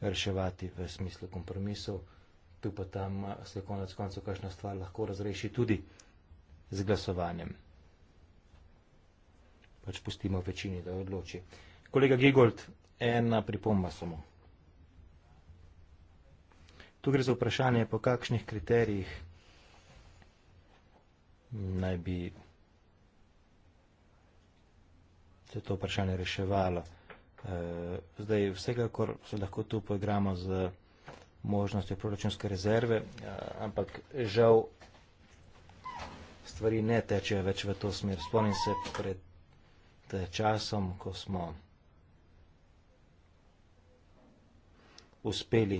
Speaker 2: reševati v smislu kompromisov. Tu pa tam se konec koncev kakšna stvar lahko razreši tudi z glasovanjem. Pač pustimo večini, da odloči. Kolega Gigold, ena pripomba samo. Tu gre za vprašanje, po kakšnih kriterijih naj bi se to vprašanje reševalo. Eh, zdaj, vsekakor se lahko tu poigramo z možnostjo proračunske rezerve, eh, ampak žal stvari ne tečejo več v to smer. Spomnim se pred eh, časom, ko smo uspeli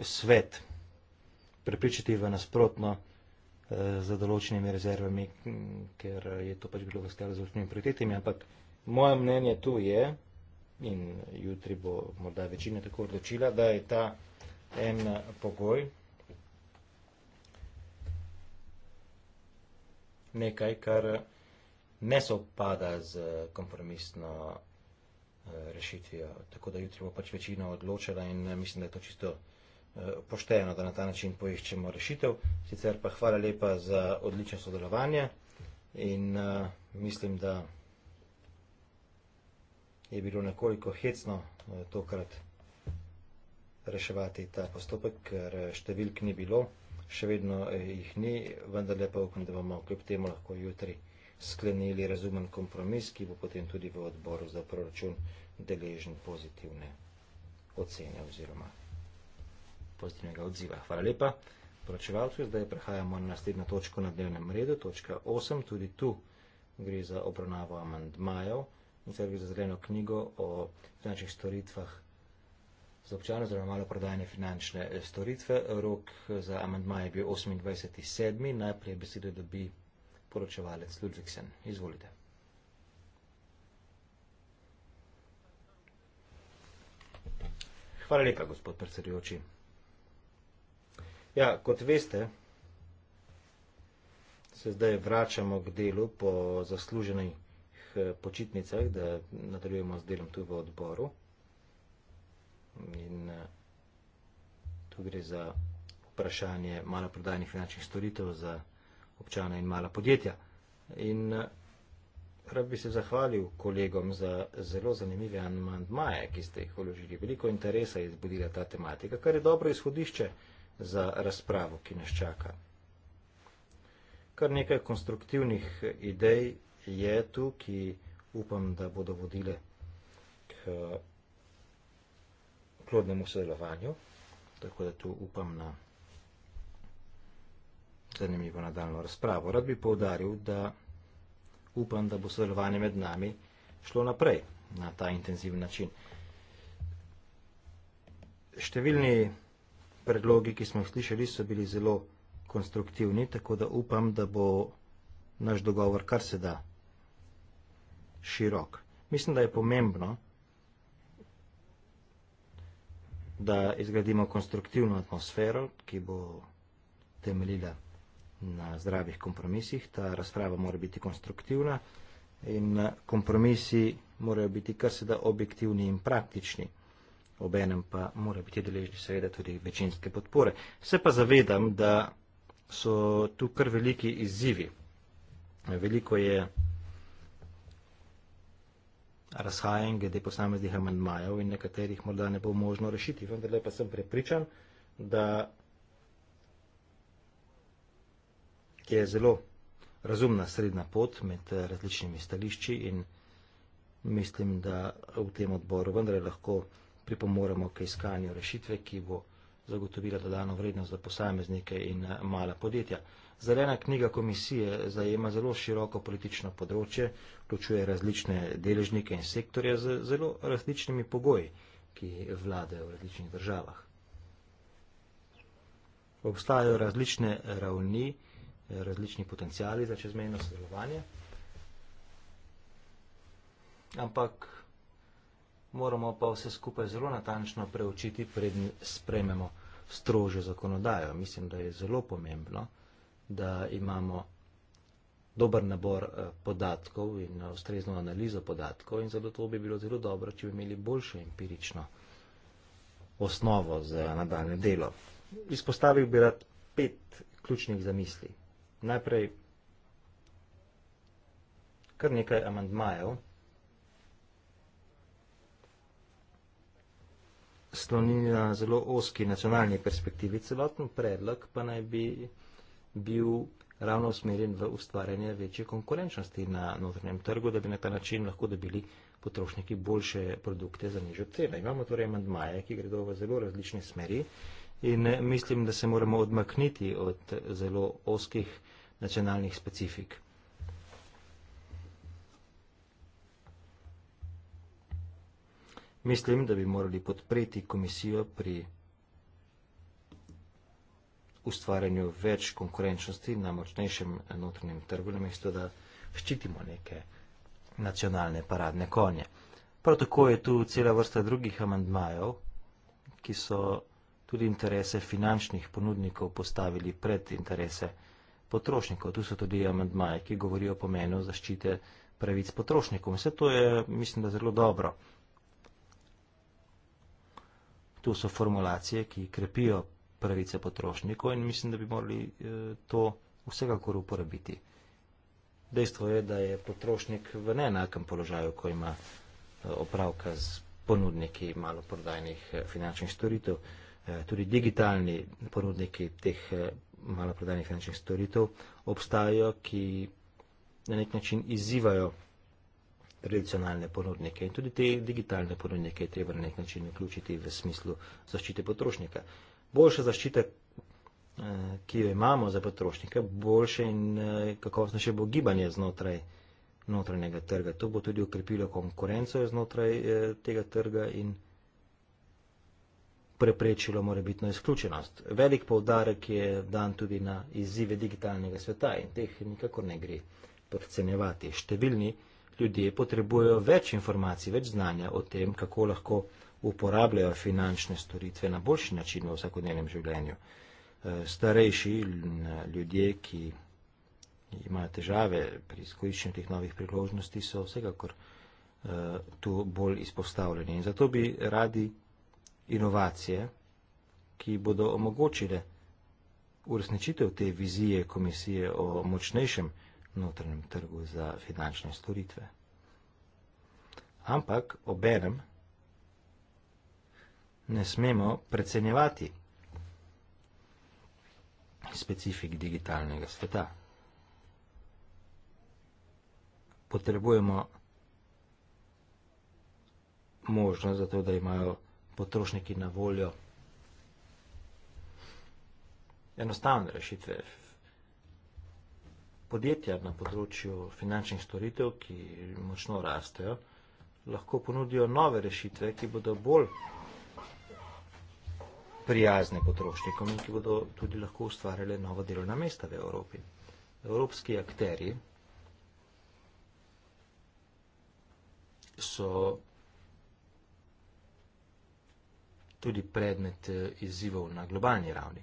Speaker 2: svet prepričati v nasprotno Eh, z določenimi rezervami, ker je to pač bilo v skladu z vrstnimi prioritetami. Ampak moje mnenje tu je, in jutri bo morda večina tako odločila, da je ta en pogoj nekaj, kar ne sopada z kompromisno eh, rešitvijo. Tako da jutri bo pač večina odločila in eh, mislim, da je to čisto pošteno, da na ta način poiščemo rešitev. Sicer pa hvala lepa za odlično sodelovanje in uh, mislim, da je bilo nekoliko hecno uh, tokrat reševati ta postopek, ker eh, številk ni bilo, še vedno jih ni, vendar lepa upam, da bomo kljub temu lahko jutri sklenili razumen kompromis, ki bo potem tudi v odboru za proračun deležen pozitivne ocene oziroma pozitivnega odziva. Hvala lepa poročevalcu. Zdaj prehajamo na naslednjo točko na dnevnem redu, točka 8. Tudi tu gre za obravnavo amandmajev in sicer gre za zeleno knjigo o finančnih storitvah za občane oziroma malo prodajne finančne eh, storitve. Rok eh, za amandmaje je bil 28.7. Najprej besedo dobi poročevalec Ludviksen. Izvolite. Hvala lepa, gospod predsedujoči. Ja, kot veste, se zdaj vračamo k delu po zasluženih eh, počitnicah, da nadaljujemo z delom tu v odboru. In eh, tu gre za vprašanje maloprodajnih finančnih storitev za občane in mala podjetja. In eh, rad bi se zahvalil kolegom za zelo zanimive amandmaje, ki ste jih vložili. Veliko interesa je izbudila ta tematika, kar je dobro izhodišče za razpravo, ki nas čaka. Kar nekaj konstruktivnih idej je tu, ki upam, da bodo vodile k plodnemu sodelovanju, tako da tu upam na zanimivo nadaljno razpravo. Rad bi povdaril, da upam, da bo sodelovanje med nami šlo naprej na ta intenziven način. Številni predlogi, ki smo jih slišali, so bili zelo konstruktivni, tako da upam, da bo naš dogovor kar se da širok. Mislim, da je pomembno, da izgradimo konstruktivno atmosfero, ki bo temeljila na zdravih kompromisih. Ta razprava mora biti konstruktivna in kompromisi morajo biti kar se da objektivni in praktični obenem pa mora biti deležni seveda tudi večinske podpore. Se pa zavedam, da so tu kar veliki izzivi. Veliko je razhajen glede posameznih amendmajev in nekaterih morda ne bo možno rešiti, vendar pa sem prepričan, da je zelo razumna sredna pot med eh, različnimi stališči in mislim, da v tem odboru vendar lahko razhajamo pripomoremo k iskanju rešitve, ki bo zagotovila dodano vrednost za posameznike in eh, mala podjetja. Zelena knjiga komisije zajema zelo široko politično področje, vključuje različne deležnike in sektorje z zelo različnimi pogoji, ki vladajo v različnih državah. Obstajajo različne ravni, eh, različni potencijali za čezmejno sodelovanje, ampak moramo pa vse skupaj zelo natančno preučiti, predn sprejmemo strože zakonodajo. Mislim, da je zelo pomembno, da imamo dober nabor eh, podatkov in eh, ustrezno analizo podatkov in zato bi bilo zelo dobro, če bi imeli boljšo empirično osnovo za nadaljne delo. Izpostavil bi rad pet ključnih zamisli. Najprej kar nekaj amandmajev. slonili na zelo oski nacionalni perspektivi. Celoten predlog pa naj bi bil ravno usmerjen v ustvarjanje večje konkurenčnosti na notrnem trgu, da bi na ta način lahko dobili potrošniki boljše produkte za nižjo ceno. Imamo torej mandmaje, ki gredo v zelo različne smeri in eh, mislim, da se moramo odmakniti od zelo oskih nacionalnih specifik. Mislim, da bi morali podpreti komisijo pri ustvarjanju več konkurenčnosti na močnejšem notranjem trgu, namesto da ščitimo neke nacionalne paradne konje. Prav tako je tu cela vrsta drugih amandmajev, ki so tudi interese finančnih ponudnikov postavili pred interese potrošnikov. Tu so tudi amandmaje, ki govorijo o pomenu zaščite pravic potrošnikov. Vse to je, mislim, da zelo dobro. To so formulacije, ki krepijo pravice potrošnikov in mislim, da bi morali eh, to vsekakor uporabiti. Dejstvo je, da je potrošnik v neenakem položaju, ko ima eh, opravka z ponudniki maloprodajnih eh, finančnih storitev. Tudi digitalni ponudniki teh maloprodajnih finančnih storitev obstajajo, ki na nek način izzivajo tradicionalne ponudnike in tudi te digitalne ponudnike je treba na nek način vključiti v smislu zaščite potrošnika. Boljša zaščita, eh, ki jo imamo za potrošnika, boljše in eh, kakovostnejše bo gibanje znotraj notranjega trga. To bo tudi ukrepilo konkurenco znotraj eh, tega trga in preprečilo morebitno izključenost. Velik poudarek je dan tudi na izzive digitalnega sveta in teh nikakor ne gre podcenjevati. Številni ljudje potrebujejo več informacij, več znanja o tem, kako lahko uporabljajo finančne storitve na boljši način v vsakodnevnem življenju. E, starejši ljudje, ki imajo težave pri izkoriščenju teh novih priložnosti, so vsekakor e, tu bolj izpostavljeni. In zato bi radi inovacije, ki bodo omogočile uresničitev te vizije komisije o močnejšem notranjem trgu za finančne storitve. Ampak obenem ne smemo precenjevati specifik digitalnega sveta. Potrebujemo možnost za to, da imajo potrošniki na voljo enostavne rešitve, podjetja na področju finančnih storitev, ki močno rastejo, lahko ponudijo nove rešitve, ki bodo bolj prijazne potrošnikom in ki bodo tudi lahko ustvarjale nova delovna mesta v Evropi. Evropski akteri so tudi predmet eh, izzivov na globalni ravni.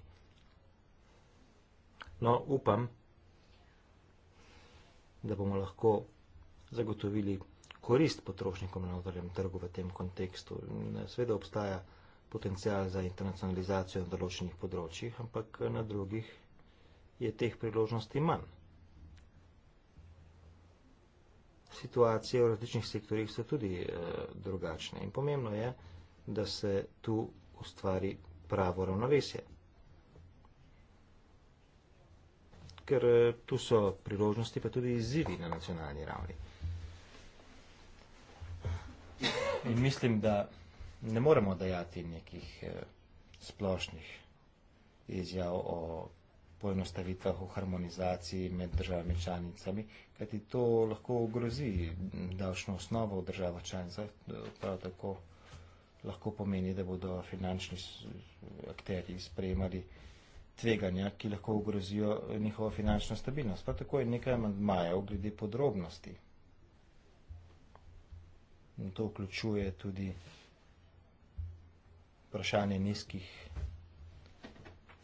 Speaker 2: No, upam, da bomo lahko zagotovili korist potrošnikom na notranjem trgu v tem kontekstu. Eh, Sveda obstaja potencial za internacionalizacijo na določenih področjih, ampak eh, na drugih je teh priložnosti manj. Situacije v različnih sektorjih so tudi eh, drugačne in pomembno je, da se tu ustvari pravo ravnovesje. ker eh, tu so priložnosti, pa tudi izzivi na nacionalni ravni. In mislim, da ne moremo dajati nekih eh, splošnih izjav o poenostavitvah, o harmonizaciji med državami članicami, kajti to lahko ogrozi davčno osnovo v državah članicah, prav tako lahko pomeni, da bodo finančni akteri sprejemali tveganja, ki lahko ogrozijo eh, njihovo finančno stabilnost. Pa tako je nekaj amandmajev glede podrobnosti. In to vključuje tudi vprašanje nizkih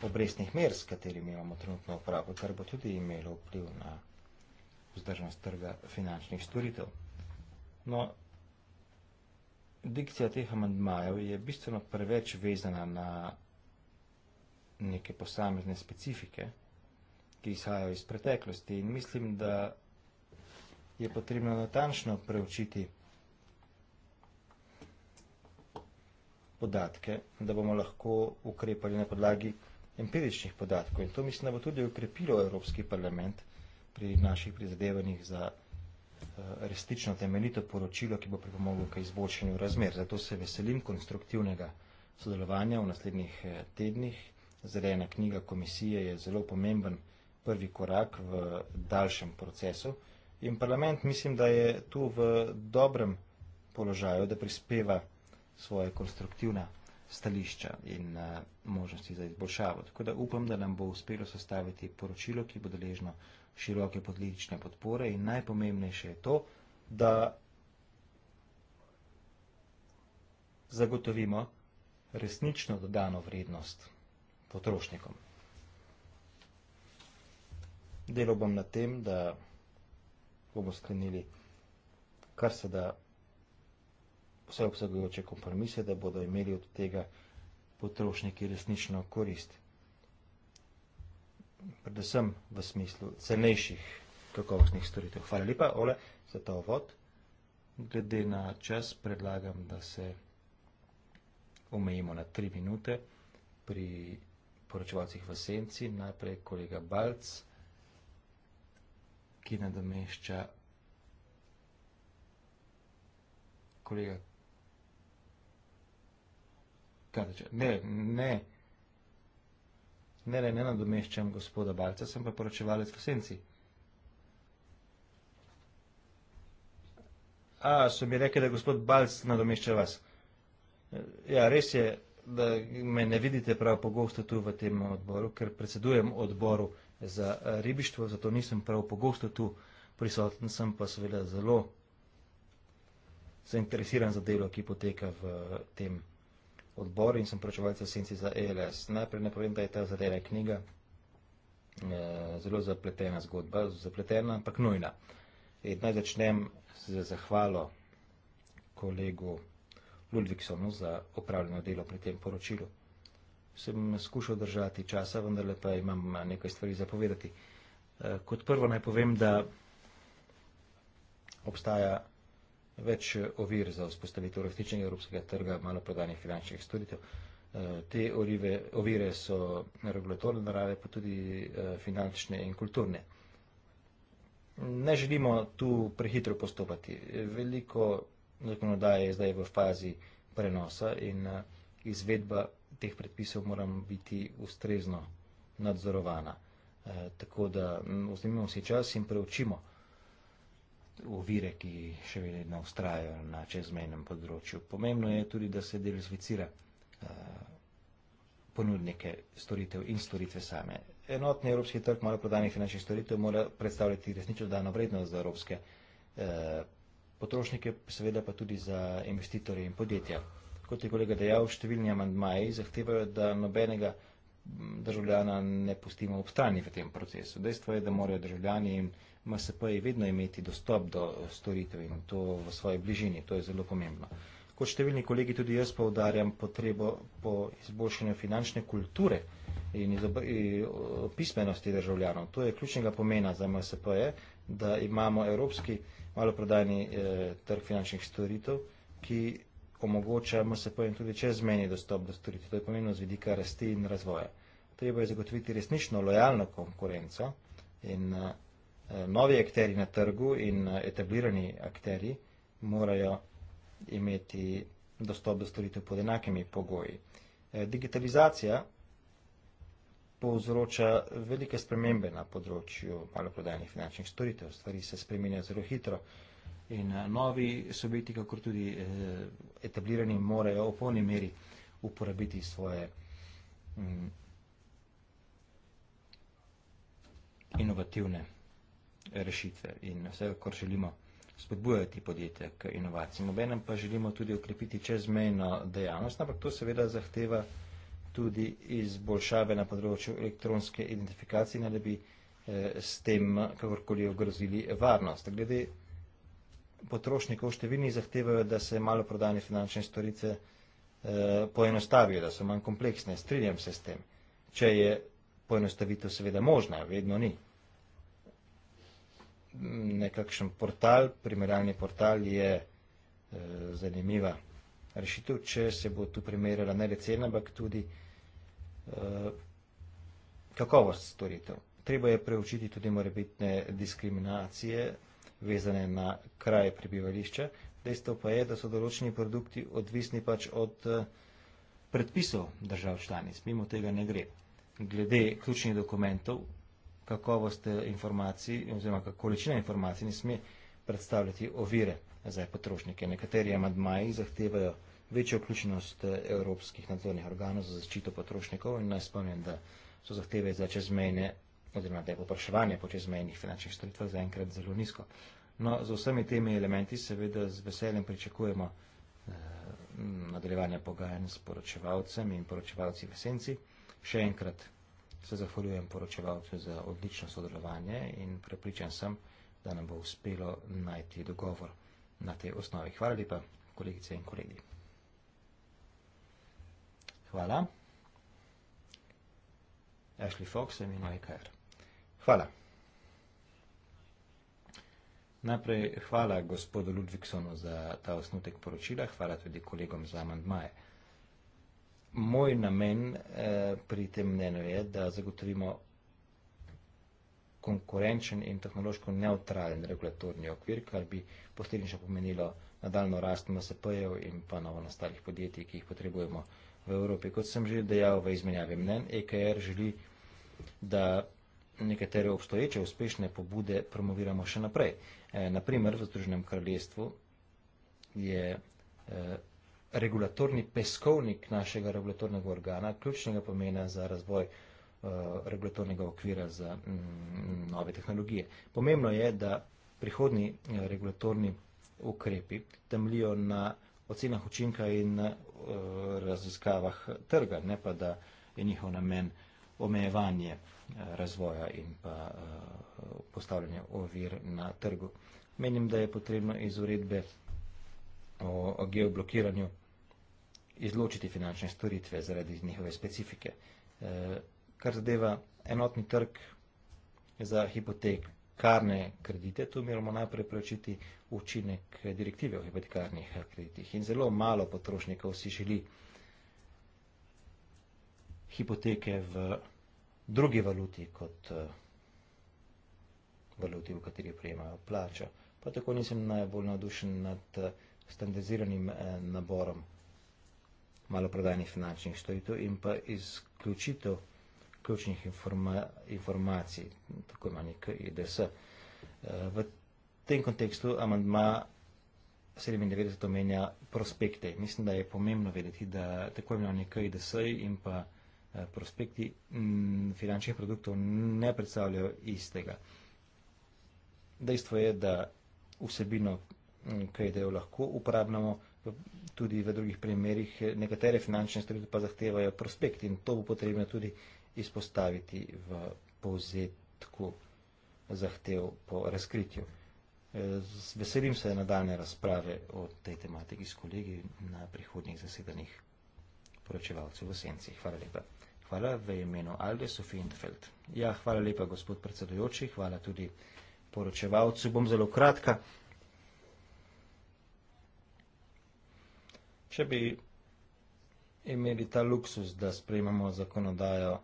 Speaker 2: obrestnih mer, s katerimi imamo trenutno upravo, kar bo tudi imelo vpliv na vzdržnost trga finančnih storitev. No, dikcija teh amandmajev je bistveno preveč vezana na neke posamezne specifike, ki izhajajo iz preteklosti. In mislim, da je potrebno natančno preučiti podatke, da bomo lahko ukrepali na podlagi empiričnih podatkov. In to mislim, da bo tudi ukrepilo Evropski parlament pri naših prizadevanjih za eh, resnično temeljito poročilo, ki bo pripomoglo k izboljšanju razmer. Zato se veselim konstruktivnega sodelovanja v naslednjih eh, tednih. Zelena knjiga komisije je zelo pomemben prvi korak v daljšem procesu in parlament mislim, da je tu v dobrem položaju, da prispeva svoje konstruktivna stališča in eh, možnosti za izboljšavo. Tako da upam, da nam bo uspelo sestaviti poročilo, ki bo deležno široke politične podpore in najpomembnejše je to, da zagotovimo resnično dodano vrednost vrednosti potrošnikom. Delo bom na tem, da bomo sklenili kar se da vse obsegajoče kompromise, da bodo imeli od tega potrošniki resnično korist. Predvsem v smislu cenejših kakovostnih storitev. Hvala lepa, Ole, za ta ovod. Glede na čas predlagam, da se omejimo na tri minute pri izgledu poročevalcih v senci, najprej kolega Balc, ki nadomešča kolega Kardeča. Ne, ne, ne, ne, ne nadomeščam gospoda Balca, sem pa poročevalec v senci. A, so mi rekli, da gospod Balc nadomešča vas. Ja, res je, da me ne vidite prav pogosto tu v tem odboru, ker predsedujem odboru za eh, ribištvo, zato nisem prav pogosto tu prisoten, sem pa seveda zelo zainteresiran za delo, ki poteka v eh, tem odboru in sem pročevalca senci za ELS. Najprej ne povem, da je ta zadena knjiga eh, zelo zapletena zgodba, zapletena, ampak nujna. Naj začnem z zahvalo kolegu Hrvatskega, Ludvigsonu za opravljeno delo pri tem poročilu. Sem skušal držati časa, vendar pa imam eh, nekaj stvari zapovedati. Eh, kot prvo naj povem, da obstaja več eh, ovir za vzpostavitev resničnega evropskega trga maloprodajnih finančnih storitev. Te orive, ovire so regulatorne narave, pa tudi finančne in kulturne. Ne želimo tu prehitro postopati. Veliko zakonodaje je zdaj v fazi prenosa in eh, izvedba teh predpisov mora biti ustrezno nadzorovana. Eh, tako da mm, vzemimo si čas in preučimo ovire, ki še vedno ustrajajo na čezmejnem področju. Pomembno je tudi, da se diversificira eh, ponudnike storitev in storitve same. Enotni evropski trg malo prodanih finančnih storitev mora predstavljati resnično dano vrednost za evropske eh, potrošnike, seveda pa tudi za investitorje in podjetja. Kot je kolega dejal, številni amandmaji zahtevajo, da nobenega državljana ne pustimo ob strani v tem procesu. Dejstvo je, da morajo državljani in MSP-ji vedno imeti dostop do eh, storitev in to v svoji bližini. To je zelo pomembno. Kot številni kolegi tudi jaz povdarjam potrebo po izboljšanju finančne kulture in pismenosti državljanov. To je ključnega pomena za MSP-je, da imamo evropski maloprodajni eh, trg finančnih storitev, ki omogoča MSP-jem tudi čezmeni dostop do storitev. To je pomembno z vidika rasti in razvoja. Treba je zagotoviti resnično lojalno konkurenco in eh, novi akteri na trgu in eh, etablirani akteri morajo imeti dostop do storitev pod enakimi pogoji. Eh, digitalizacija povzroča velike spremembe na področju maloprodajnih finančnih storitev. Stvari se spremenjajo zelo hitro in eh, novi subjekti, kako tudi eh, etablirani, morajo v polni meri uporabiti svoje mm, inovativne rešitve in vse, kar želimo spodbujati podjetja k inovacijam. Obenem pa želimo tudi ukrepiti čezmejno dejavnost, ampak to seveda zahteva vsega, tudi izboljšave na področju elektronske identifikacije, ne da bi eh, s tem kakorkoli ogrozili varnost. Glede potrošnikov številni zahtevajo, da se malo prodane finančne storice eh, poenostavijo, da so manj kompleksne. Strinjam se s tem, če je poenostavitev seveda možna, vedno ni. Nekakšen portal, primerjalni portal je eh, zanimiva rešitev, če se bo tu primerjala ne le cena, ampak tudi eh, kakovost storitev. Treba je preučiti tudi morebitne diskriminacije, vezane na kraj prebivališča. Dejstvo pa je, da so določeni produkti odvisni pač od eh, predpisov držav članic. Mimo tega ne gre. Glede ključnih dokumentov, kakovost eh, informacij oziroma količina informacij ne sme predstavljati ovire za potrošnike. Nekateri amadmaji zahtevajo večjo vključenost eh, evropskih nadzornih organov za zaščito potrošnikov in naj spomnim, da so zahteve za čezmejne oziroma da je popraševanje po čezmejnih finančnih storitvah zaenkrat zelo nizko. No, z vsemi temi elementi seveda z veseljem pričakujemo eh, nadaljevanje pogajanj s poročevalcem in poročevalci v esenci. Še enkrat se zahvaljujem poročevalcu za odlično sodelovanje in prepričan sem, da nam bo uspelo najti dogovor na tej osnovi. Hvala lepa, kolegice in kolegi. Hvala. Ashley Fox in Mike Kerr. Hvala. Najprej hvala gospodu Ludviksonu za ta osnutek poročila, hvala tudi kolegom za amandmaje. Moj namen eh, pri tem mnenju je, da zagotovimo konkurenčen in tehnološko neutralen regulatorni okvir, kar bi posledično pomenilo nadaljno rast MSP-jev in pa novo nastalih podjetij, ki jih potrebujemo v Evropi. Kot sem že dejal v izmenjavi mnen, EKR želi, da nekatere obstoječe uspešne pobude promoviramo še naprej. E, naprimer, v Združenem kraljestvu je e, regulatorni peskovnik našega regulatornega organa ključnega pomena za razvoj e, regulatornega okvira za m, nove tehnologije. Pomembno je, da prihodni e, regulatorni ukrepi temlijo na ocenah učinka in eh, raziskavah trga, ne pa da je njihov namen omejevanje eh, razvoja in pa eh, postavljanje ovir na trgu. Menim, da je potrebno iz uredbe o geoblokiranju izločiti finančne storitve zaradi njihove specifike. Kar zadeva enotni trg za hipotek, hipotekarne kredite, tu moramo najprej preučiti učinek direktive o hipotekarnih kreditih. In zelo malo potrošnikov si želi hipoteke v drugi valuti kot eh, valuti, v kateri prejemajo plačo. Pa tako nisem najbolj navdušen nad eh, standardiziranim eh, naborom maloprodajnih finančnih storitev in pa izključitev ključnih informa informacij, tako imani KIDS. Eh, v tem kontekstu amandma 97 omenja prospekte. Mislim, da je pomembno vedeti, da tako imani KIDS in pa eh, prospekti mm, finančnih produktov ne predstavljajo istega. Dejstvo je, da vsebino mm, KIDS lahko uporabljamo tudi v drugih primerih. Nekatere finančne storitve pa zahtevajo prospekt in to bo potrebno tudi izgledati izpostaviti v povzetku zahtev po razkritju. E, veselim se na daljne razprave o tej tematiki s kolegi na prihodnih zasedanih poročevalcev v Senci. Hvala lepa. Hvala v imenu Alde Sofijntfeld. Ja, hvala lepa, gospod predsedujoči, hvala tudi poročevalcu. Bom zelo kratka. Če bi imeli ta luksus, da sprejmamo zakonodajo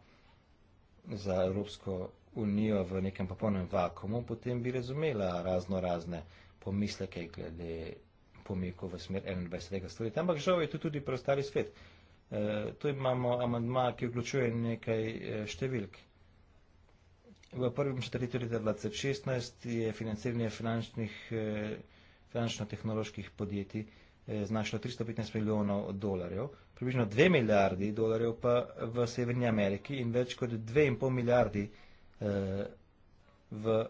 Speaker 2: za Evropsko unijo v nekem popolnem vakumu, potem bi razumela razno razne pomisleke glede pomikov v smer 21. stoletja. Ampak žal je to tudi preostali svet. E, tu imamo amandma, ki vključuje nekaj e, številk. V prvem četrtletju leta 2016 je financiranje finančnih, e, finančno-tehnoloških podjetij e, znašlo 315 milijonov dolarjev približno 2 milijardi dolarjev pa v Severni Ameriki in več kot 2,5 milijardi eh, v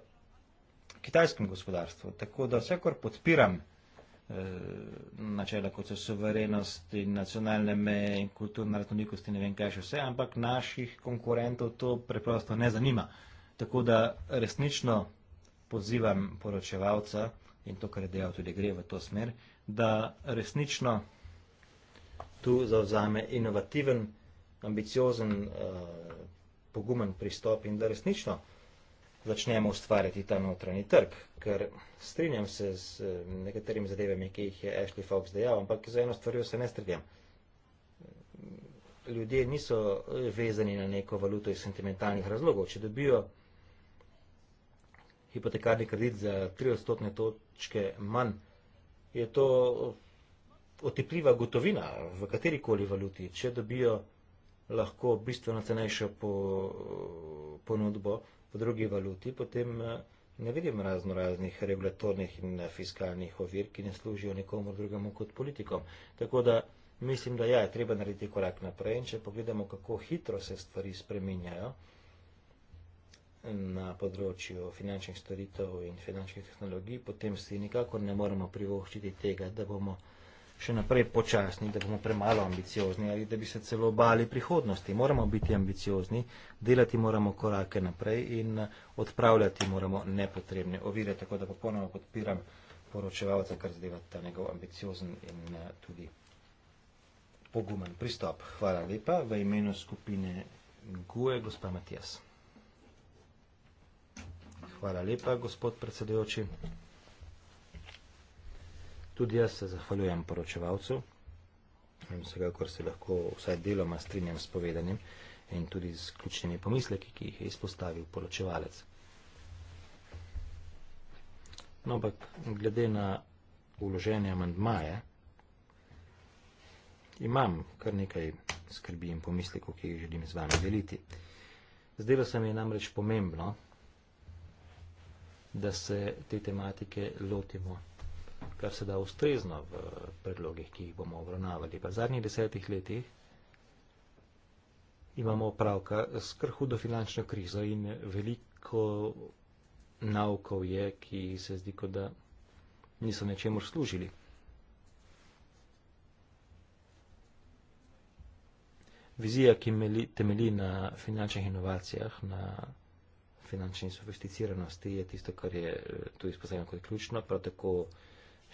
Speaker 2: kitajskem gospodarstvu. Tako da vsekor podpiram eh, načela, kot so suverenost in nacionalne meje in kulturna raznolikost in ne vem kaj še vse, ampak naših konkurentov to preprosto ne zanima. Tako da resnično pozivam poročevalca in to, kar je dejal tudi gre v to smer, da resnično tu zavzame inovativen, ambiciozen, uh, pogumen pristop in da resnično začnemo ustvarjati ta notranji trg, ker strinjam se z eh, nekaterimi zadevami, ki jih je Ashley Fox dejal, ampak za eno stvarjo se ne strinjam. Ljudje niso eh, vezani na neko valuto iz sentimentalnih razlogov. Če dobijo hipotekarni kredit za tri odstotne točke manj, je to otepljiva gotovina v kateri koli valuti, če dobijo lahko bistveno cenejšo po, ponudbo v drugi valuti, potem eh, ne vidim razno raznih regulatornih in eh, fiskalnih ovir, ki ne služijo nikomu drugemu kot politikom. Tako da mislim, da ja, je treba narediti korak naprej in če pogledamo, kako hitro se stvari spreminjajo na področju finančnih storitev in finančnih tehnologij, potem si nikako ne moremo privoščiti tega, da bomo še naprej počasni, da bomo premalo ambiciozni ali da bi se celo bali prihodnosti. Moramo biti ambiciozni, delati moramo korake naprej in eh, odpravljati moramo nepotrebne ovire, tako da popolnoma podpiram poročevalca, kar zdaj ta njegov ambiciozen in eh, tudi pogumen pristop. Hvala lepa. V imenu skupine GUE, gospa Matijas. Hvala lepa, gospod predsedujoči. Tudi jaz se zahvaljujem poročevalcu in vsega, kar se lahko vsaj deloma strinjam s povedanjem in tudi z ključnimi pomisleki, ki jih je izpostavil poročevalec. No, ampak glede na uložene amandmaje, imam kar nekaj skrbi in pomislekov, ki jih želim z vami deliti. Zdelo se mi je namreč pomembno, da se te tematike lotimo kar se da ustrezno v predlogih, ki jih bomo obravnavali. V zadnjih desetih letih imamo opravka s krhudo finančno krizo in veliko naukov je, ki se zdi, kot da niso nečemu služili. Vizija, ki temelji na finančnih inovacijah, na finančni sofisticiranosti, je tisto, kar je tu izpostavljeno kot ključno, prav tako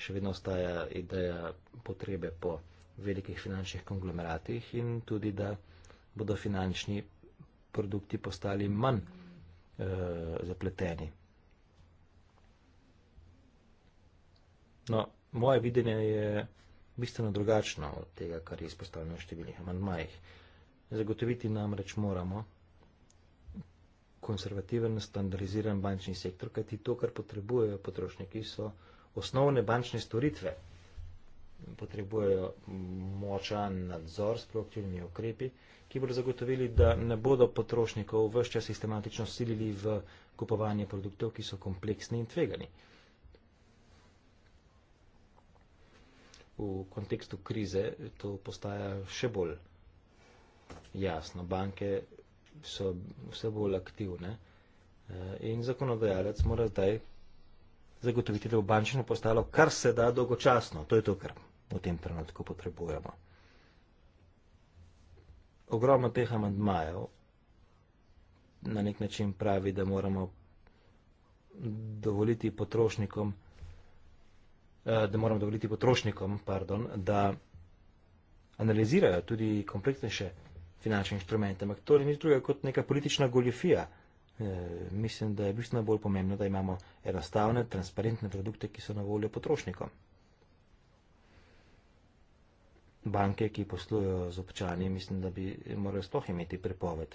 Speaker 2: še vedno ostaja ideja potrebe po velikih finančnih konglomeratih in tudi, da bodo finančni produkti postali manj e, zapleteni. No, moje videnje je bistveno drugačno od tega, kar je izpostavljeno v številnih amandmajih. Zagotoviti namreč moramo konservativen, standardiziran bančni sektor, kajti to, kar potrebujejo potrošniki, so osnovne bančne storitve potrebujejo močan nadzor s proaktivnimi ukrepi, ki bodo zagotovili, da ne bodo potrošnikov vse čas sistematično silili v kupovanje produktov, ki so kompleksni in tvegani. V kontekstu krize to postaja še bolj jasno. Banke so vse bolj aktivne eh, in zakonodajalec mora zdaj zagotoviti, da bo bančno postalo kar se da dolgočasno. To je to, kar v tem trenutku potrebujemo. Ogromno teh amantmajev na nek način pravi, da moramo dovoliti potrošnikom, eh, da moramo dovoliti potrošnikom, pardon, da analizirajo tudi kompleksnejše finančne inštrumente, ampak to ni nič drugega kot neka politična goljofija. Eh, mislim, da je bistveno bolj pomembno, da imamo enostavne, transparentne produkte, ki so na voljo potrošnikom. Banke, ki poslujejo z občani, mislim, da bi morali sploh imeti prepoved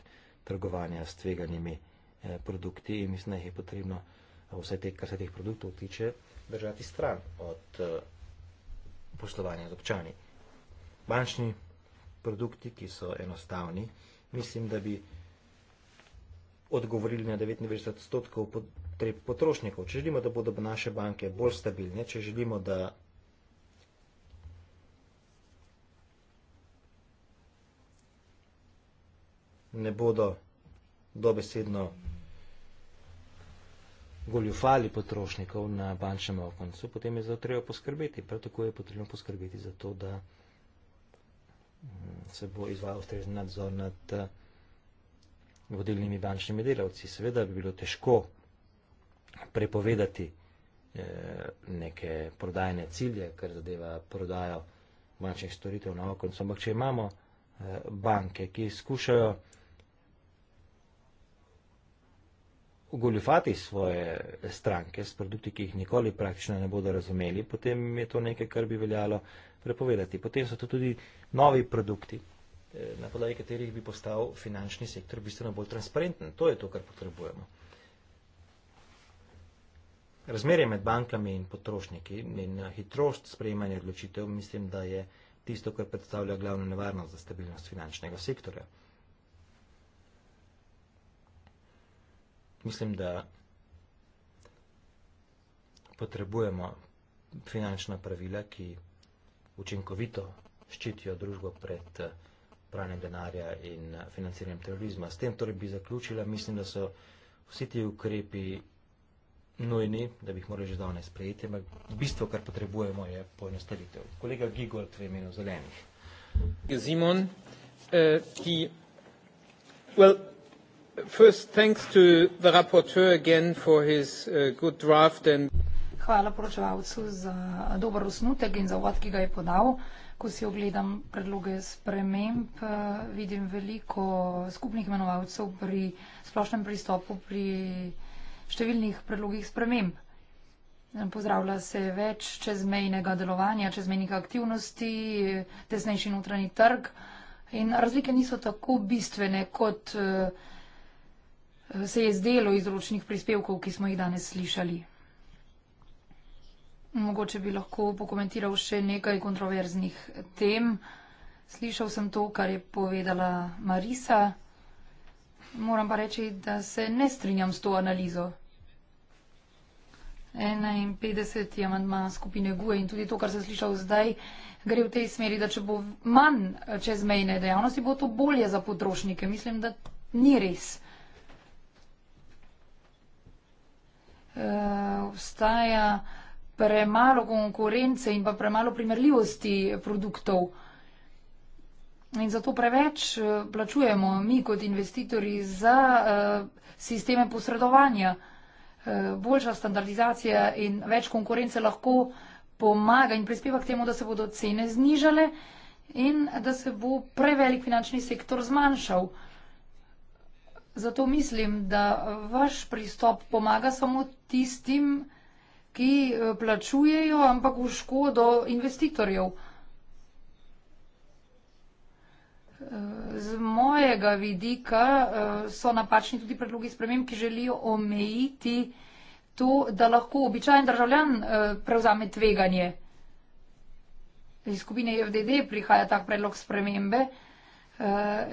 Speaker 2: trgovanja s tveganimi eh, produkti in mislim, da jih je potrebno eh, vse te, kar se teh produktov tiče, držati stran od eh, poslovanja z občani. Bančni produkti, ki so enostavni, mislim, da bi eh, odgovorili na 99 odstotkov potreb potrošnikov. Če želimo, da bodo naše banke bolj stabilne, če želimo, da ne bodo dobesedno goljufali potrošnikov na bančnem okoncu, potem je zato treba poskrbeti. Prav tako je potrebno poskrbeti za to, da mm, se bo izvajal ustrezni nadzor nad uh, vodilnimi bančnimi delavci. Seveda bi bilo težko prepovedati eh, neke prodajne cilje, kar zadeva prodajo bančnih storitev na okoncu, ampak če imamo eh, banke, ki skušajo ugoljufati svoje stranke s produkti, ki jih nikoli praktično ne bodo razumeli, potem je to nekaj, kar bi veljalo prepovedati. Potem so to tudi novi produkti, Eh, na podlagi katerih bi postal finančni sektor bistveno bolj transparenten. To je to, kar potrebujemo. Razmerje med bankami in potrošniki in eh, hitrost sprejemanja odločitev mislim, da je tisto, kar predstavlja glavno nevarnost za stabilnost finančnega sektorja. Mislim, da potrebujemo finančna pravila, ki učinkovito ščitijo družbo pred uh, pranjem denarja in eh, financiranjem terorizma. S tem torej bi zaključila, mislim, da so vsi ti ukrepi nujni, da bi jih morali že danes sprejeti, ampak bistvo, kar potrebujemo, je poenostavitev. Kolega Gigolt v imenu zelenih. Zimon, uh, eh, ki... Well, first, thanks to the rapporteur again for his uh, good draft and...
Speaker 1: Hvala poročevalcu za dober osnutek in za uvod, ki ga je podal. Uh, ko si ogledam predloge sprememb, eh, vidim veliko skupnih imenovalcev pri splošnem pristopu pri številnih predlogih sprememb. Pozdravlja se več čezmejnega delovanja, čezmejnih aktivnosti, tesnejši notranji trg in razlike niso tako bistvene, kot eh, se je zdelo iz ročnih prispevkov, ki smo jih danes slišali. Mogoče bi lahko pokomentiral še nekaj kontroverznih tem. Slišal sem to, kar je povedala Marisa. Moram pa reči, da se ne strinjam s to analizo. 51. amandma skupine GUE in tudi to, kar sem slišal zdaj, gre v tej smeri, da če bo manj čezmejne dejavnosti, bo to bolje za potrošnike. Mislim, da ni res. Uh, obstaja premalo konkurence in pa premalo primerljivosti produktov. In zato preveč eh, plačujemo mi kot investitorji za eh, sisteme posredovanja. Eh, boljša standardizacija in več konkurence lahko pomaga in prispeva k temu, da se bodo cene znižale in da se bo prevelik finančni sektor zmanjšal. Zato mislim, da vaš pristop pomaga samo tistim, ki ki eh, plačujejo, ampak v škodo investitorjev. Eh, z mojega vidika eh, so napačni tudi predlogi sprememb, ki želijo omejiti to, da lahko običajen državljan prevzame tveganje. Iz skupine FDD prihaja tak predlog spremembe.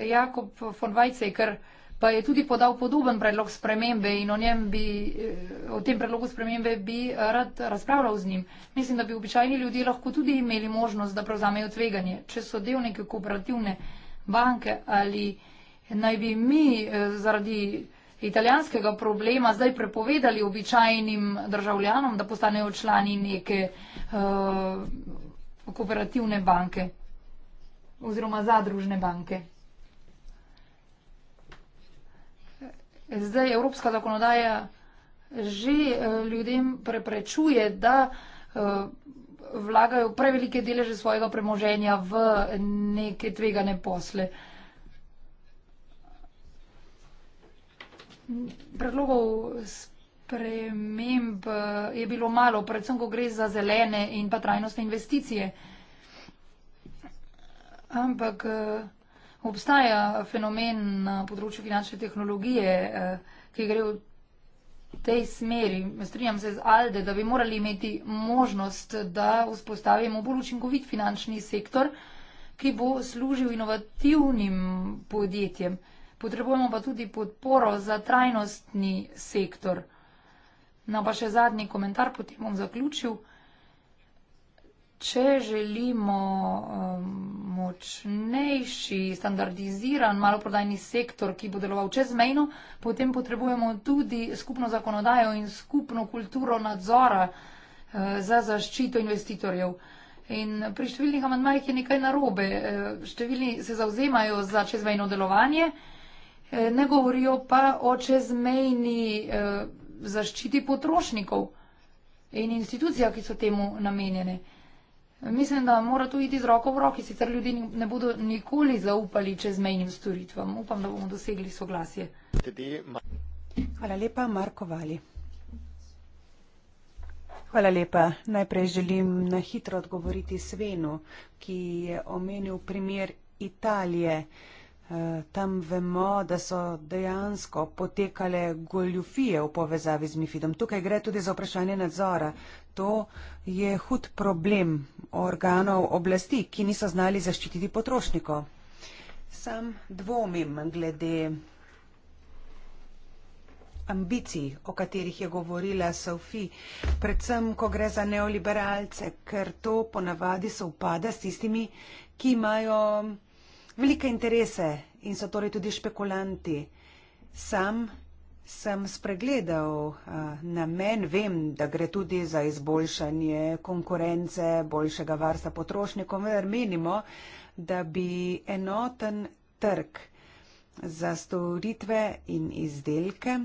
Speaker 1: Jakob von Weizsäcker, pa je tudi podal podoben predlog spremembe in o, bi, eh, o tem predlogu spremembe bi eh, rad razpravljal z njim. Mislim, da bi običajni ljudje lahko tudi imeli možnost, da prevzamejo tveganje, če so del neke kooperativne banke ali naj bi mi eh, zaradi italijanskega problema zdaj prepovedali običajnim državljanom, da postanejo člani neke uh, kooperativne banke oziroma zadružne banke. Zdaj evropska zakonodaja že eh, ljudem preprečuje, da eh, vlagajo prevelike deleže svojega premoženja v neke tvegane posle. Predlogov sprememb eh, je bilo malo, predvsem, ko gre za zelene in pa trajnostne investicije. Ampak Obstaja fenomen na področju finančne tehnologije, eh, ki gre v tej smeri. Strinjam se z Alde, da bi morali imeti možnost, da vzpostavimo bolj učinkovit finančni sektor, ki bo služil inovativnim podjetjem. Potrebujemo pa tudi podporo za trajnostni sektor. Na pa še zadnji komentar, potem bom zaključil če želimo um, močnejši, standardiziran maloprodajni sektor, ki bo deloval čezmejno, potem potrebujemo tudi skupno zakonodajo in skupno kulturo nadzora uh, za zaščito investitorjev. In pri številnih amandmajih je nekaj narobe. Uh, številni se zauzemajo za čezmejno delovanje, uh, ne govorijo pa o čezmejni uh, zaščiti potrošnikov in institucijah, ki so temu namenjene. Mislim, da mora to iti z roko v roki, sicer ljudi ne bodo nikoli zaupali čezmejnim storitvam. Upam, da bomo dosegli soglasje.
Speaker 3: Hvala lepa, Marko Vali. Hvala lepa. Najprej želim na hitro odgovoriti Svenu, ki je omenil primer Italije. Eh, tam vemo, da so dejansko potekale goljufije v povezavi z MIFIDom. Tukaj gre tudi za vprašanje nadzora to je hud problem organov oblasti, ki niso znali zaščititi potrošnikov. Sam dvomim glede ambicij, o katerih je govorila Sofi, predvsem, ko gre za neoliberalce, ker to ponavadi se upada s tistimi, ki imajo velike interese in so torej tudi špekulanti. Sam sem spregledal eh, namen, vem, da gre tudi za izboljšanje konkurence, boljšega varstva potrošnikov, vendar menimo, da bi enoten trg za storitve in izdelke,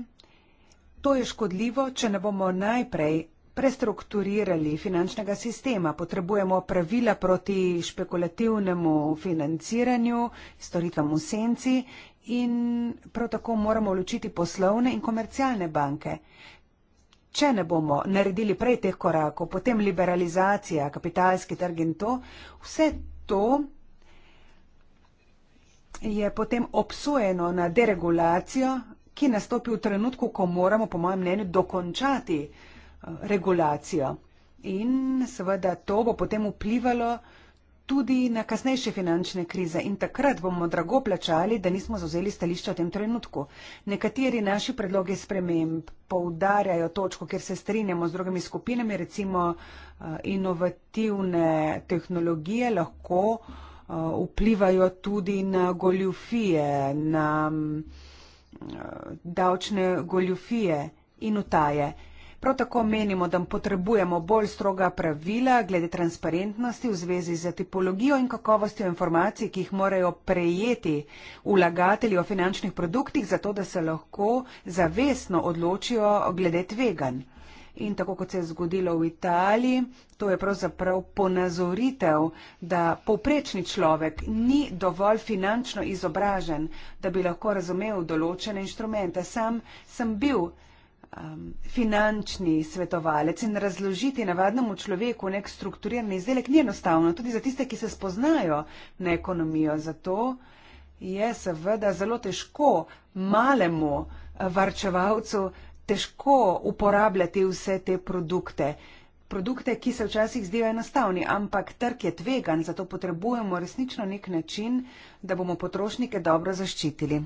Speaker 3: to je škodljivo, če ne bomo najprej prestrukturirali finančnega sistema, potrebujemo pravila proti špekulativnemu financiranju, storitvam v senci in prav tako moramo ločiti poslovne in komercialne banke. Če ne bomo naredili prej teh korakov, potem liberalizacija, kapitalski trg in to, vse to je potem obsojeno na deregulacijo, ki nastopi v trenutku, ko moramo, po mojem mnenju, dokončati eh, regulacijo. In seveda to bo potem vplivalo tudi na kasnejše finančne krize in takrat bomo drago plačali, da nismo zauzeli stališča v tem trenutku. Nekateri naši predloge sprememb poudarjajo točko, kjer se strinjamo z drugimi skupinami, recimo eh, inovativne tehnologije lahko eh, vplivajo tudi na goljufije, na mm, eh, davčne goljufije in utaje. Prav tako menimo, da potrebujemo bolj stroga pravila glede transparentnosti v zvezi z tipologijo in kakovostjo informacij, ki jih morajo prejeti vlagatelji o finančnih produktih, zato da se lahko zavestno odločijo glede tvegan. In tako kot se je zgodilo v Italiji, to je pravzaprav ponazoritev, da povprečni človek ni dovolj finančno izobražen, da bi lahko razumel določene inštrumente. Sam sem bil um, finančni svetovalec in razložiti navadnemu človeku nek strukturiran izdelek ni enostavno, tudi za tiste, ki se spoznajo na ekonomijo. Zato je seveda zelo težko malemu eh, varčevalcu težko uporabljati vse te produkte. Produkte, ki se včasih zdijo enostavni, ampak trg je tvegan, zato potrebujemo resnično nek način, da bomo potrošnike dobro zaščitili.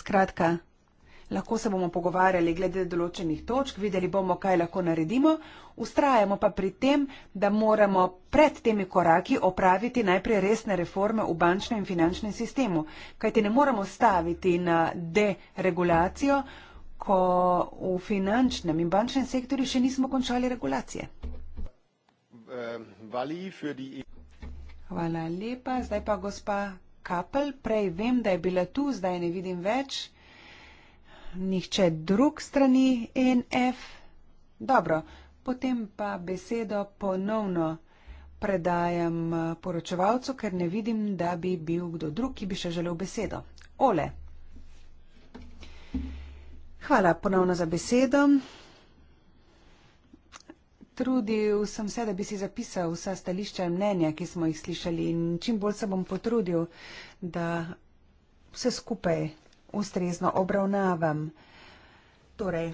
Speaker 3: Skratka, lahko se bomo pogovarjali glede določenih točk, videli bomo, kaj lahko naredimo, ustrajamo pa pri tem, da moramo pred temi koraki opraviti najprej resne reforme v bančnem in finančnem sistemu, kajti ne moremo staviti na deregulacijo, ko v finančnem in bančnem sektorju še nismo končali regulacije. Hvala lepa. Zdaj pa gospa Kapel, prej vem, da je bila tu, zdaj ne vidim več nihče drug strani e NF. Dobro, potem pa besedo ponovno predajam eh, poročevalcu, ker ne vidim, da bi bil kdo drug, ki bi še želel besedo. Ole. Hvala ponovno za besedo. Trudil sem se, da bi si zapisal vsa stališča in mnenja, ki smo jih slišali in čim bolj se bom potrudil, da vse skupaj ustrezno obravnavam. Torej,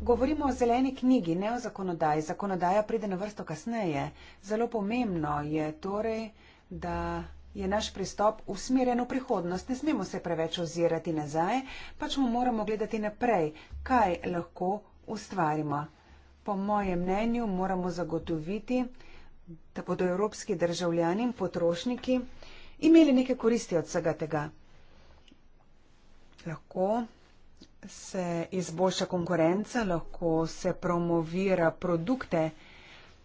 Speaker 3: govorimo o zeleni knjigi, ne o zakonodaji. Zakonodaja pride na vrsto kasneje. Zelo pomembno je torej, da je naš pristop usmerjen v prihodnost. Ne smemo se preveč ozirati nazaj, pač mu moramo gledati naprej, kaj lahko ustvarimo. Po mojem mnenju moramo zagotoviti, da bodo evropski državljani in potrošniki imeli neke koristi od vsega tega lahko se izboljša konkurenca, lahko se promovira produkte,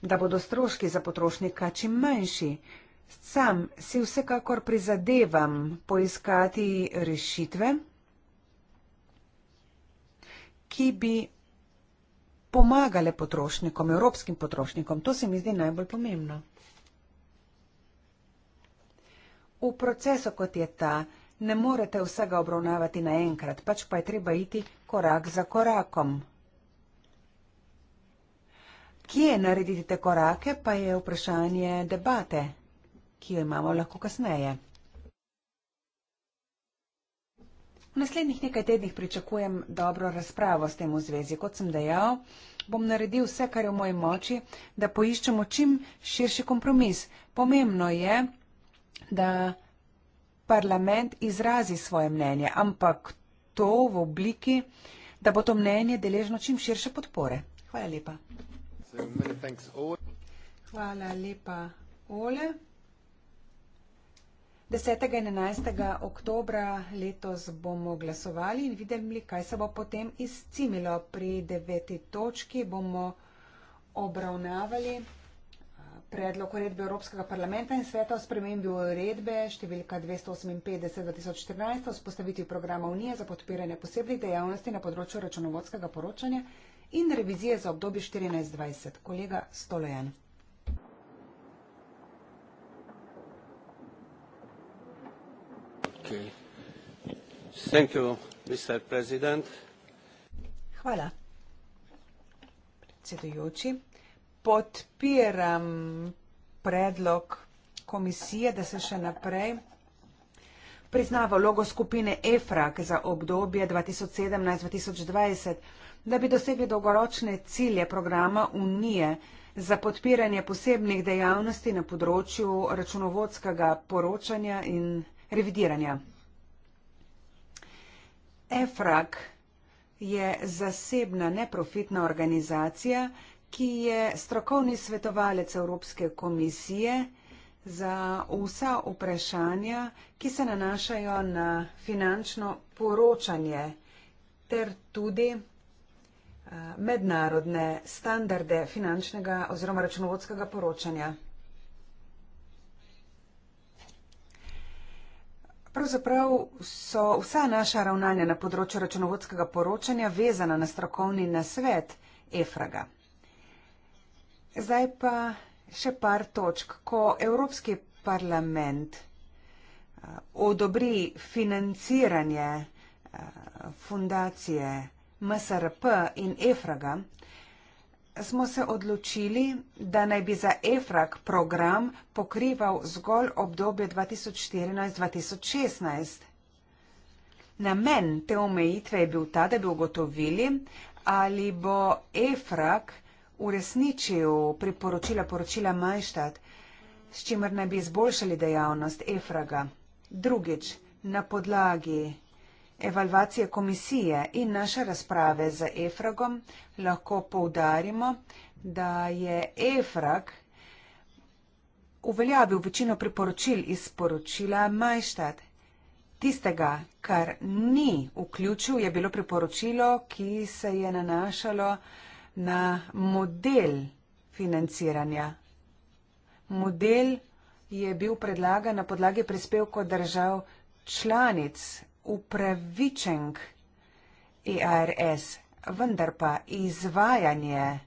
Speaker 3: da bodo stroški za potrošnika čim manjši. Sam si vsekakor prizadevam poiskati rešitve, ki bi pomagale potrošnikom, evropskim potrošnikom. To se mi zdi najbolj pomembno. V procesu, kot je ta, ne morete vsega obravnavati naenkrat, pač pa je treba iti korak za korakom. Kje narediti te korake, pa je vprašanje debate, ki jo imamo lahko kasneje. V naslednjih nekaj tednih pričakujem dobro razpravo s tem v zvezi. Kot sem dejal, bom naredil vse, kar je v moji moči, da poiščemo čim širši kompromis. Pomembno je, da parlament izrazi svoje mnenje, ampak to v obliki, da bo to mnenje deležno čim širše podpore. Hvala lepa. Hvala lepa, Ole. 10. in 11. oktobra letos bomo glasovali in videli, kaj se bo potem izcimilo. Pri deveti točki bomo obravnavali predlog uredbe Evropskega parlamenta in sveta o spremembi uredbe številka 258-2014 o spostaviti programa Unije za podpiranje posebnih dejavnosti na področju računovodskega poročanja in revizije za obdobje 1420. Kolega Stolojan. Okay. Hvala. Predsedujoči, podpiram predlog komisije, da se še naprej priznava logo skupine EFRAK za obdobje 2017-2020, da bi dosegli dolgoročne cilje programa Unije za podpiranje posebnih dejavnosti na področju računovodskega poročanja in revidiranja. EFRAK je zasebna neprofitna organizacija, ki je strokovni svetovalec Evropske komisije za vsa vprašanja, ki se nanašajo na finančno poročanje ter tudi eh, mednarodne standarde finančnega oziroma računovodskega poročanja. Pravzaprav so vsa naša ravnanja na področju računovodskega poročanja vezana na strokovni nasvet EFRAG-a. Zdaj pa še par točk. Ko Evropski parlament eh, odobri financiranje eh, fundacije MSRP in EFRAGA, smo se odločili, da naj bi za EFRAG program pokrival zgolj obdobje 2014-2016. Namen te omejitve je bil ta, da bi ugotovili, ali bo EFRAG uresničil priporočila poročila Majštad, s čimer naj bi izboljšali dejavnost Efraga. Drugič, na podlagi evalvacije komisije in naše razprave z Efragom lahko poudarimo, da je Efrag uveljavil večino priporočil iz poročila Majštad. Tistega, kar ni vključil, je bilo priporočilo, ki se je nanašalo na model financiranja. Model je bil predlagan na podlagi prispevkov držav članic upravičenk EARS, vendar pa izvajanje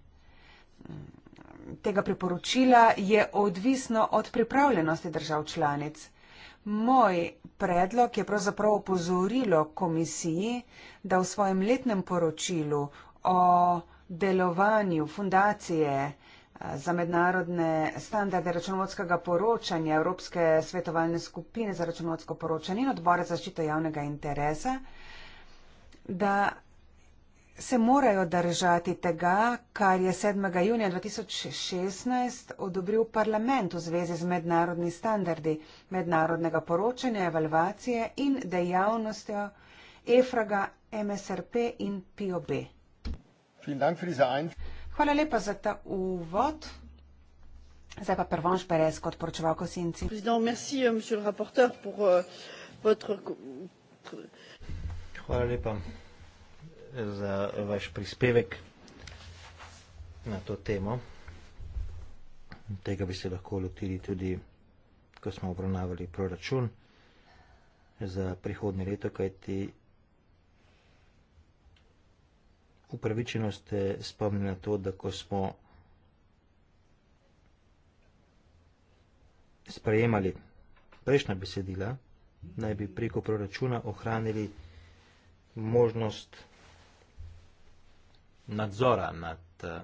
Speaker 3: mm, tega priporočila je odvisno od pripravljenosti držav članic. Moj predlog je pravzaprav opozorilo komisiji, da v svojem letnem poročilu o delovanju fundacije eh, za mednarodne standarde računovodskega poročanja Evropske svetovalne skupine za računovodsko poročanje in odbora za zaščito javnega interesa, da se morajo držati tega, kar je 7. junija 2016 odobril parlament v zvezi z mednarodni standardi mednarodnega poročanja, evalvacije in dejavnostjo EFRAGA, MSRP in POB. Hvala lepa za ta uvod. Zdaj pa Prvonš Perez kot poročeval Kosinci. Euh, euh,
Speaker 2: Hvala lepa eh, za vaš prispevek na to temo. Tega bi se lahko lotili tudi, ko smo obravnavali proračun za prihodne leto, kajti upravičenost spomni na to, da ko smo sprejemali prejšnja besedila, naj bi preko proračuna ohranili možnost nadzora nad eh,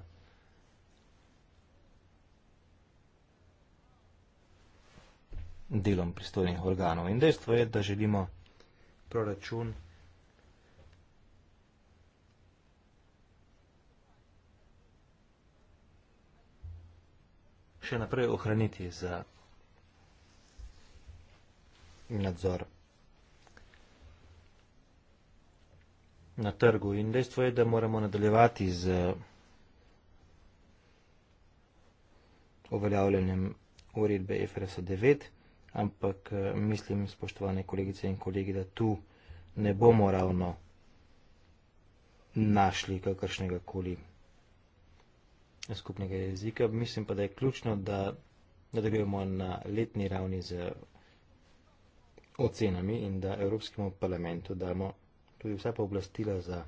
Speaker 2: delom pristojnih organov. In dejstvo je, da želimo proračun nadzora še naprej ohraniti za nadzor na trgu. In dejstvo je, da moramo nadaljevati z uveljavljanjem uredbe FRS 9, ampak eh, mislim, spoštovane kolegice in kolegi, da tu ne bomo ravno našli kakršnega koli skupnega jezika. Mislim pa, da je ključno, da nadaljujemo na letni ravni z ocenami in da Evropskemu parlamentu damo tudi vsa pooblastila za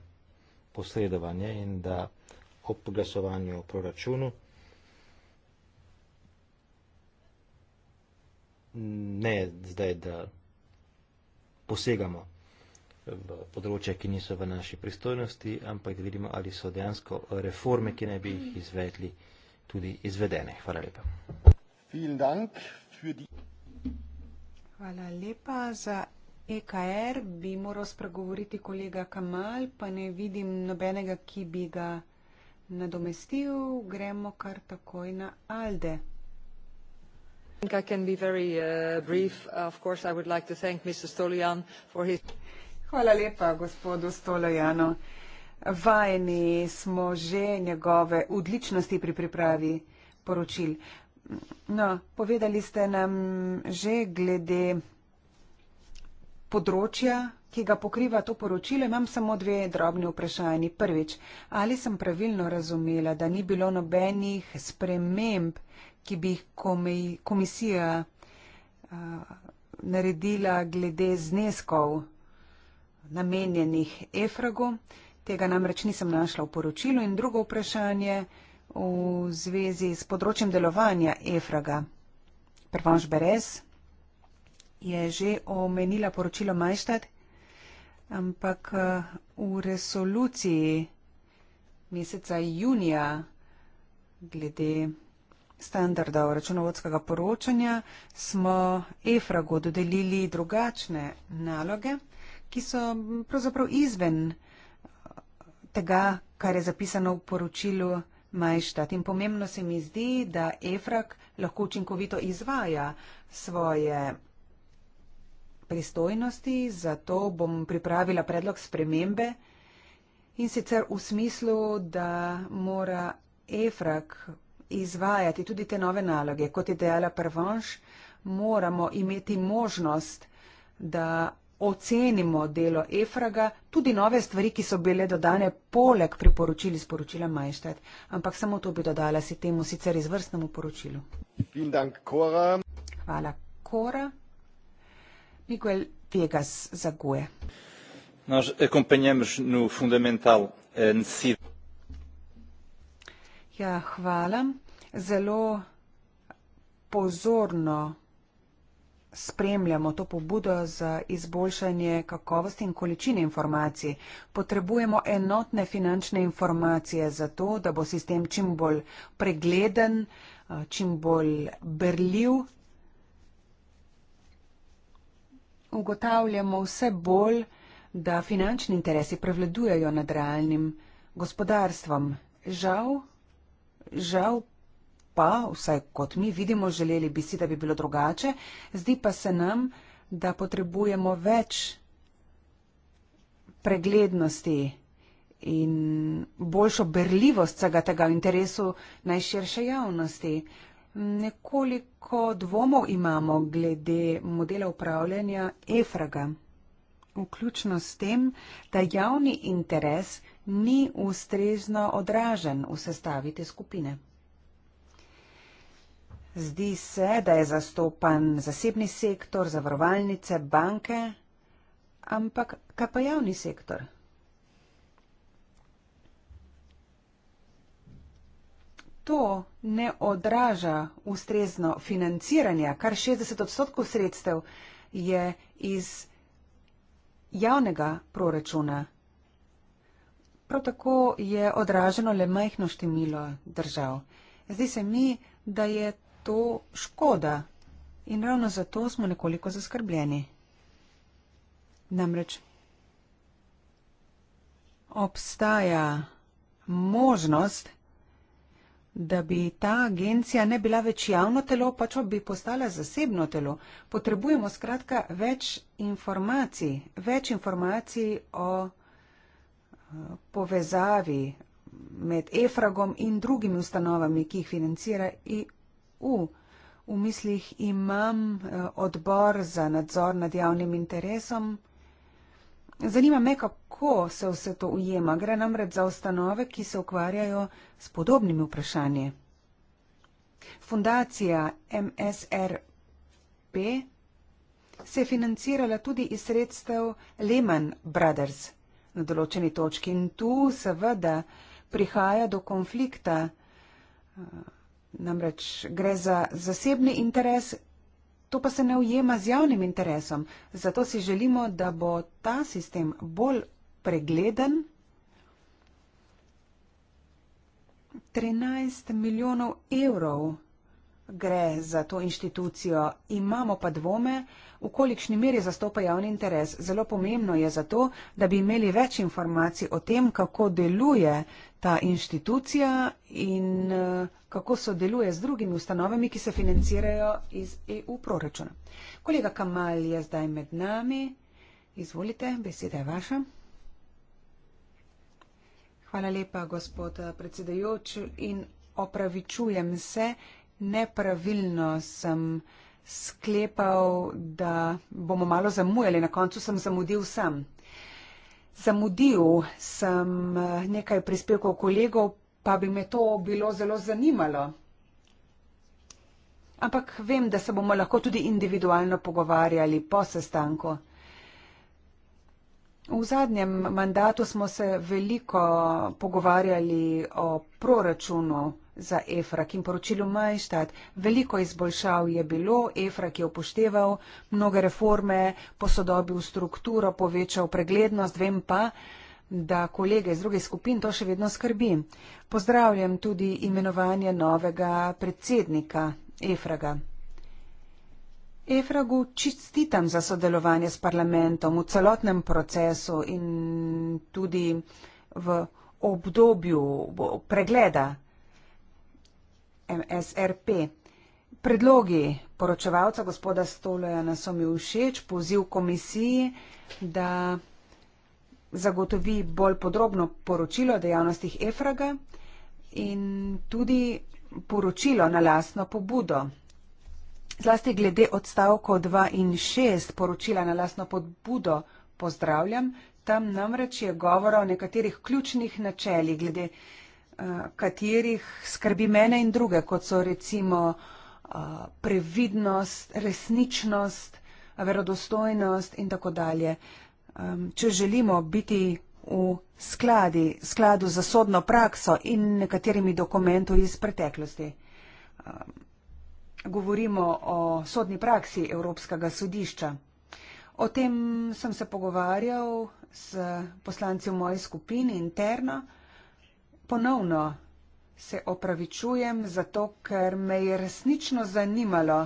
Speaker 2: posredovanje in da ob glasovanju o proračunu ne zdaj, da posegamo področja, ki niso v naši pristojnosti, ampak da vidimo, ali so dejansko reforme, ki naj bi jih izvedli, tudi izvedene. Hvala lepa.
Speaker 3: Hvala lepa. Za EKR bi moral spregovoriti kolega Kamal, pa ne vidim nobenega, ki bi ga nadomestil. Gremo kar takoj na Alde. I can be very uh, brief. Of course, I would like to thank Mr. Stolian for his... Hvala lepa, gospodu Stolojano. Vajeni smo že njegove odličnosti pri pripravi poročil. No, povedali ste nam že glede področja, ki ga pokriva to poročilo, imam samo dve drobni vprašanji. Prvič, ali sem pravilno razumela, da ni bilo nobenih sprememb, ki bi jih komisija uh, naredila glede zneskov namenjenih Efragu. Tega namreč nisem našla v poročilu. In drugo vprašanje v zvezi s področjem delovanja Efraga. Prvanž Berez je že omenila poročilo Majštad, ampak v resoluciji meseca junija glede standarda računovodskega poročanja smo Efragu dodelili drugačne naloge ki so pravzaprav izven eh, tega, kar je zapisano v poročilu Majštat. In pomembno se mi zdi, da Efrak lahko učinkovito izvaja svoje pristojnosti, zato bom pripravila predlog spremembe in sicer v smislu, da mora Efrak izvajati tudi te nove naloge. Kot je dejala Prvanš, moramo imeti možnost, da ocenimo delo Efraga, tudi nove stvari, ki so bile dodane poleg priporočil iz poročila Majštet. Ampak samo to bi dodala si temu sicer izvrstnemu poročilu. Hvala, Kora. Miguel Vegas zaguje. No ja, hvala. Zelo pozorno spremljamo to pobudo za izboljšanje kakovosti in količine informacij. Potrebujemo enotne finančne informacije za to, da bo sistem čim bolj pregleden, eh, čim bolj brljiv. Ugotavljamo vse bolj, da finančni interesi prevladujejo nad realnim gospodarstvom. Žal, žal pa, vsaj kot mi vidimo, želeli bi si, da bi bilo drugače, zdi pa se nam, da potrebujemo več preglednosti in boljšo berljivost vsega tega v interesu najširše javnosti. Nekoliko dvomov imamo glede modela upravljanja EFRAGA, vključno s tem, da javni interes ni ustrezno odražen v sestavi te skupine. Zdi se, da je zastopan zasebni sektor, zavarovalnice, banke, ampak kaj pa javni sektor? To ne odraža ustrezno financiranja, kar 60 odstotkov sredstev je iz javnega proračuna. Prav tako je odraženo le majhno število držav. Zdi se mi, da je to škoda in ravno zato smo nekoliko zaskrbljeni. Namreč obstaja možnost, da bi ta agencija ne bila več javno telo, pač pa bi postala zasebno telo. Potrebujemo skratka več informacij, več informacij o eh, povezavi med Efragom in drugimi ustanovami, ki jih financira in U, v mislih imam eh, odbor za nadzor nad javnim interesom. Zanima me, kako se vse to ujema. Gre namreč za ustanove, ki se ukvarjajo s podobnimi vprašanji. Fundacija MSRP se je financirala tudi iz sredstev Lehman Brothers na določeni točki in tu seveda prihaja do konflikta eh, Namreč gre za zasebni interes, to pa se ne ujema z javnim interesom. Zato si želimo, da bo ta sistem bolj pregleden. 13 milijonov evrov gre za to inštitucijo, imamo pa dvome, v kolikšni meri zastopa javni interes. Zelo pomembno je zato, da bi imeli več informacij o tem, kako deluje ta inštitucija in eh, kako sodeluje z drugimi ustanovami, ki se financirajo iz EU proračuna. Kolega Kamal je zdaj med nami. Izvolite, beseda je vaša. Hvala lepa, gospod eh, predsedajoč, in opravičujem se, nepravilno sem sklepal, da bomo malo zamujali. Na koncu sem zamudil sam. Zamudil sem eh, nekaj prispevkov kolegov, pa bi me to bilo zelo zanimalo. Ampak vem, da se bomo lahko tudi individualno pogovarjali po sestanku. V zadnjem mandatu smo se veliko pogovarjali o proračunu za Efrak in poročilo Majštat. Veliko izboljšav je bilo, Efrak je upošteval mnoge reforme, posodobil strukturo, povečal preglednost, vem pa, da kolege iz druge skupin to še vedno skrbi. Pozdravljam tudi imenovanje novega predsednika Efraga. Efragu čestitam za sodelovanje s parlamentom v celotnem procesu in tudi v obdobju pregleda MSRP. Predlogi poročevalca gospoda Stoloja nas so mi všeč, poziv komisiji, da zagotovi bolj podrobno poročilo o dejavnostih EFRAGA in tudi poročilo na lastno pobudo. Zlasti glede odstavko 2 in 6 poročila na lastno pobudo pozdravljam. Tam namreč je govora o nekaterih ključnih načeli glede Eh, katerih skrbi mene in druge, kot so recimo eh, previdnost, resničnost, verodostojnost in tako dalje. Če želimo biti v skladi, skladu za sodno prakso in nekaterimi dokumentu iz preteklosti. Govorimo o sodni praksi Evropskega sodišča. O tem sem se pogovarjal s poslanci v moji skupini interno. Ponovno se opravičujem zato, ker me je resnično zanimalo,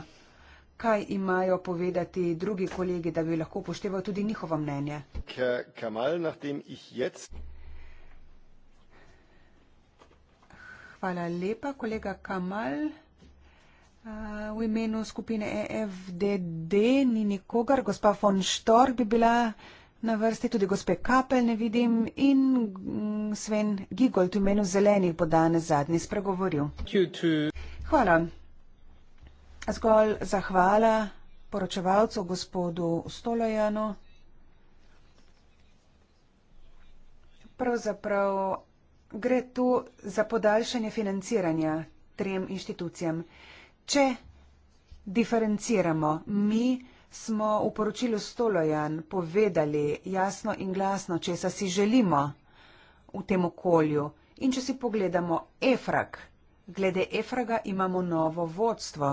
Speaker 3: kaj imajo povedati drugi kolegi, da bi lahko upošteval tudi njihovo mnenje.
Speaker 2: Kamal, nachdem ich
Speaker 3: jetzt. Hvala lepa, kolega Kamal. Uh, v imenu skupine EFDD ni nikogar. Gospa von Štork bi bila Na vrsti tudi gospe Kapel ne vidim in mm, Sven Gigolt v imenu zelenih bo danes zadnji spregovoril. Hvala. Zgolj zahvala poročevalcu gospodu Stolojanu. Pravzaprav gre tu za podaljšanje financiranja trem inštitucijam. Če diferenciramo mi, smo v poročilu Stolojan povedali jasno in glasno, če se si želimo v tem okolju. In če si pogledamo Efrak, glede Efraga imamo novo vodstvo.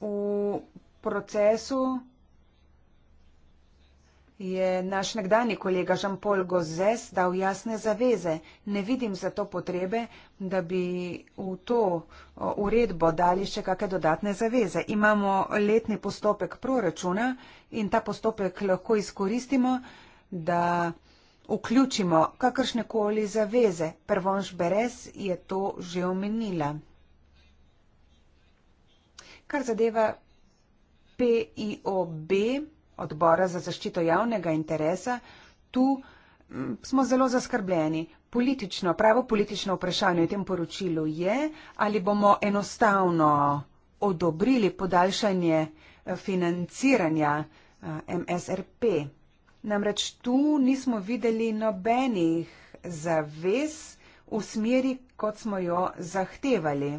Speaker 3: V procesu je naš nekdani kolega Žan-Pol Gozes dal jasne zaveze. Ne vidim zato potrebe, da bi v to uredbo dali še kakšne dodatne zaveze. Imamo letni postopek proračuna in ta postopek lahko izkoristimo, da vključimo kakršne koli zaveze. Prvonš Beres je to že omenila. Kar zadeva PIOB, odbora za zaščito javnega interesa, tu smo zelo zaskrbljeni. Politično, pravo politično vprašanje v tem poročilu je, ali bomo enostavno odobrili podaljšanje eh, financiranja eh, MSRP. Namreč tu nismo videli nobenih zavez v smeri, kot smo jo zahtevali.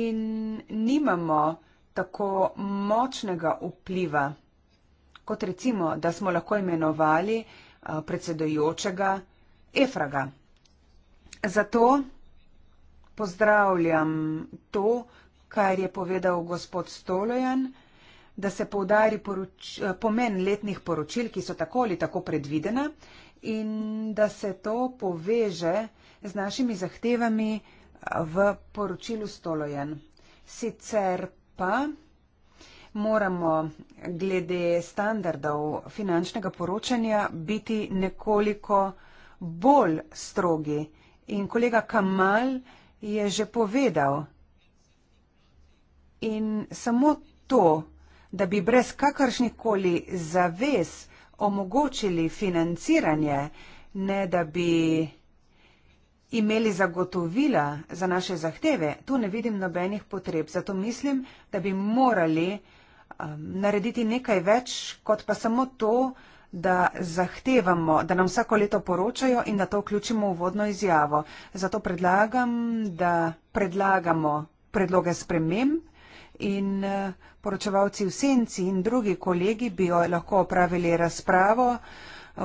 Speaker 3: In nimamo tako močnega vpliva, kot recimo, da smo lahko imenovali predsedojočega Efraga. Zato pozdravljam to, kar je povedal gospod Stolojan, da se povdari poruč, pomen letnih poročil, ki so tako ali tako predvidena in da se to poveže z našimi zahtevami v poročilu Stolojan. Sicer pa moramo glede standardov finančnega poročanja biti nekoliko bolj strogi. In kolega Kamal je že povedal, in samo to, da bi brez kakršnih koli zavez omogočili financiranje, ne da bi imeli zagotovila za naše zahteve, tu ne vidim nobenih potreb. Zato mislim, da bi morali um, narediti nekaj več kot pa samo to, da zahtevamo, da nam vsako leto poročajo in da to vključimo v vodno izjavo. Zato predlagam, da predlagamo predloge spremem in uh, poročevalci v senci in drugi kolegi bi lahko opravili razpravo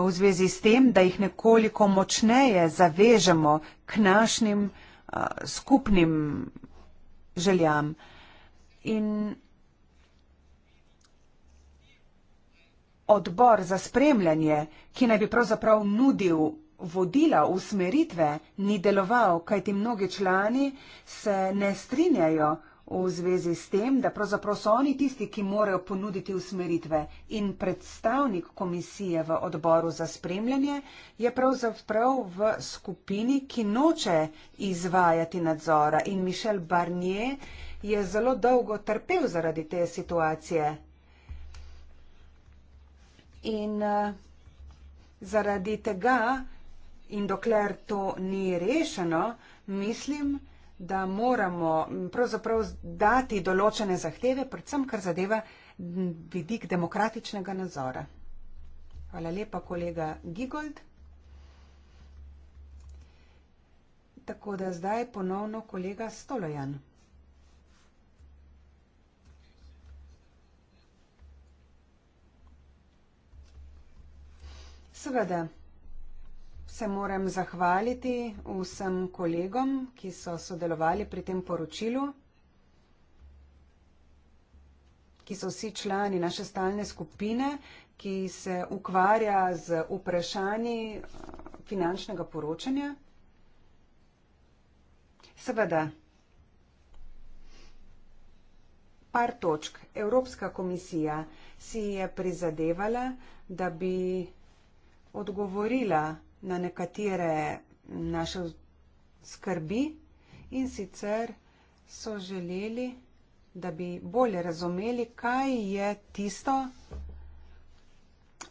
Speaker 3: v zvezi s tem, da jih nekoliko močneje zavežemo k našim uh, skupnim željam. In odbor za spremljanje, ki naj bi pravzaprav nudil vodila usmeritve, ni deloval, kajti mnogi člani se ne strinjajo v zvezi s tem, da pravzaprav so oni tisti, ki morajo ponuditi usmeritve. In predstavnik komisije v odboru za spremljanje je pravzaprav v skupini, ki noče izvajati nadzora. In Mišel Barnier je zelo dolgo trpel zaradi te situacije. In uh, zaradi tega, in dokler to ni rešeno, mislim, da da moramo pravzaprav dati določene zahteve, predvsem kar zadeva vidik demokratičnega nazora. Hvala lepa, kolega Gigold. Tako da zdaj ponovno kolega Stolojan. Seveda se moram zahvaliti vsem kolegom, ki so sodelovali pri tem poročilu, ki so vsi člani naše stalne skupine, ki se ukvarja z vprašanji eh, finančnega poročanja. Seveda, par točk. Evropska komisija si je prizadevala, da bi odgovorila na nekatere naše skrbi in sicer so želeli, da bi bolje razumeli, kaj je tisto,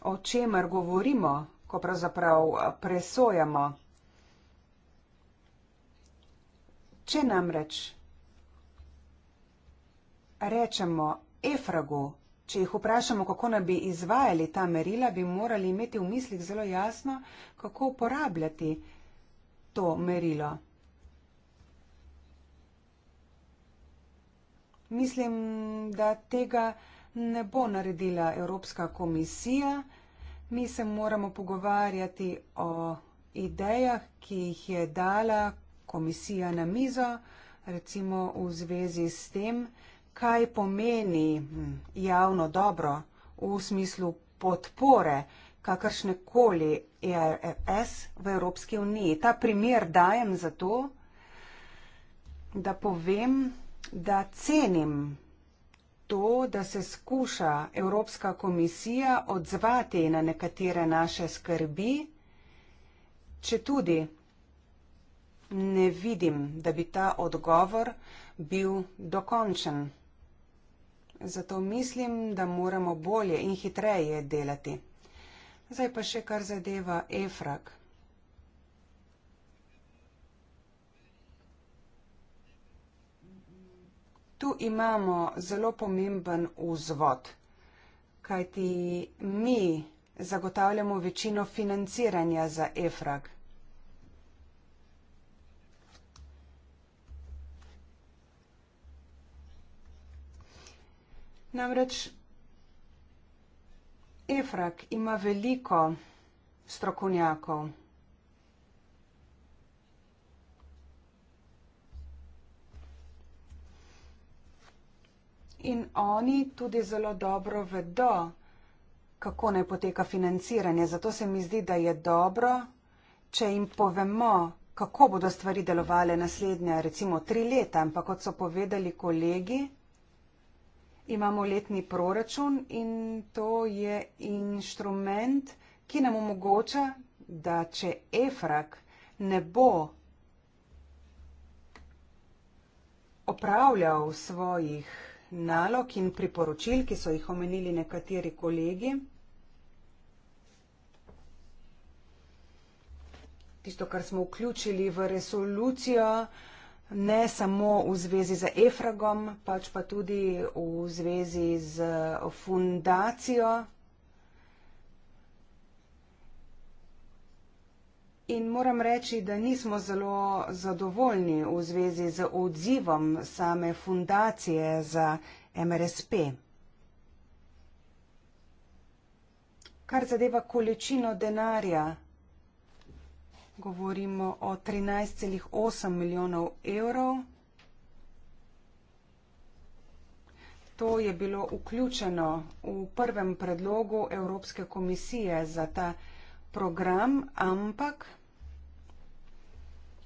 Speaker 3: o čemer govorimo, ko pravzaprav eh, presojamo. Če namreč rečemo Efragu, Če jih vprašamo, kako naj bi izvajali ta merila, bi morali imeti v mislih zelo jasno, kako uporabljati to merilo. Mislim, da tega ne bo naredila Evropska komisija. Mi se moramo pogovarjati o idejah, ki jih je dala komisija na mizo, recimo v zvezi s tem, da kaj pomeni hm, javno dobro v smislu podpore kakršnekoli IRS e v Evropski uniji. Ta primer dajem zato, da povem, da cenim to, da se skuša Evropska komisija odzvati na nekatere naše skrbi, če tudi ne vidim, da bi ta odgovor bil dokončen zato mislim, da moramo bolje in hitreje delati. Zdaj pa še kar zadeva EFRAG. Tu imamo zelo pomemben vzvod, kajti mi zagotavljamo večino financiranja za EFRAG. Namreč Efrak ima veliko strokovnjakov. In oni tudi zelo dobro vedo, kako naj poteka financiranje. Zato se mi zdi, da je dobro, če jim povemo, kako bodo stvari delovale naslednja, recimo tri leta. Ampak kot so povedali kolegi, imamo letni proračun in to je inštrument, ki nam omogoča, da če EFRAK ne bo opravljal svojih nalog in priporočil, ki so jih omenili nekateri kolegi, tisto, kar smo vključili v resolucijo, ne samo v zvezi z Efragom, pač pa tudi v zvezi z fundacijo. In moram reči, da nismo zelo zadovoljni v zvezi z odzivom same fundacije za MRSP. Kar zadeva količino denarja, govorimo o 13,8 milijonov evrov. To je bilo vključeno v prvem predlogu Evropske komisije za ta program, ampak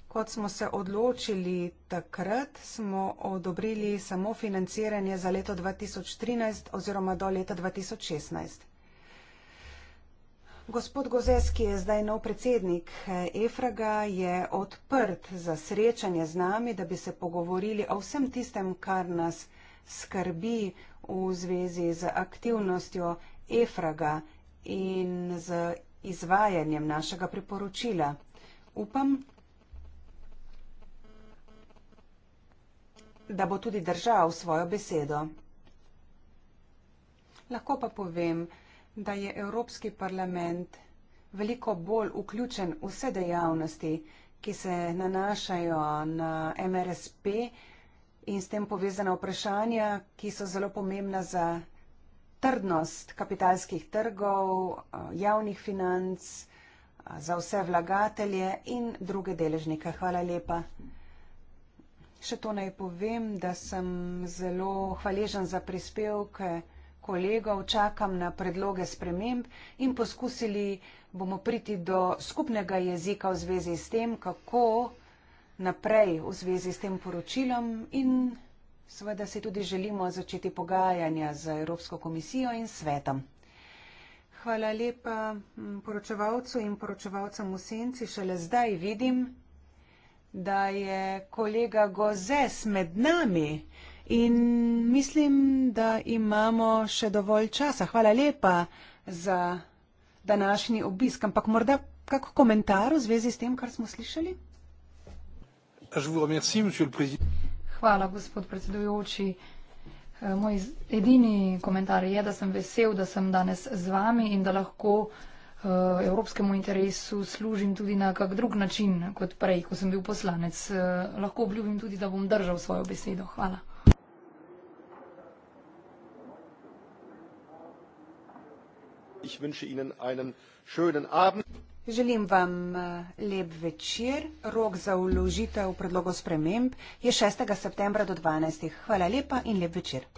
Speaker 3: kot smo se odločili takrat, smo odobrili samo financiranje za leto 2013 oziroma do leta 2016. Gospod Gozes, ki je zdaj nov predsednik eh, EFRAGA, je odprt za srečanje z nami, da bi se pogovorili o vsem tistem, kar nas skrbi v zvezi z aktivnostjo EFRAGA in z izvajanjem našega priporočila. Upam, da bo tudi držal svojo besedo. Lahko pa povem, da da je Evropski parlament veliko bolj vključen v vse dejavnosti, ki se nanašajo na MRSP in s tem povezana vprašanja, ki so zelo pomembna za trdnost kapitalskih trgov, javnih financ, za vse vlagatelje in druge deležnike. Hvala lepa. Še to naj povem, da sem zelo hvaležen za prispevke kolegov, čakam na predloge sprememb in poskusili bomo priti do skupnega jezika v zvezi s tem, kako naprej v zvezi s tem poročilom in seveda se tudi želimo začeti pogajanja z Evropsko komisijo in svetom. Hvala lepa mm, poročevalcu in poročevalcem v senci. Šele zdaj vidim, da je kolega Gozes med nami in mislim, da imamo še dovolj časa. Hvala lepa za današnji obisk, ampak morda kak komentar v zvezi s tem, kar smo slišali?
Speaker 1: Hvala, gospod predsedujoči. Eh, moj edini komentar je, da sem vesel, da sem danes z vami in da lahko eh, evropskemu interesu služim tudi na kak drug način kot prej, ko sem bil poslanec. Eh, lahko obljubim tudi, da bom držal svojo besedo. Hvala.
Speaker 2: ich wünsche Ihnen einen schönen Abend.
Speaker 3: Želim vam eh, lep večer. Rok za vložitev predlogov sprememb je 6. septembra do 12. Hvala lepa in lep večer.